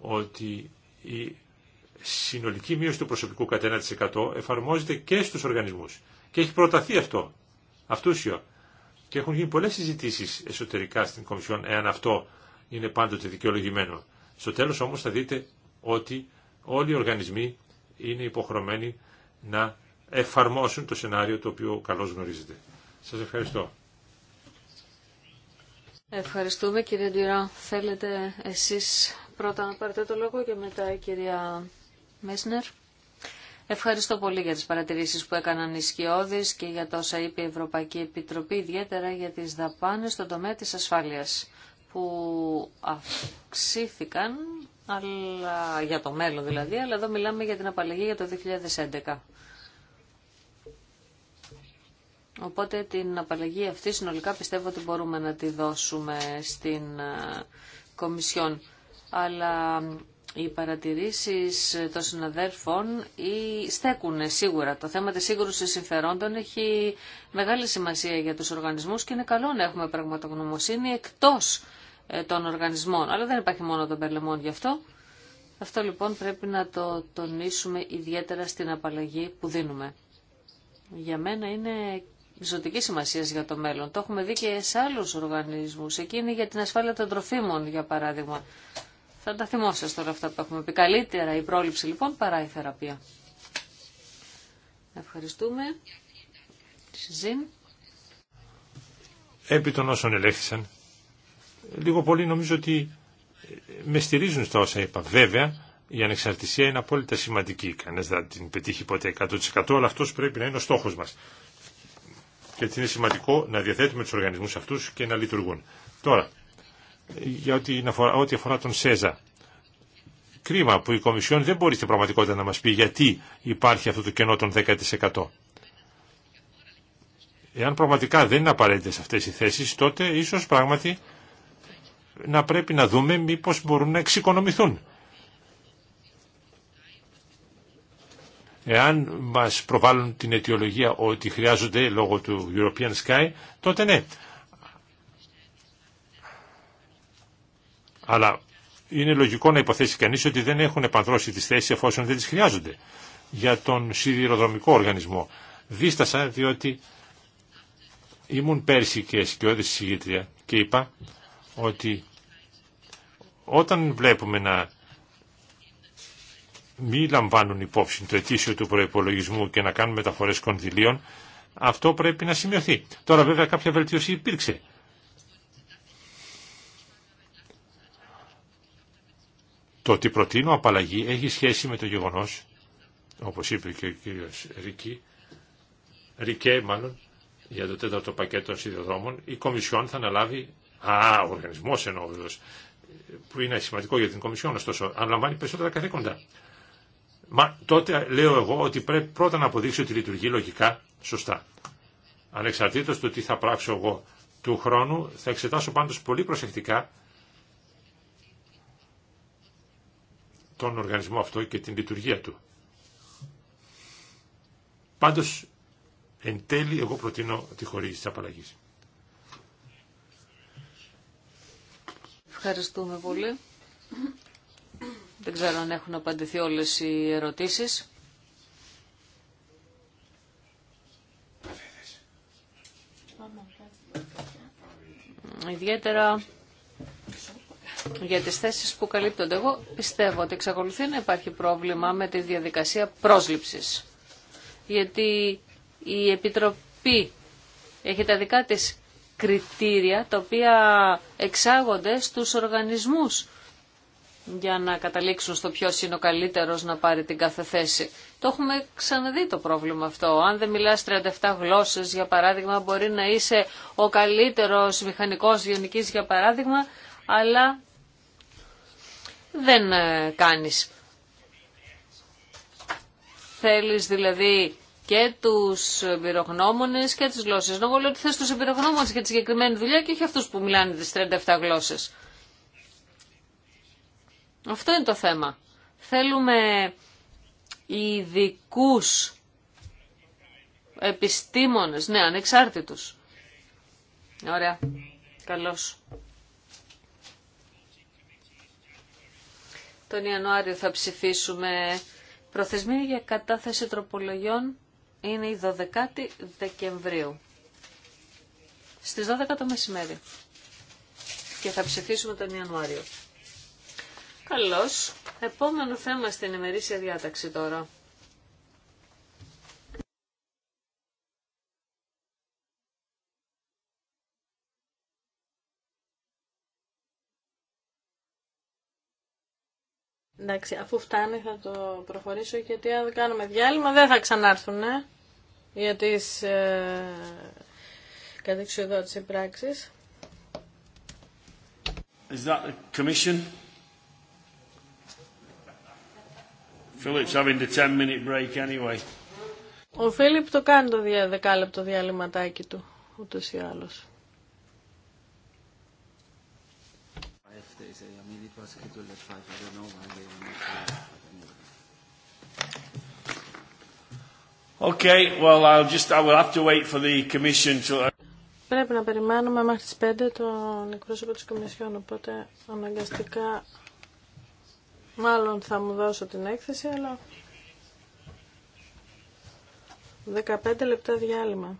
ότι η συνολική μείωση του προσωπικού κατά 1% εφαρμόζεται και στους οργανισμούς. Και έχει προταθεί αυτό, αυτούσιο. Και έχουν γίνει πολλές συζητήσεις εσωτερικά στην Κομισιόν, εάν αυτό είναι πάντοτε δικαιολογημένο. Στο τέλος όμως θα δείτε ότι όλοι οι οργανισμοί είναι υποχρεωμένοι να εφαρμόσουν το σενάριο το οποίο καλώς γνωρίζετε. Σας ευχαριστώ. Ευχαριστούμε κύριε Ντυρά. Θέλετε εσείς πρώτα να πάρετε το λόγο και μετά η κυρία Μέσνερ. Ευχαριστώ πολύ για τις παρατηρήσεις που έκαναν οι Σκιώδης και για τόσα είπε η Ευρωπαϊκή Επιτροπή, ιδιαίτερα για τις δαπάνες στον τομέα της ασφάλειας που αυξήθηκαν αλλά, για το μέλλον δηλαδή, αλλά εδώ μιλάμε για την απαλλαγή για το 2011. Οπότε την απαλλαγή αυτή συνολικά πιστεύω ότι μπορούμε να τη δώσουμε στην ε, Κομισιόν. Αλλά οι παρατηρήσεις των συναδέρφων στέκουν σίγουρα. Το θέμα της σύγκρουσης συμφερόντων έχει μεγάλη σημασία για τους οργανισμούς και είναι καλό να έχουμε πραγματογνωμοσύνη εκτός ε, των οργανισμών. Αλλά δεν υπάρχει μόνο τον Περλεμόν γι' αυτό. Αυτό λοιπόν πρέπει να το τονίσουμε ιδιαίτερα στην απαλλαγή που δίνουμε. Για μένα είναι ζωτική σημασία για το μέλλον. Το έχουμε δει και σε άλλους οργανισμούς. Εκείνη για την ασφάλεια των τροφίμων, για παράδειγμα. Θα τα θυμόσαστε τώρα αυτά που έχουμε πει. Καλύτερα η πρόληψη λοιπόν παρά η θεραπεία. Ευχαριστούμε. Συζήν. Επί των όσων ελέγχθησαν, λίγο πολύ νομίζω ότι με στηρίζουν στα όσα είπα. Βέβαια, η ανεξαρτησία είναι απόλυτα σημαντική. Κανένα δεν την πετύχει ποτέ 100%, αλλά αυτό πρέπει να είναι ο στόχο μα. Και έτσι είναι σημαντικό να διαθέτουμε του οργανισμού αυτού και να λειτουργούν. Τώρα, για ό,τι αφορά, ό,τι αφορά τον ΣΕΖΑ. Κρίμα που η Κομισιόν δεν μπορεί στην πραγματικότητα να μα πει γιατί υπάρχει αυτό το κενό των 10%. Εάν πραγματικά δεν είναι απαραίτητε αυτέ οι θέσει, τότε ίσω πράγματι να πρέπει να δούμε μήπως μπορούν να εξοικονομηθούν. Εάν μας προβάλλουν την αιτιολογία ότι χρειάζονται λόγω του European Sky, τότε ναι. Αλλά είναι λογικό να υποθέσει κανείς ότι δεν έχουν επανδρώσει τις θέσεις εφόσον δεν τις χρειάζονται. Για τον σιδηροδρομικό οργανισμό. Δίστασα διότι ήμουν πέρσι και σκιώδης συγγήτρια και είπα ότι όταν βλέπουμε να μη λαμβάνουν υπόψη το ετήσιο του προπολογισμού και να κάνουν μεταφορές κονδυλίων, αυτό πρέπει να σημειωθεί. Τώρα βέβαια κάποια βελτίωση υπήρξε. Το ότι προτείνω απαλλαγή έχει σχέση με το γεγονός, όπως είπε και ο κύριος Ρίκη, Ρικέ μάλλον, για το τέταρτο πακέτο των σιδηροδρόμων, η Κομισιόν θα αναλάβει Α, ο οργανισμό εννοώ που είναι σημαντικό για την Κομισιόν, ωστόσο, αν λαμβάνει περισσότερα καθήκοντα. Μα τότε λέω εγώ ότι πρέπει πρώτα να αποδείξει ότι λειτουργεί λογικά σωστά. Ανεξαρτήτως του τι θα πράξω εγώ του χρόνου, θα εξετάσω πάντω πολύ προσεκτικά τον οργανισμό αυτό και την λειτουργία του. Πάντως, εν τέλει, εγώ προτείνω τη χορήγηση της απαλλαγής. Ευχαριστούμε πολύ. Δεν ξέρω αν έχουν απαντηθεί όλες οι ερωτήσεις. Ιδιαίτερα για τις θέσεις που καλύπτονται. Εγώ πιστεύω ότι εξακολουθεί να υπάρχει πρόβλημα με τη διαδικασία πρόσληψης. Γιατί η Επιτροπή έχει τα δικά της κριτήρια τα οποία εξάγονται στους οργανισμούς για να καταλήξουν στο ποιος είναι ο καλύτερος να πάρει την κάθε θέση. Το έχουμε ξαναδεί το πρόβλημα αυτό. Αν δεν μιλάς 37 γλώσσες, για παράδειγμα, μπορεί να είσαι ο καλύτερος μηχανικός γενικής για παράδειγμα, αλλά δεν ε, κάνεις. Θέλεις δηλαδή και τους εμπειρογνώμονε και τις γλώσσε. Εγώ λέω ότι θες του εμπειρογνώμονε για τη συγκεκριμένη δουλειά και όχι αυτούς που μιλάνε τι 37 γλώσσες. Αυτό είναι το θέμα. Θέλουμε ειδικού επιστήμονες, ναι, ανεξάρτητους. Ωραία. Καλώς. Τον Ιανουάριο θα ψηφίσουμε προθεσμία για κατάθεση τροπολογιών είναι η 12η Δεκεμβρίου. Στις 12 το μεσημέρι. Και θα ψηφίσουμε τον Ιανουάριο. Καλώς. Επόμενο θέμα στην ημερήσια διάταξη τώρα. Εντάξει, αφού φτάνει θα το προχωρήσω γιατί αν κάνουμε διάλειμμα δεν θα ξανάρθουν, για τις ε, κατεξοδότηση πράξεις. Is that the commission? Philip's having the 10 minute break anyway. Ο Φίλιπ το κάνει το δεκάλεπτο διαλυματάκι του, ούτως ή άλλως. If there's a, I mean, it was scheduled at 5, I don't know why they are not Okay, well, I'll just, I will have to wait for the commission to... Πρέπει να περιμένουμε μέχρι τις 5 τον εκπρόσωπο της Κομισιόν, οπότε αναγκαστικά μάλλον θα μου δώσω την έκθεση, αλλά 15 λεπτά διάλειμμα.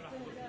Ευχαριστώ.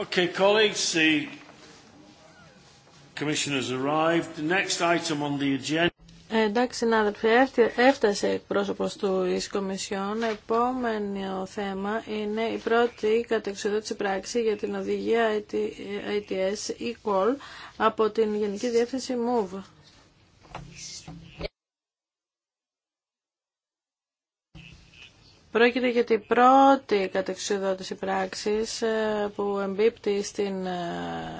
Okay, colleagues, the commissioner's arrived. The next item on the agenda. Εντάξει, συνάδελφοι, έφτασε εκπρόσωπο του Ισ Επόμενο θέμα είναι η πρώτη κατεξοδότηση πράξη για την οδηγία ITS Equal από την Γενική Διεύθυνση MOVE. Πρόκειται για την πρώτη κατεξουδότηση πράξης ε, που εμπίπτει στην ε,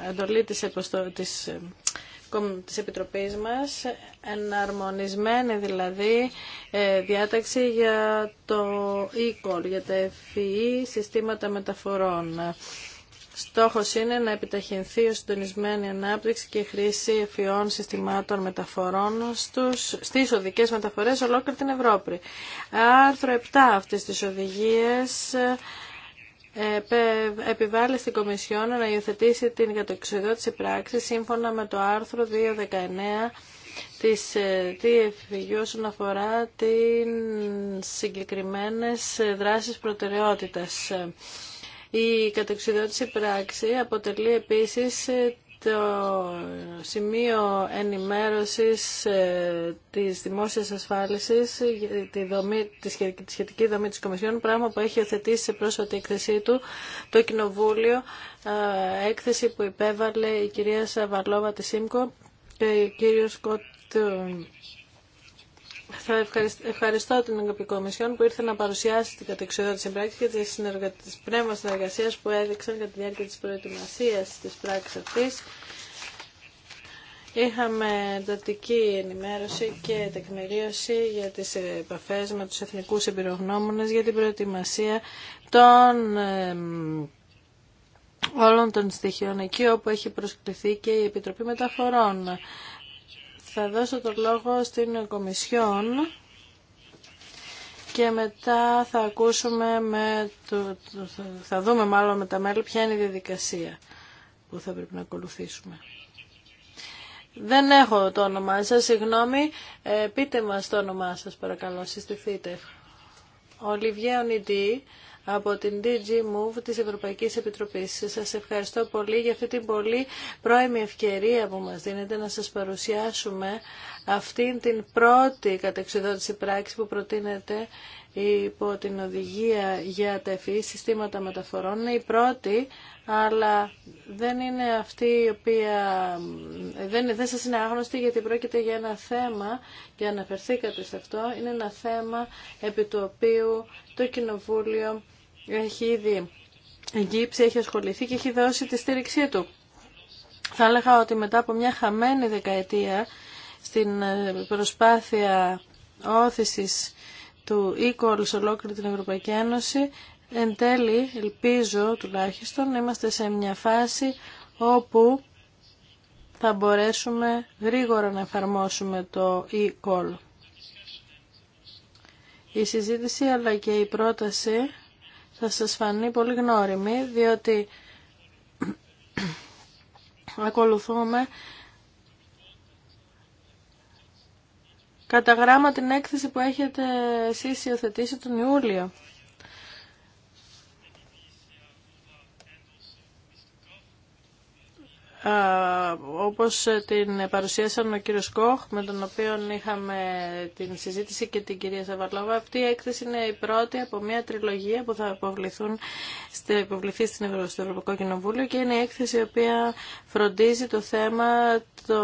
εντολή της, εποστο... της... Ε, της Επιτροπής μας, εναρμονισμένη δηλαδή διάταξη για το e call για τα FEE συστήματα μεταφορών. Στόχος είναι να επιταχυνθεί η συντονισμένη ανάπτυξη και χρήση εφιών συστημάτων μεταφορών στους, στις οδικές μεταφορές ολόκληρη την Ευρώπη. Άρθρο 7 αυτές τις οδηγίες ε, επιβάλλει στην Κομισιόν να υιοθετήσει την κατοξιδότηση πράξη σύμφωνα με το άρθρο 219 της ΤΕΦΙΓΙΟ όσον αφορά τις συγκεκριμένες ε, δράσεις προτεραιότητας. Η κατεξιδότηση πράξη αποτελεί επίσης ε, το σημείο ενημέρωσης ε, της δημόσιας ασφάλισης, τη, δομή, τη σχετική δομή της Κομισιόν, πράγμα που έχει οθετήσει σε πρόσφατη έκθεσή του το Κοινοβούλιο, ε, έκθεση που υπέβαλε η κυρία Σαβαλόβα της ΣΥΜΚΟ και ο κύριος Κότ θα ευχαριστώ, την Ευρωπαϊκή Κομισιόν που ήρθε να παρουσιάσει την κατεξοδότηση πράξη και τη συνεργα... πνεύμα συνεργασία που έδειξαν κατά τη διάρκεια τη προετοιμασία τη πράξη αυτή. Είχαμε εντατική ενημέρωση και τεκμηρίωση για τις επαφές με τους εθνικούς εμπειρογνώμονες για την προετοιμασία των όλων των στοιχείων εκεί όπου έχει προσκληθεί και η Επιτροπή Μεταφορών. Θα δώσω το λόγο στην Κομισιόν και μετά θα ακούσουμε με το, θα δούμε μάλλον με τα μέλη ποια είναι η διαδικασία που θα πρέπει να ακολουθήσουμε. Δεν έχω το όνομά σας, συγγνώμη. Ε, πείτε μας το όνομά σας, παρακαλώ, συστηθείτε. Ολιβιέ Ονιντή, από την DG Move της Ευρωπαϊκής Επιτροπής. Σας ευχαριστώ πολύ για αυτή την πολύ πρώιμη ευκαιρία που μας δίνετε να σας παρουσιάσουμε αυτήν την πρώτη κατεξοδότηση πράξη που προτείνεται υπό την οδηγία για τα ΕΦΗ συστήματα μεταφορών. Η πρώτη αλλά δεν είναι αυτή η οποία δεν, δεν σας είναι άγνωστη γιατί πρόκειται για ένα θέμα και αναφερθήκατε σε αυτό, είναι ένα θέμα επί του οποίου το Κοινοβούλιο έχει ήδη εγγύψει, έχει ασχοληθεί και έχει δώσει τη στήριξή του. Θα έλεγα ότι μετά από μια χαμένη δεκαετία στην ε, προσπάθεια όθησης του e-call σε ολόκληρη την Ευρωπαϊκή Ένωση Εν τέλει, ελπίζω τουλάχιστον είμαστε σε μια φάση όπου θα μπορέσουμε γρήγορα να εφαρμόσουμε το e-call. Η συζήτηση αλλά και η πρόταση θα σας φανεί πολύ γνώριμη, διότι ακολουθούμε κατά γράμμα την έκθεση που έχετε εσείς υιοθετήσει τον Ιούλιο. όπως την παρουσίασαν ο κύριος Κόχ με τον οποίο είχαμε την συζήτηση και την κυρία Σαβαρλόβα αυτή η έκθεση είναι η πρώτη από μια τριλογία που θα υποβληθούν, υποβληθεί στην Ευρω... στο Ευρωπαϊκό Κοινοβούλιο και είναι η έκθεση η οποία φροντίζει το θέμα το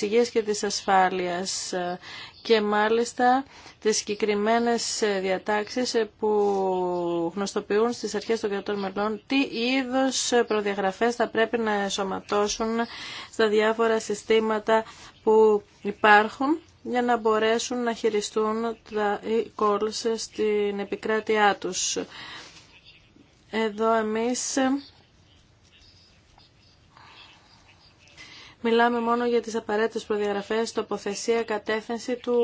υγείας και της ασφάλειας και μάλιστα τις συγκεκριμένες διατάξεις που γνωστοποιούν στις αρχές των κρατών μελών τι είδους προδιαγραφές θα πρέπει να σωματώσουν στα διάφορα συστήματα που υπάρχουν για να μπορέσουν να χειριστούν τα e-calls στην επικράτειά τους. Εδώ εμείς Μιλάμε μόνο για τις απαραίτητες προδιαγραφές, τοποθεσία, κατεύθυνση του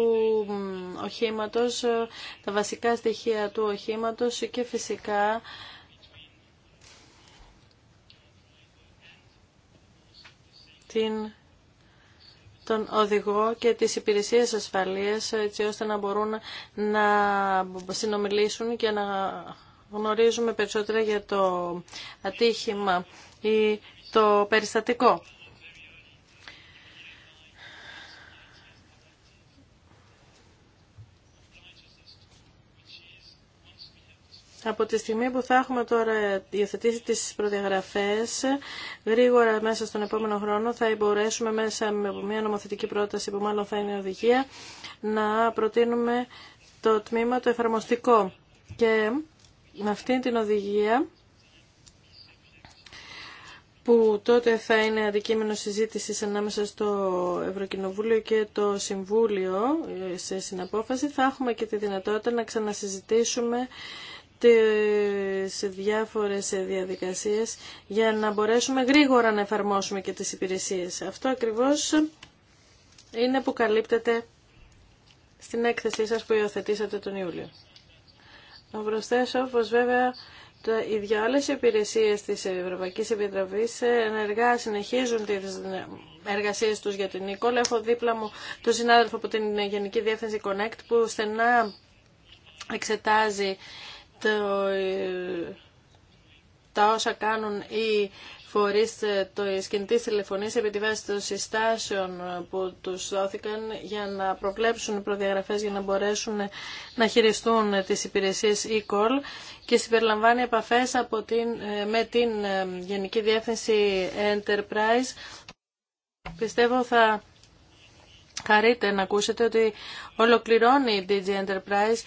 οχήματος, ε, τα βασικά στοιχεία του οχήματος και φυσικά την τον οδηγό και τις υπηρεσίες ασφαλείας έτσι ώστε να μπορούν να συνομιλήσουν και να γνωρίζουμε περισσότερα για το ατύχημα ή το περιστατικό. Από τη στιγμή που θα έχουμε τώρα υιοθετήσει τις προδιαγραφές, γρήγορα μέσα στον επόμενο χρόνο θα μπορέσουμε μέσα με μια νομοθετική πρόταση που μάλλον θα είναι οδηγία, να προτείνουμε το τμήμα το εφαρμοστικό. Και με αυτή την οδηγία που τότε θα είναι αντικείμενο συζήτησης ανάμεσα στο Ευρωκοινοβούλιο και το Συμβούλιο ε, σε συναπόφαση, θα έχουμε και τη δυνατότητα να ξανασυζητήσουμε τις διάφορες διαδικασίες για να μπορέσουμε γρήγορα να εφαρμόσουμε και τις υπηρεσίες. Αυτό ακριβώς είναι που καλύπτεται στην έκθεσή σας που υιοθετήσατε τον Ιούλιο. Να προσθέσω πως βέβαια οι δυο άλλες υπηρεσίες της Ευρωπαϊκής Επιτροπής ενεργά συνεχίζουν τις εργασίες τους για την Νικόλα. Έχω δίπλα μου τον συνάδελφο από την Γενική Διεύθυνση Connect που στενά εξετάζει τα όσα κάνουν οι φορείς το κινητής τηλεφωνίας επί τη βάση των συστάσεων που τους δόθηκαν για να προβλέψουν προδιαγραφές για να μπορέσουν να χειριστούν τις υπηρεσίες e-call και συμπεριλαμβάνει επαφές από την, με την Γενική Διεύθυνση Enterprise. Πιστεύω θα χαρείτε να ακούσετε ότι ολοκληρώνει η DG Enterprise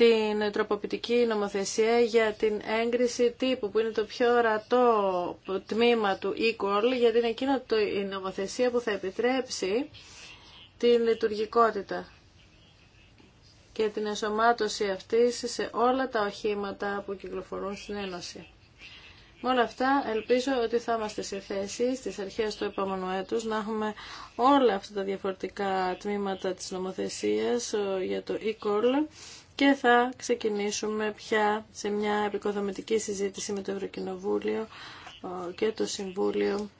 την τροποποιητική νομοθεσία για την έγκριση τύπου που είναι το πιο ορατό τμήμα του Equal γιατί είναι εκείνο το, η νομοθεσία που θα επιτρέψει την λειτουργικότητα και την εσωμάτωση αυτής σε όλα τα οχήματα που κυκλοφορούν στην Ένωση. Με όλα αυτά ελπίζω ότι θα είμαστε σε θέση στις αρχές του επόμενου να έχουμε όλα αυτά τα διαφορετικά τμήματα της νομοθεσίας ε, για το e και θα ξεκινήσουμε πια σε μια επικοδομητική συζήτηση με το Ευρωκοινοβούλιο και το Συμβούλιο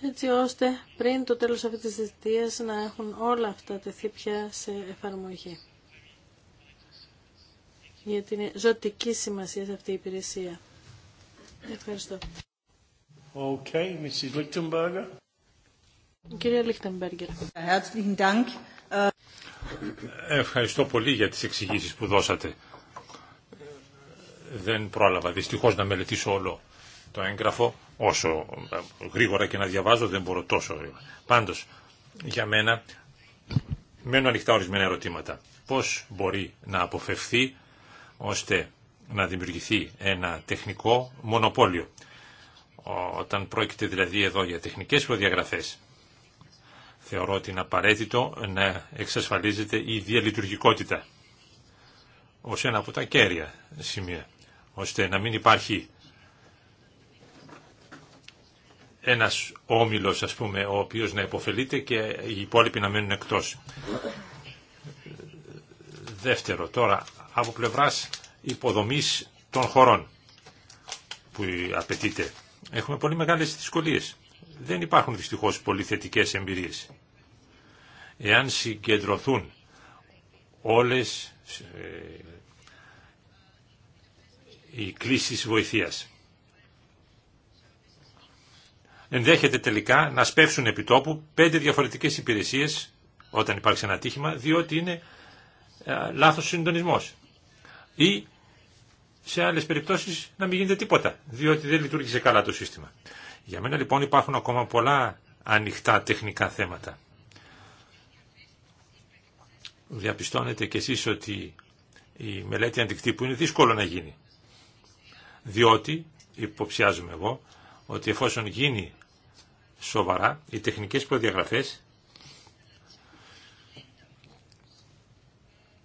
έτσι ώστε πριν το τέλος αυτής της θητείας να έχουν όλα αυτά τεθεί πια σε εφαρμογή. Γιατί είναι ζωτική σημασία σε αυτή η υπηρεσία. Ευχαριστώ. Okay, Mrs. Ευχαριστώ πολύ για τις εξηγήσεις που δώσατε. Δεν πρόλαβα δυστυχώς να μελετήσω όλο το έγγραφο, όσο γρήγορα και να διαβάζω δεν μπορώ τόσο γρήγορα. Πάντως, για μένα μένουν ανοιχτά ορισμένα ερωτήματα. Πώς μπορεί να αποφευθεί ώστε να δημιουργηθεί ένα τεχνικό μονοπόλιο. Όταν πρόκειται δηλαδή εδώ για τεχνικές προδιαγραφές θεωρώ ότι είναι απαραίτητο να εξασφαλίζεται η διαλειτουργικότητα ως ένα από τα κέρια σημεία, ώστε να μην υπάρχει ένας όμιλος, ας πούμε, ο οποίος να υποφελείται και οι υπόλοιποι να μένουν εκτός. Δεύτερο, τώρα, από πλευράς υποδομής των χωρών που απαιτείται. Έχουμε πολύ μεγάλες δυσκολίες. Δεν υπάρχουν δυστυχώς πολύ θετικές εμπειρίες. Εάν συγκεντρωθούν όλες ε, οι κλήσεις βοηθείας. Ενδέχεται τελικά να σπεύσουν επί τόπου πέντε διαφορετικές υπηρεσίες όταν υπάρξει ένα τύχημα, διότι είναι ε, λάθος συντονισμός. Ή σε άλλες περιπτώσεις να μην γίνεται τίποτα, διότι δεν λειτουργήσε καλά το σύστημα. Για μένα λοιπόν υπάρχουν ακόμα πολλά ανοιχτά τεχνικά θέματα διαπιστώνετε κι εσείς ότι η μελέτη αντικτύπου είναι δύσκολο να γίνει. Διότι, υποψιάζομαι εγώ, ότι εφόσον γίνει σοβαρά, οι τεχνικές προδιαγραφές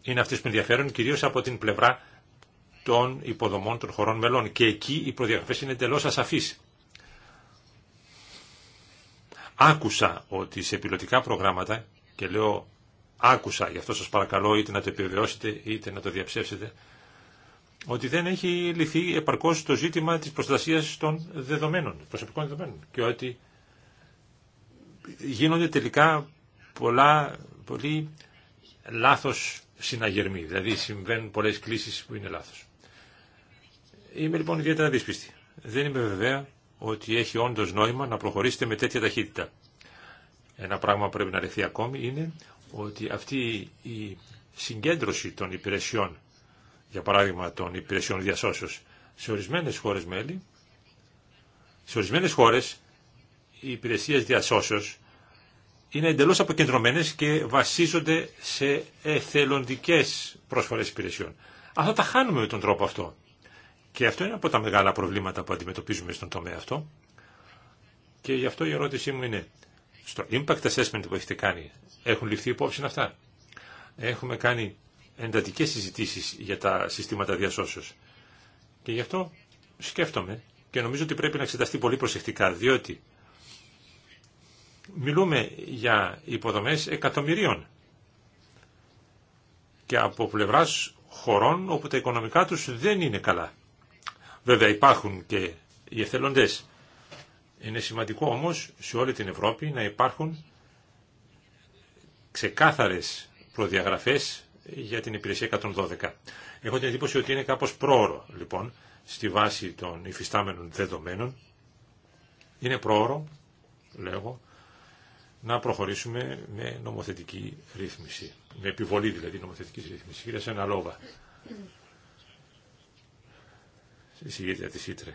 είναι αυτές που ενδιαφέρουν κυρίως από την πλευρά των υποδομών των χωρών μελών και εκεί οι προδιαγραφές είναι τελώς ασαφείς. Άκουσα ότι σε πιλωτικά προγράμματα και λέω άκουσα, γι' αυτό σας παρακαλώ είτε να το επιβεβαιώσετε είτε να το διαψεύσετε, ότι δεν έχει λυθεί επαρκώς το ζήτημα της προστασίας των δεδομένων, προσωπικών δεδομένων και ότι γίνονται τελικά πολλά, πολύ λάθος συναγερμοί, δηλαδή συμβαίνουν πολλές κλήσεις που είναι λάθος. Είμαι λοιπόν ιδιαίτερα δύσπιστη. Δεν είμαι βεβαία ότι έχει όντως νόημα να προχωρήσετε με τέτοια ταχύτητα. Ένα πράγμα που πρέπει να ρεθεί ακόμη είναι ότι αυτή η συγκέντρωση των υπηρεσιών, για παράδειγμα των υπηρεσιών διασώσεως, σε ορισμένες χώρες μέλη, σε ορισμένες χώρες οι υπηρεσίες διασώσεως είναι εντελώς αποκεντρωμένες και βασίζονται σε εθελοντικές πρόσφορες υπηρεσιών. Αυτά τα χάνουμε με τον τρόπο αυτό. Και αυτό είναι από τα μεγάλα προβλήματα που αντιμετωπίζουμε στον τομέα αυτό. Και γι' αυτό η ερώτησή μου είναι, στο impact assessment που έχετε κάνει, έχουν ληφθεί υπόψη αυτά. Έχουμε κάνει εντατικές συζητήσεις για τα συστήματα διασώσεως. Και γι' αυτό σκέφτομαι και νομίζω ότι πρέπει να εξεταστεί πολύ προσεκτικά, διότι μιλούμε για υποδομές εκατομμυρίων και από πλευράς χωρών όπου τα οικονομικά τους δεν είναι καλά. Βέβαια υπάρχουν και οι εθελοντές είναι σημαντικό όμως σε όλη την Ευρώπη να υπάρχουν ξεκάθαρες προδιαγραφές για την υπηρεσία 112. Έχω την εντύπωση ότι είναι κάπως πρόωρο λοιπόν στη βάση των υφιστάμενων δεδομένων. Είναι πρόωρο, λέγω, να προχωρήσουμε με νομοθετική ρύθμιση. Με επιβολή δηλαδή νομοθετική ρύθμιση. Κύριε Σεναλόβα, εισηγήτρια της Ήτρε.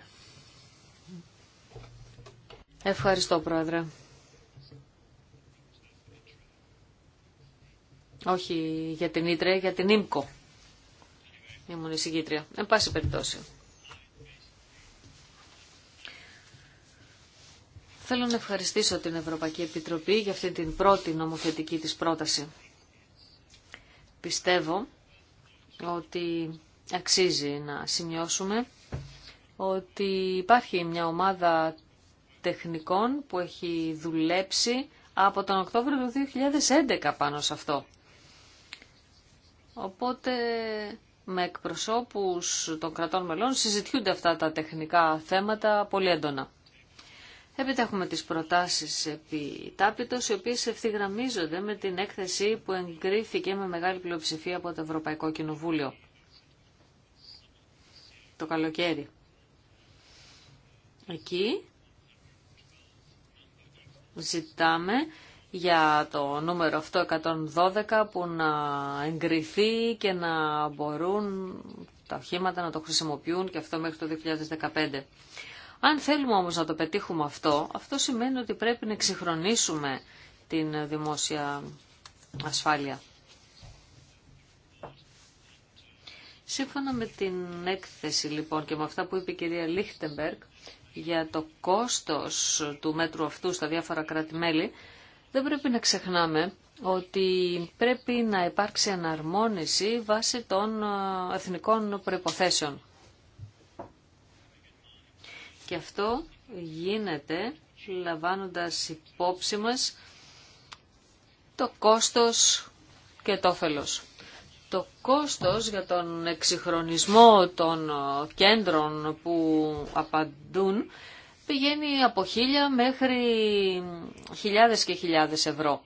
Ευχαριστώ, Πρόεδρε. Όχι για την Ήτρε, για την ΗΜΚΟ. Ήμουν συγκήτρια, Εν πάση περιπτώσει. Θέλω να ευχαριστήσω την Ευρωπαϊκή Επιτροπή για αυτή την πρώτη νομοθετική της πρόταση. Πιστεύω ότι αξίζει να σημειώσουμε ότι υπάρχει μια ομάδα τεχνικών που έχει δουλέψει από τον Οκτώβριο του 2011 πάνω σε αυτό. Οπότε με εκπροσώπους των κρατών μελών συζητιούνται αυτά τα τεχνικά θέματα πολύ έντονα. Έπειτα έχουμε τις προτάσεις επί τάπητος, οι οποίες ευθυγραμμίζονται με την έκθεση που εγκρίθηκε με μεγάλη πλειοψηφία από το Ευρωπαϊκό Κοινοβούλιο το καλοκαίρι. Εκεί ζητάμε για το νούμερο αυτό 112 που να εγκριθεί και να μπορούν τα οχήματα να το χρησιμοποιούν και αυτό μέχρι το 2015. Αν θέλουμε όμως να το πετύχουμε αυτό, αυτό σημαίνει ότι πρέπει να εξυγχρονίσουμε την δημόσια ασφάλεια. Σύμφωνα με την έκθεση λοιπόν και με αυτά που είπε η κυρία Λίχτεμπεργκ, για το κόστος του μέτρου αυτού στα διάφορα κράτη-μέλη, δεν πρέπει να ξεχνάμε ότι πρέπει να υπάρξει αναρμόνιση βάσει των ε, εθνικών προϋποθέσεων. Και αυτό γίνεται λαμβάνοντας υπόψη μας το κόστος και το όφελος το κόστος για τον εξυγχρονισμό των ε, κέντρων που απαντούν πηγαίνει από χίλια μέχρι χιλιάδες και χιλιάδες ευρώ.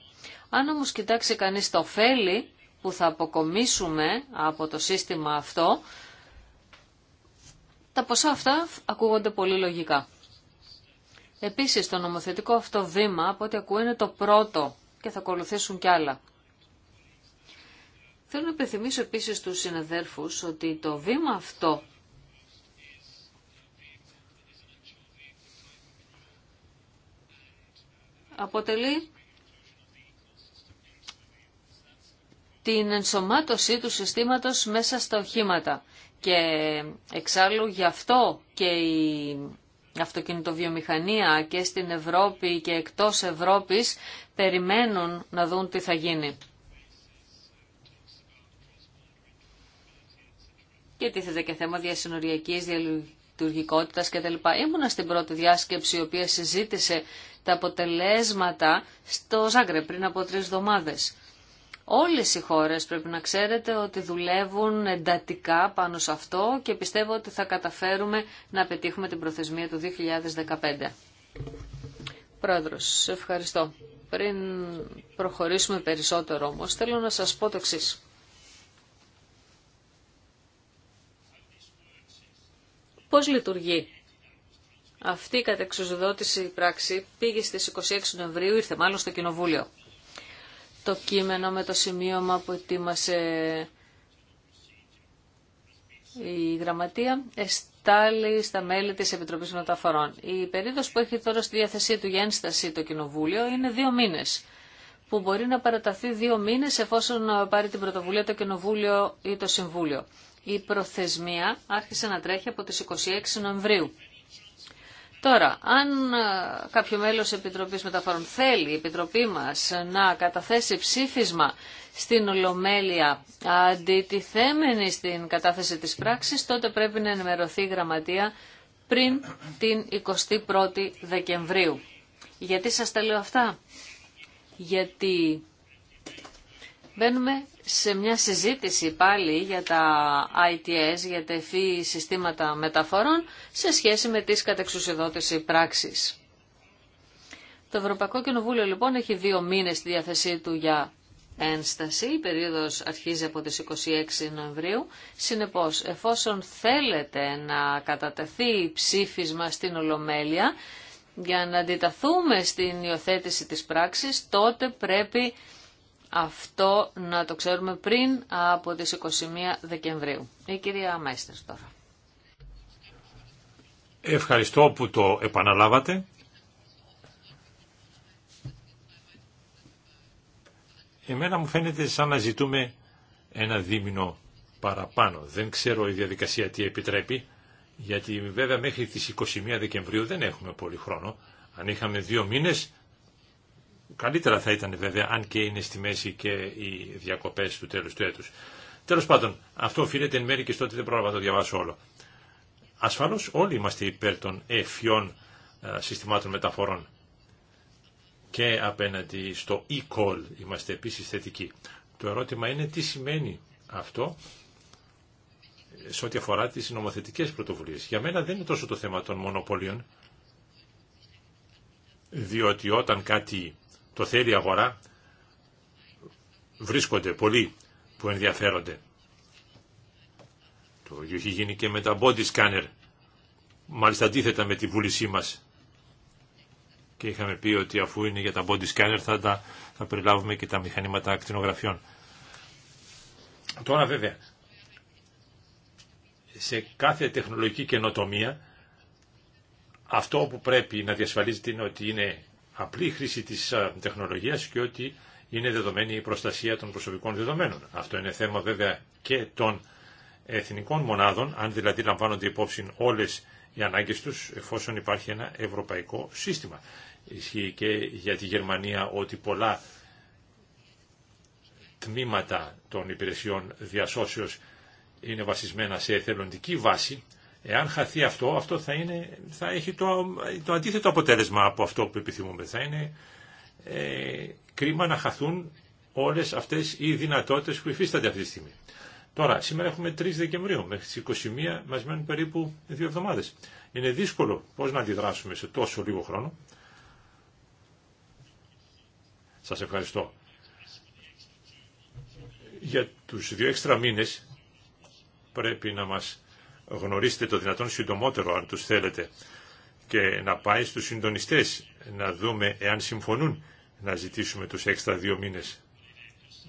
Αν όμως κοιτάξει κανείς το ωφέλη που θα αποκομίσουμε από το σύστημα αυτό, τα ποσά αυτά ακούγονται πολύ λογικά. Επίσης, το νομοθετικό αυτό βήμα, από ό,τι ακούω, είναι το πρώτο και θα ακολουθήσουν κι άλλα. Θέλω να υπενθυμίσω επίσης στους συναδέρφους ότι το βήμα αυτό αποτελεί την ενσωμάτωσή του συστήματος μέσα στα οχήματα. Και εξάλλου γι' αυτό και η αυτοκινητοβιομηχανία και στην Ευρώπη και εκτός Ευρώπης περιμένουν να δουν τι θα γίνει. Και τίθεται και θέμα διασυνοριακής διαλειτουργικότητας κτλ. Ήμουνα στην πρώτη διάσκεψη η οποία συζήτησε τα αποτελέσματα στο Ζάγκρε πριν από τρει εβδομάδε. Όλες οι χώρες πρέπει να ξέρετε ότι δουλεύουν εντατικά πάνω σε αυτό και πιστεύω ότι θα καταφέρουμε να πετύχουμε την προθεσμία του 2015. Πρόεδρος, ευχαριστώ. Πριν προχωρήσουμε περισσότερο όμως, θέλω να σας πω το εξής. Πώς λειτουργεί αυτή η κατεξουσιοδότηση πράξη πήγε στις 26 Νοεμβρίου, ήρθε μάλλον στο Κοινοβούλιο. Το κείμενο με το σημείωμα που ετοίμασε η Γραμματεία εστάλει στα μέλη της Επιτροπής Μεταφορών. Η περίοδος που έχει τώρα στη διάθεσή του για ένσταση το Κοινοβούλιο είναι δύο μήνες που μπορεί να παραταθεί δύο μήνες εφόσον πάρει την πρωτοβουλία το Κοινοβούλιο ή το Συμβούλιο η προθεσμία άρχισε να τρέχει από τις 26 Νοεμβρίου. Τώρα, αν ε, κάποιο μέλος Επιτροπής Μεταφορών θέλει η Επιτροπή μας ε, να καταθέσει ψήφισμα στην Ολομέλεια αντιτιθέμενη στην κατάθεση της πράξης, τότε πρέπει να ενημερωθεί η Γραμματεία πριν την 21η Δεκεμβρίου. Γιατί σας τα λέω αυτά. Γιατί μπαίνουμε σε μια συζήτηση πάλι για τα ITS, για τα εφή συστήματα μεταφορών, σε σχέση με τις κατεξουσιοδότηση πράξης. Το Ευρωπαϊκό Κοινοβούλιο λοιπόν έχει δύο μήνες στη διάθεσή του για ένσταση. Η περίοδος αρχίζει από τις 26 Νοεμβρίου. Συνεπώς, εφόσον θέλετε να κατατεθεί ψήφισμα στην Ολομέλεια, για να αντιταθούμε στην υιοθέτηση της πράξης, τότε πρέπει αυτό να το ξέρουμε πριν από τις 21 Δεκεμβρίου. Η κυρία Μάιστερ τώρα. Ευχαριστώ που το επαναλάβατε. Εμένα μου φαίνεται σαν να ζητούμε ένα δίμηνο παραπάνω. Δεν ξέρω η διαδικασία τι επιτρέπει, γιατί βέβαια μέχρι τις 21 Δεκεμβρίου δεν έχουμε πολύ χρόνο. Αν είχαμε δύο μήνες Καλύτερα θα ήταν βέβαια αν και είναι στη μέση και οι διακοπές του τέλου του έτους. Τέλος πάντων, αυτό οφείλεται εν μέρει και στο ότι δεν πρόλαβα να το διαβάσω όλο. Ασφαλώς όλοι είμαστε υπέρ των εφιών συστημάτων μεταφορών και απέναντι στο e-call είμαστε επίσης θετικοί. Το ερώτημα είναι τι σημαίνει αυτό ε, σε ό,τι αφορά τις νομοθετικές πρωτοβουλίες. Για μένα δεν είναι τόσο το θέμα των μονοπωλίων, διότι όταν κάτι το θέλει αγορά, βρίσκονται πολλοί που ενδιαφέρονται. Το ίδιο έχει γίνει και με τα body scanner, μάλιστα αντίθετα με τη βούλησή μας. Και είχαμε πει ότι αφού είναι για τα body scanner θα, τα, θα περιλάβουμε και τα μηχανήματα ακτινογραφιών. Τώρα βέβαια, σε κάθε τεχνολογική καινοτομία αυτό που πρέπει να διασφαλίζεται είναι ότι είναι απλή χρήση της τεχνολογίας και ότι είναι δεδομένη η προστασία των προσωπικών δεδομένων. Αυτό είναι θέμα βέβαια και των εθνικών μονάδων, αν δηλαδή λαμβάνονται υπόψη όλες οι ανάγκες τους εφόσον υπάρχει ένα ευρωπαϊκό σύστημα. Ισχύει και για τη Γερμανία ότι πολλά τμήματα των υπηρεσιών διασώσεως είναι βασισμένα σε εθελοντική βάση Εάν χαθεί αυτό, αυτό θα, είναι, θα έχει το, το αντίθετο αποτέλεσμα από αυτό που επιθυμούμε. Θα είναι ε, κρίμα να χαθούν όλες αυτές οι δυνατότητες που υφίστανται αυτή τη στιγμή. Τώρα, σήμερα έχουμε 3 Δεκεμβρίου, μέχρι τις 21 μας μένουν περίπου δύο εβδομάδες. Είναι δύσκολο πώς να αντιδράσουμε σε τόσο λίγο χρόνο. Σας ευχαριστώ. Για τους δύο έξτρα μήνες πρέπει να μας Γνωρίστε το δυνατόν συντομότερο αν τους θέλετε και να πάει στους συντονιστές να δούμε εάν συμφωνούν να ζητήσουμε τους έξτρα δύο μήνες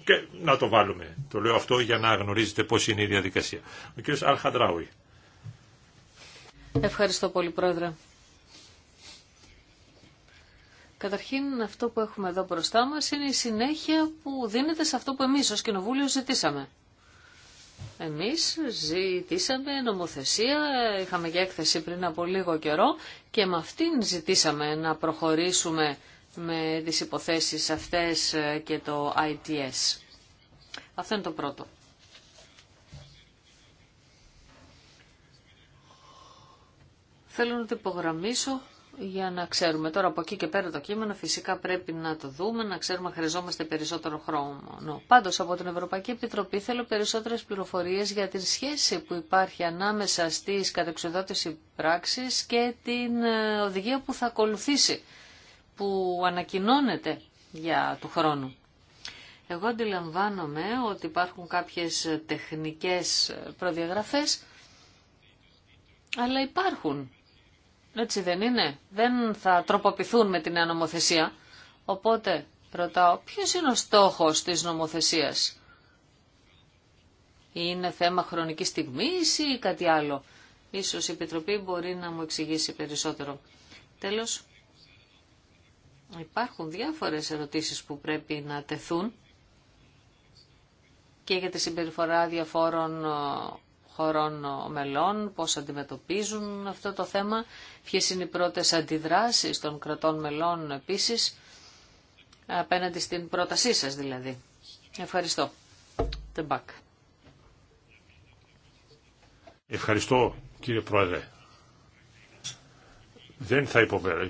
και να το βάλουμε. Το λέω αυτό για να γνωρίζετε πώς είναι η διαδικασία. Ο κ. Αλχαντράουι. Ευχαριστώ πολύ Πρόεδρε. Καταρχήν αυτό που έχουμε εδώ μπροστά μας είναι η συνέχεια που δίνεται σε αυτό που εμείς ως Κοινοβούλιο ζητήσαμε. Εμείς ζητήσαμε νομοθεσία, είχαμε και έκθεση πριν από λίγο καιρό και με αυτήν ζητήσαμε να προχωρήσουμε με τις υποθέσεις αυτές και το ITS. Αυτό είναι το πρώτο. Θέλω να το υπογραμμίσω για να ξέρουμε. Τώρα από εκεί και πέρα το κείμενο φυσικά πρέπει να το δούμε, να ξέρουμε αν χρειαζόμαστε περισσότερο χρόνο. Πάντως από την Ευρωπαϊκή Επιτροπή θέλω περισσότερες πληροφορίες για τη σχέση που υπάρχει ανάμεσα στις κατεξοδότηση πράξεις και την ε, οδηγία που θα ακολουθήσει, που ανακοινώνεται για του χρόνου. Εγώ αντιλαμβάνομαι ότι υπάρχουν κάποιες τεχνικές προδιαγραφές, αλλά υπάρχουν έτσι δεν είναι. Δεν θα τροποποιηθούν με την νέα νομοθεσία. Οπότε ρωτάω, ποιος είναι ο στόχος της νομοθεσίας. Είναι θέμα χρονικής στιγμής ή κάτι άλλο. Ίσως η Επιτροπή μπορεί να μου εξηγήσει περισσότερο. Τέλος, υπάρχουν διάφορες ερωτήσεις που πρέπει να τεθούν και για τη συμπεριφορά διαφόρων χωρών μελών, πώς αντιμετωπίζουν αυτό το θέμα, ποιες είναι οι πρώτες αντιδράσεις των κρατών μελών επίσης, απέναντι στην πρότασή σας δηλαδή. Ευχαριστώ. The Ευχαριστώ κύριε Πρόεδρε. Δεν θα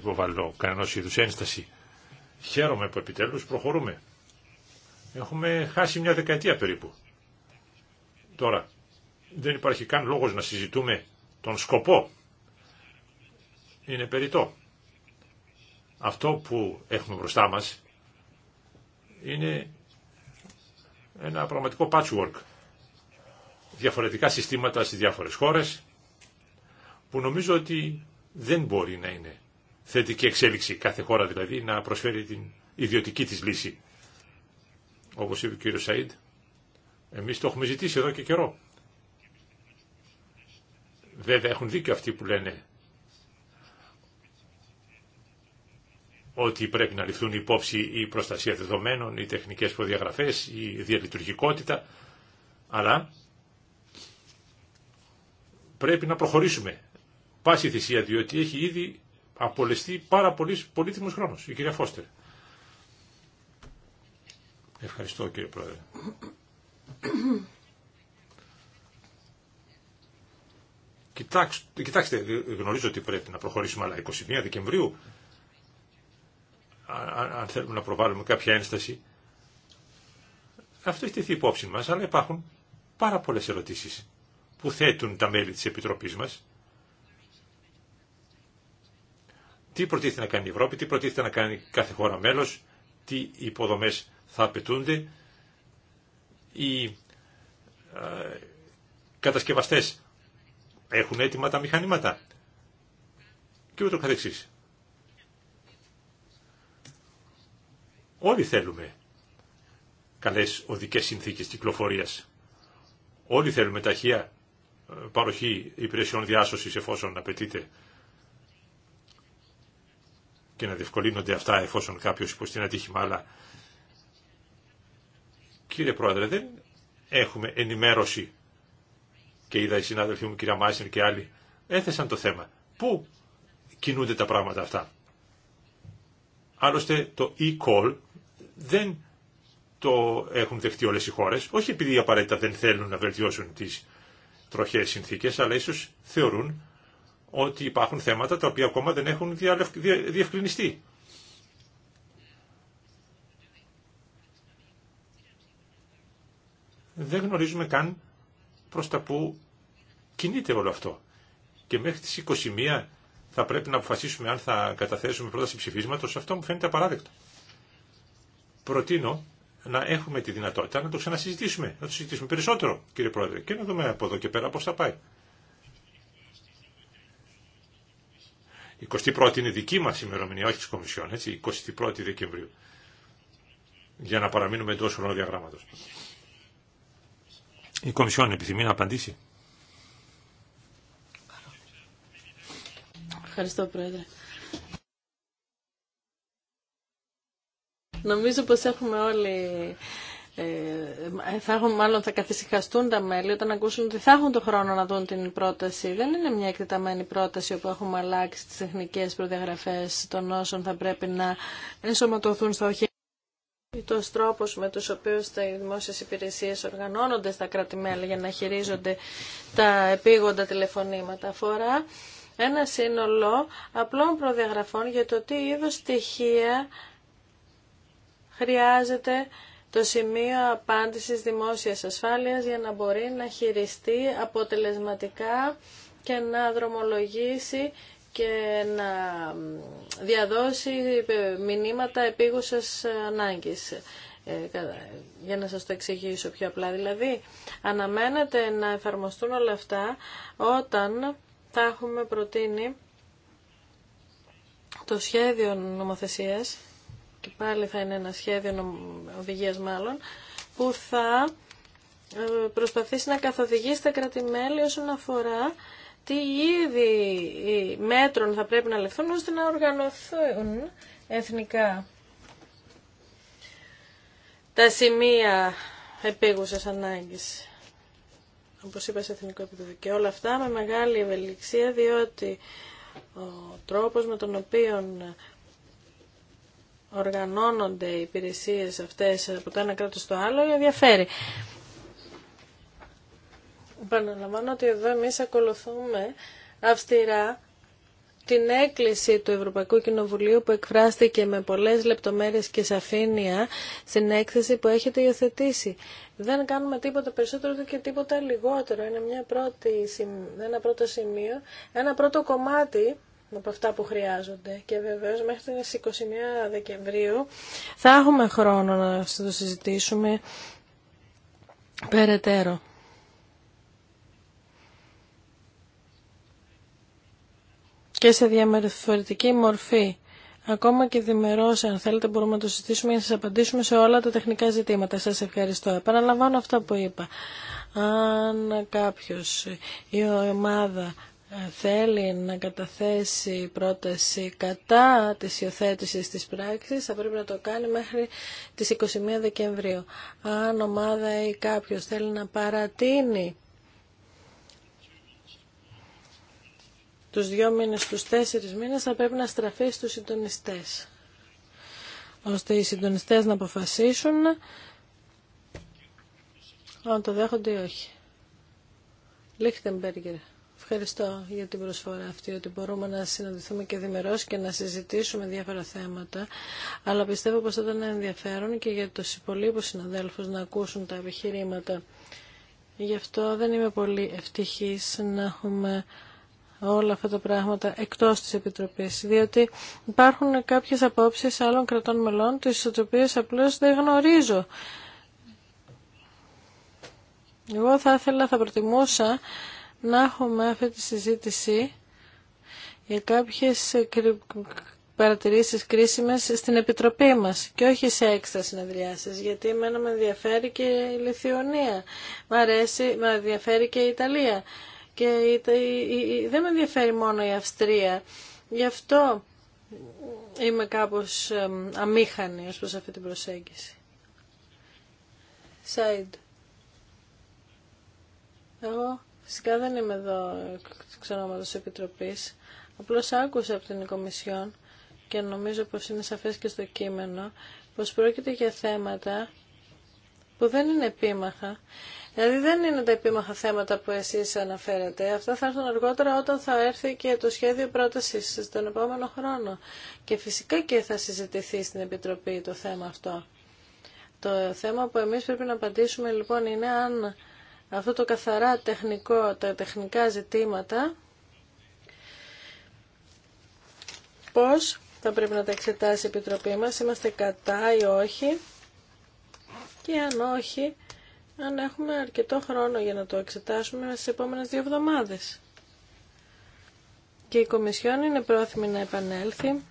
υποβαλώ κανένας είδου ένσταση. Χαίρομαι που επιτέλους προχωρούμε. Έχουμε χάσει μια δεκαετία περίπου. Τώρα, δεν υπάρχει καν λόγος να συζητούμε τον σκοπό. Είναι περιττό. Αυτό που έχουμε μπροστά μας είναι ένα πραγματικό patchwork. Διαφορετικά συστήματα στις διάφορες χώρες που νομίζω ότι δεν μπορεί να είναι θετική εξέλιξη κάθε χώρα δηλαδή να προσφέρει την ιδιωτική της λύση. Όπως είπε ο κύριος Σαΐντ, εμείς το έχουμε ζητήσει εδώ και καιρό. Βέβαια έχουν δίκιο αυτοί που λένε ότι πρέπει να ληφθούν υπόψη η προστασία δεδομένων, οι τεχνικές προδιαγραφές, η διαλειτουργικότητα, αλλά πρέπει να προχωρήσουμε. Πάση θυσία, διότι έχει ήδη απολεστεί πάρα πολύ πολύτιμος χρόνος, η κυρία Φώστερ. Ευχαριστώ κύριε Πρόεδρε. Κοιτάξτε, κοιτάξτε, γνωρίζω ότι πρέπει να προχωρήσουμε, αλλά 21 Δεκεμβρίου, αν, θέλουμε να προβάλλουμε κάποια ένσταση, αυτό έχει τεθεί υπόψη μας, αλλά υπάρχουν πάρα πολλές ερωτήσεις που θέτουν τα μέλη της Επιτροπής μας. Τι προτίθεται να κάνει η Ευρώπη, τι προτίθεται να κάνει κάθε χώρα μέλος, τι υποδομές θα απαιτούνται, οι ε, κατασκευαστές έχουν έτοιμα τα μηχανήματα και ούτω καθεξής. Όλοι θέλουμε καλές οδικές συνθήκες κυκλοφορίας. Όλοι θέλουμε ταχεία ε, παροχή υπηρεσιών διάσωσης εφόσον απαιτείται και να διευκολύνονται αυτά εφόσον κάποιος υποστεί ένα τύχημα, αλλά κύριε Πρόεδρε δεν έχουμε ενημέρωση και είδα οι συνάδελφοί μου, κυρία Μάσιν και άλλοι, έθεσαν το θέμα. Πού κινούνται τα πράγματα αυτά. Άλλωστε το e-call δεν το έχουν δεχτεί όλες οι χώρες, όχι επειδή απαραίτητα δεν θέλουν να βελτιώσουν τις τροχές συνθήκες, αλλά ίσως θεωρούν ότι υπάρχουν θέματα τα οποία ακόμα δεν έχουν διευκρινιστεί. Δεν γνωρίζουμε καν προς τα που κινείται όλο αυτό. Και μέχρι τις 21 θα πρέπει να αποφασίσουμε αν θα καταθέσουμε πρόταση ψηφίσματος. Αυτό μου φαίνεται απαράδεκτο. Προτείνω να έχουμε τη δυνατότητα να το ξανασυζητήσουμε, να το συζητήσουμε περισσότερο, κύριε Πρόεδρε, και να δούμε από εδώ και πέρα πώς θα πάει. Η 21η είναι δική μας ημερομηνία, όχι της Κομισιόν, έτσι, 21η Δεκεμβρίου, για να παραμείνουμε εντός χρονοδιαγράμματος. Η Κομισιόν επιθυμεί να απαντήσει. Ευχαριστώ, Πρόεδρε. Νομίζω πως έχουμε όλοι ε, θα έχουν, μάλλον θα καθησυχαστούν τα μέλη όταν ακούσουν ότι θα έχουν το χρόνο να δουν την πρόταση. Δεν είναι μια εκτεταμένη πρόταση όπου έχουμε αλλάξει τις τεχνικές προδιαγραφές των όσων θα πρέπει να ενσωματωθούν στο οχήματα. Του τρόπο με του οποίου οι δημόσιε υπηρεσίε οργανώνονται στα κρατη για να χειρίζονται τα επίγοντα τηλεφωνήματα αφορά ένα σύνολο απλών προδιαγραφών για το τι είδο στοιχεία χρειάζεται το σημείο απάντησης δημόσιας ασφάλειας για να μπορεί να χειριστεί αποτελεσματικά και να δρομολογήσει και να διαδώσει ε, μηνύματα επίγουσας ανάγκης. Ε, για να σας το εξηγήσω πιο απλά. Δηλαδή, αναμένεται να εφαρμοστούν όλα αυτά όταν θα έχουμε προτείνει το σχέδιο νομοθεσίας και πάλι θα είναι ένα σχέδιο οδηγίας μάλλον που θα ε, προσπαθήσει να καθοδηγήσει τα κρατημέλη όσον αφορά τι είδη μέτρων θα πρέπει να λεφθούν ώστε να οργανωθούν εθνικά τα σημεία επίγουσας ανάγκης. Όπως είπα σε εθνικό επίπεδο και όλα αυτά με μεγάλη ευελιξία διότι ο τρόπος με τον οποίο οργανώνονται οι υπηρεσίες αυτές από το ένα κράτος στο άλλο ενδιαφέρει. Επαναλαμβάνω ότι εδώ εμείς ακολουθούμε αυστηρά την έκκληση του Ευρωπαϊκού Κοινοβουλίου που εκφράστηκε με πολλές λεπτομέρειες και σαφήνεια στην έκθεση που έχετε υιοθετήσει. Δεν κάνουμε τίποτα περισσότερο και τίποτα λιγότερο. Είναι μια πρώτη, ένα πρώτο σημείο, ένα πρώτο κομμάτι από αυτά που χρειάζονται. Και βεβαίως μέχρι τις 21 Δεκεμβρίου θα έχουμε χρόνο να το συζητήσουμε περαιτέρω. και σε διαμερθωρητική μορφή. Ακόμα και διμερώς, αν θέλετε, μπορούμε να το συζητήσουμε για να σας απαντήσουμε σε όλα τα τεχνικά ζητήματα. Σας ευχαριστώ. Επαναλαμβάνω αυτά που είπα. Αν κάποιος η ομάδα ε, θέλει να καταθέσει πρόταση κατά της υιοθέτηση της πράξης, θα πρέπει να το κάνει μέχρι τις 21 Δεκεμβρίου. Αν ομάδα ή κάποιος θέλει να παρατείνει τους δύο μήνες, τους τέσσερις μήνες θα πρέπει να στραφεί στους συντονιστές ώστε οι συντονιστές να αποφασίσουν αν το δέχονται ή όχι. Λίχτεμπεργκερ. Ευχαριστώ για την προσφορά αυτή, ότι μπορούμε να συναντηθούμε και δημερώς και να συζητήσουμε διάφορα θέματα, αλλά πιστεύω πως θα ήταν ενδιαφέρον και για τους υπολείπους συναδέλφους να ακούσουν τα επιχειρήματα. Γι' αυτό δεν είμαι πολύ ευτυχής να έχουμε όλα αυτά τα πράγματα εκτός της Επιτροπής, διότι υπάρχουν κάποιες απόψεις άλλων κρατών μελών, τις οποίες απλώς δεν γνωρίζω. Εγώ θα ήθελα, θα προτιμούσα να έχουμε αυτή τη συζήτηση για κάποιες παρατηρήσεις κρίσιμες στην Επιτροπή μας και όχι σε έξτρα συνεδριάσεις, γιατί εμένα με ενδιαφέρει και η Λιθιονία, με ενδιαφέρει και η Ιταλία και δεν με ενδιαφέρει μόνο η Αυστρία. Γι' αυτό είμαι κάπως αμήχανη ως προς αυτή την προσέγγιση. Σαιντ; Εγώ φυσικά δεν είμαι εδώ εξ Επιτροπής. Απλώς άκουσα από την Κομισιόν και νομίζω πως είναι σαφές και στο κείμενο πως πρόκειται για θέματα που δεν είναι επίμαχα Δηλαδή δεν είναι τα επίμαχα θέματα που εσείς αναφέρατε. Αυτά θα έρθουν αργότερα όταν θα έρθει και το σχέδιο πρότασης στον επόμενο χρόνο. Και φυσικά και θα συζητηθεί στην Επιτροπή το θέμα αυτό. Το θέμα που εμείς πρέπει να απαντήσουμε λοιπόν είναι αν αυτό το καθαρά τεχνικό, τα τεχνικά ζητήματα, πώς θα πρέπει να τα εξετάσει η Επιτροπή μας, είμαστε κατά ή όχι και αν όχι αν έχουμε αρκετό χρόνο για να το εξετάσουμε στις επόμενες δύο εβδομάδες. Και η Κομισιόν είναι πρόθυμη να επανέλθει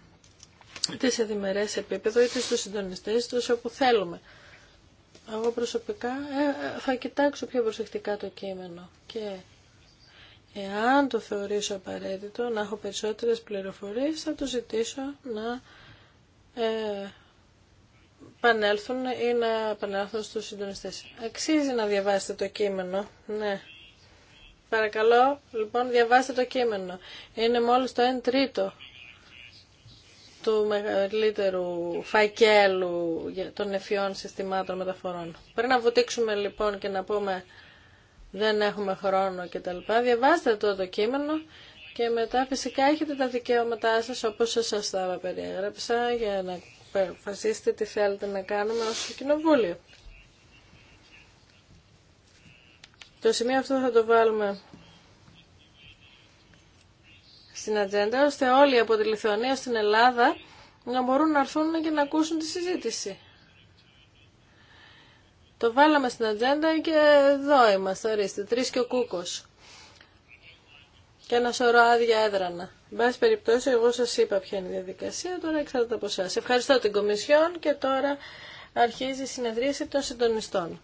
είτε σε διμερές επίπεδο είτε στους συντονιστές τους όπου θέλουμε. Εγώ προσωπικά ε, ε, θα κοιτάξω πιο προσεκτικά το κείμενο και εάν το θεωρήσω απαραίτητο να έχω περισσότερες πληροφορίες θα το ζητήσω να ε, Πανέλθουν ή να επανέλθουν στους συντονιστές. Αξίζει να διαβάσετε το κείμενο, ναι. Παρακαλώ, λοιπόν, διαβάστε το κείμενο. Είναι μόλις το 1 τρίτο του μεγαλύτερου φακέλου των εφιών συστημάτων μεταφορών. Πριν να βουτήξουμε λοιπόν και να πούμε δεν έχουμε χρόνο κτλ. Διαβάστε το το κείμενο και μετά φυσικά έχετε τα δικαιώματά σας όπως σας τα περιέγραψα για να αποφασίσετε τι θέλετε να κάνουμε ως κοινοβούλιο. Το σημείο αυτό θα το βάλουμε στην ατζέντα, ώστε όλοι από τη Λιθουανία στην Ελλάδα να μπορούν να έρθουν και να ακούσουν τη συζήτηση. Το βάλαμε στην ατζέντα και εδώ είμαστε, ορίστε, τρεις και ο κούκος και ένα σωρό άδεια έδρανα. Εν πάση περιπτώσει, εγώ σα είπα ποια είναι η διαδικασία, τώρα εξαρτάται από εσά. Ευχαριστώ την Κομισιόν και τώρα αρχίζει η συνεδρίαση των συντονιστών.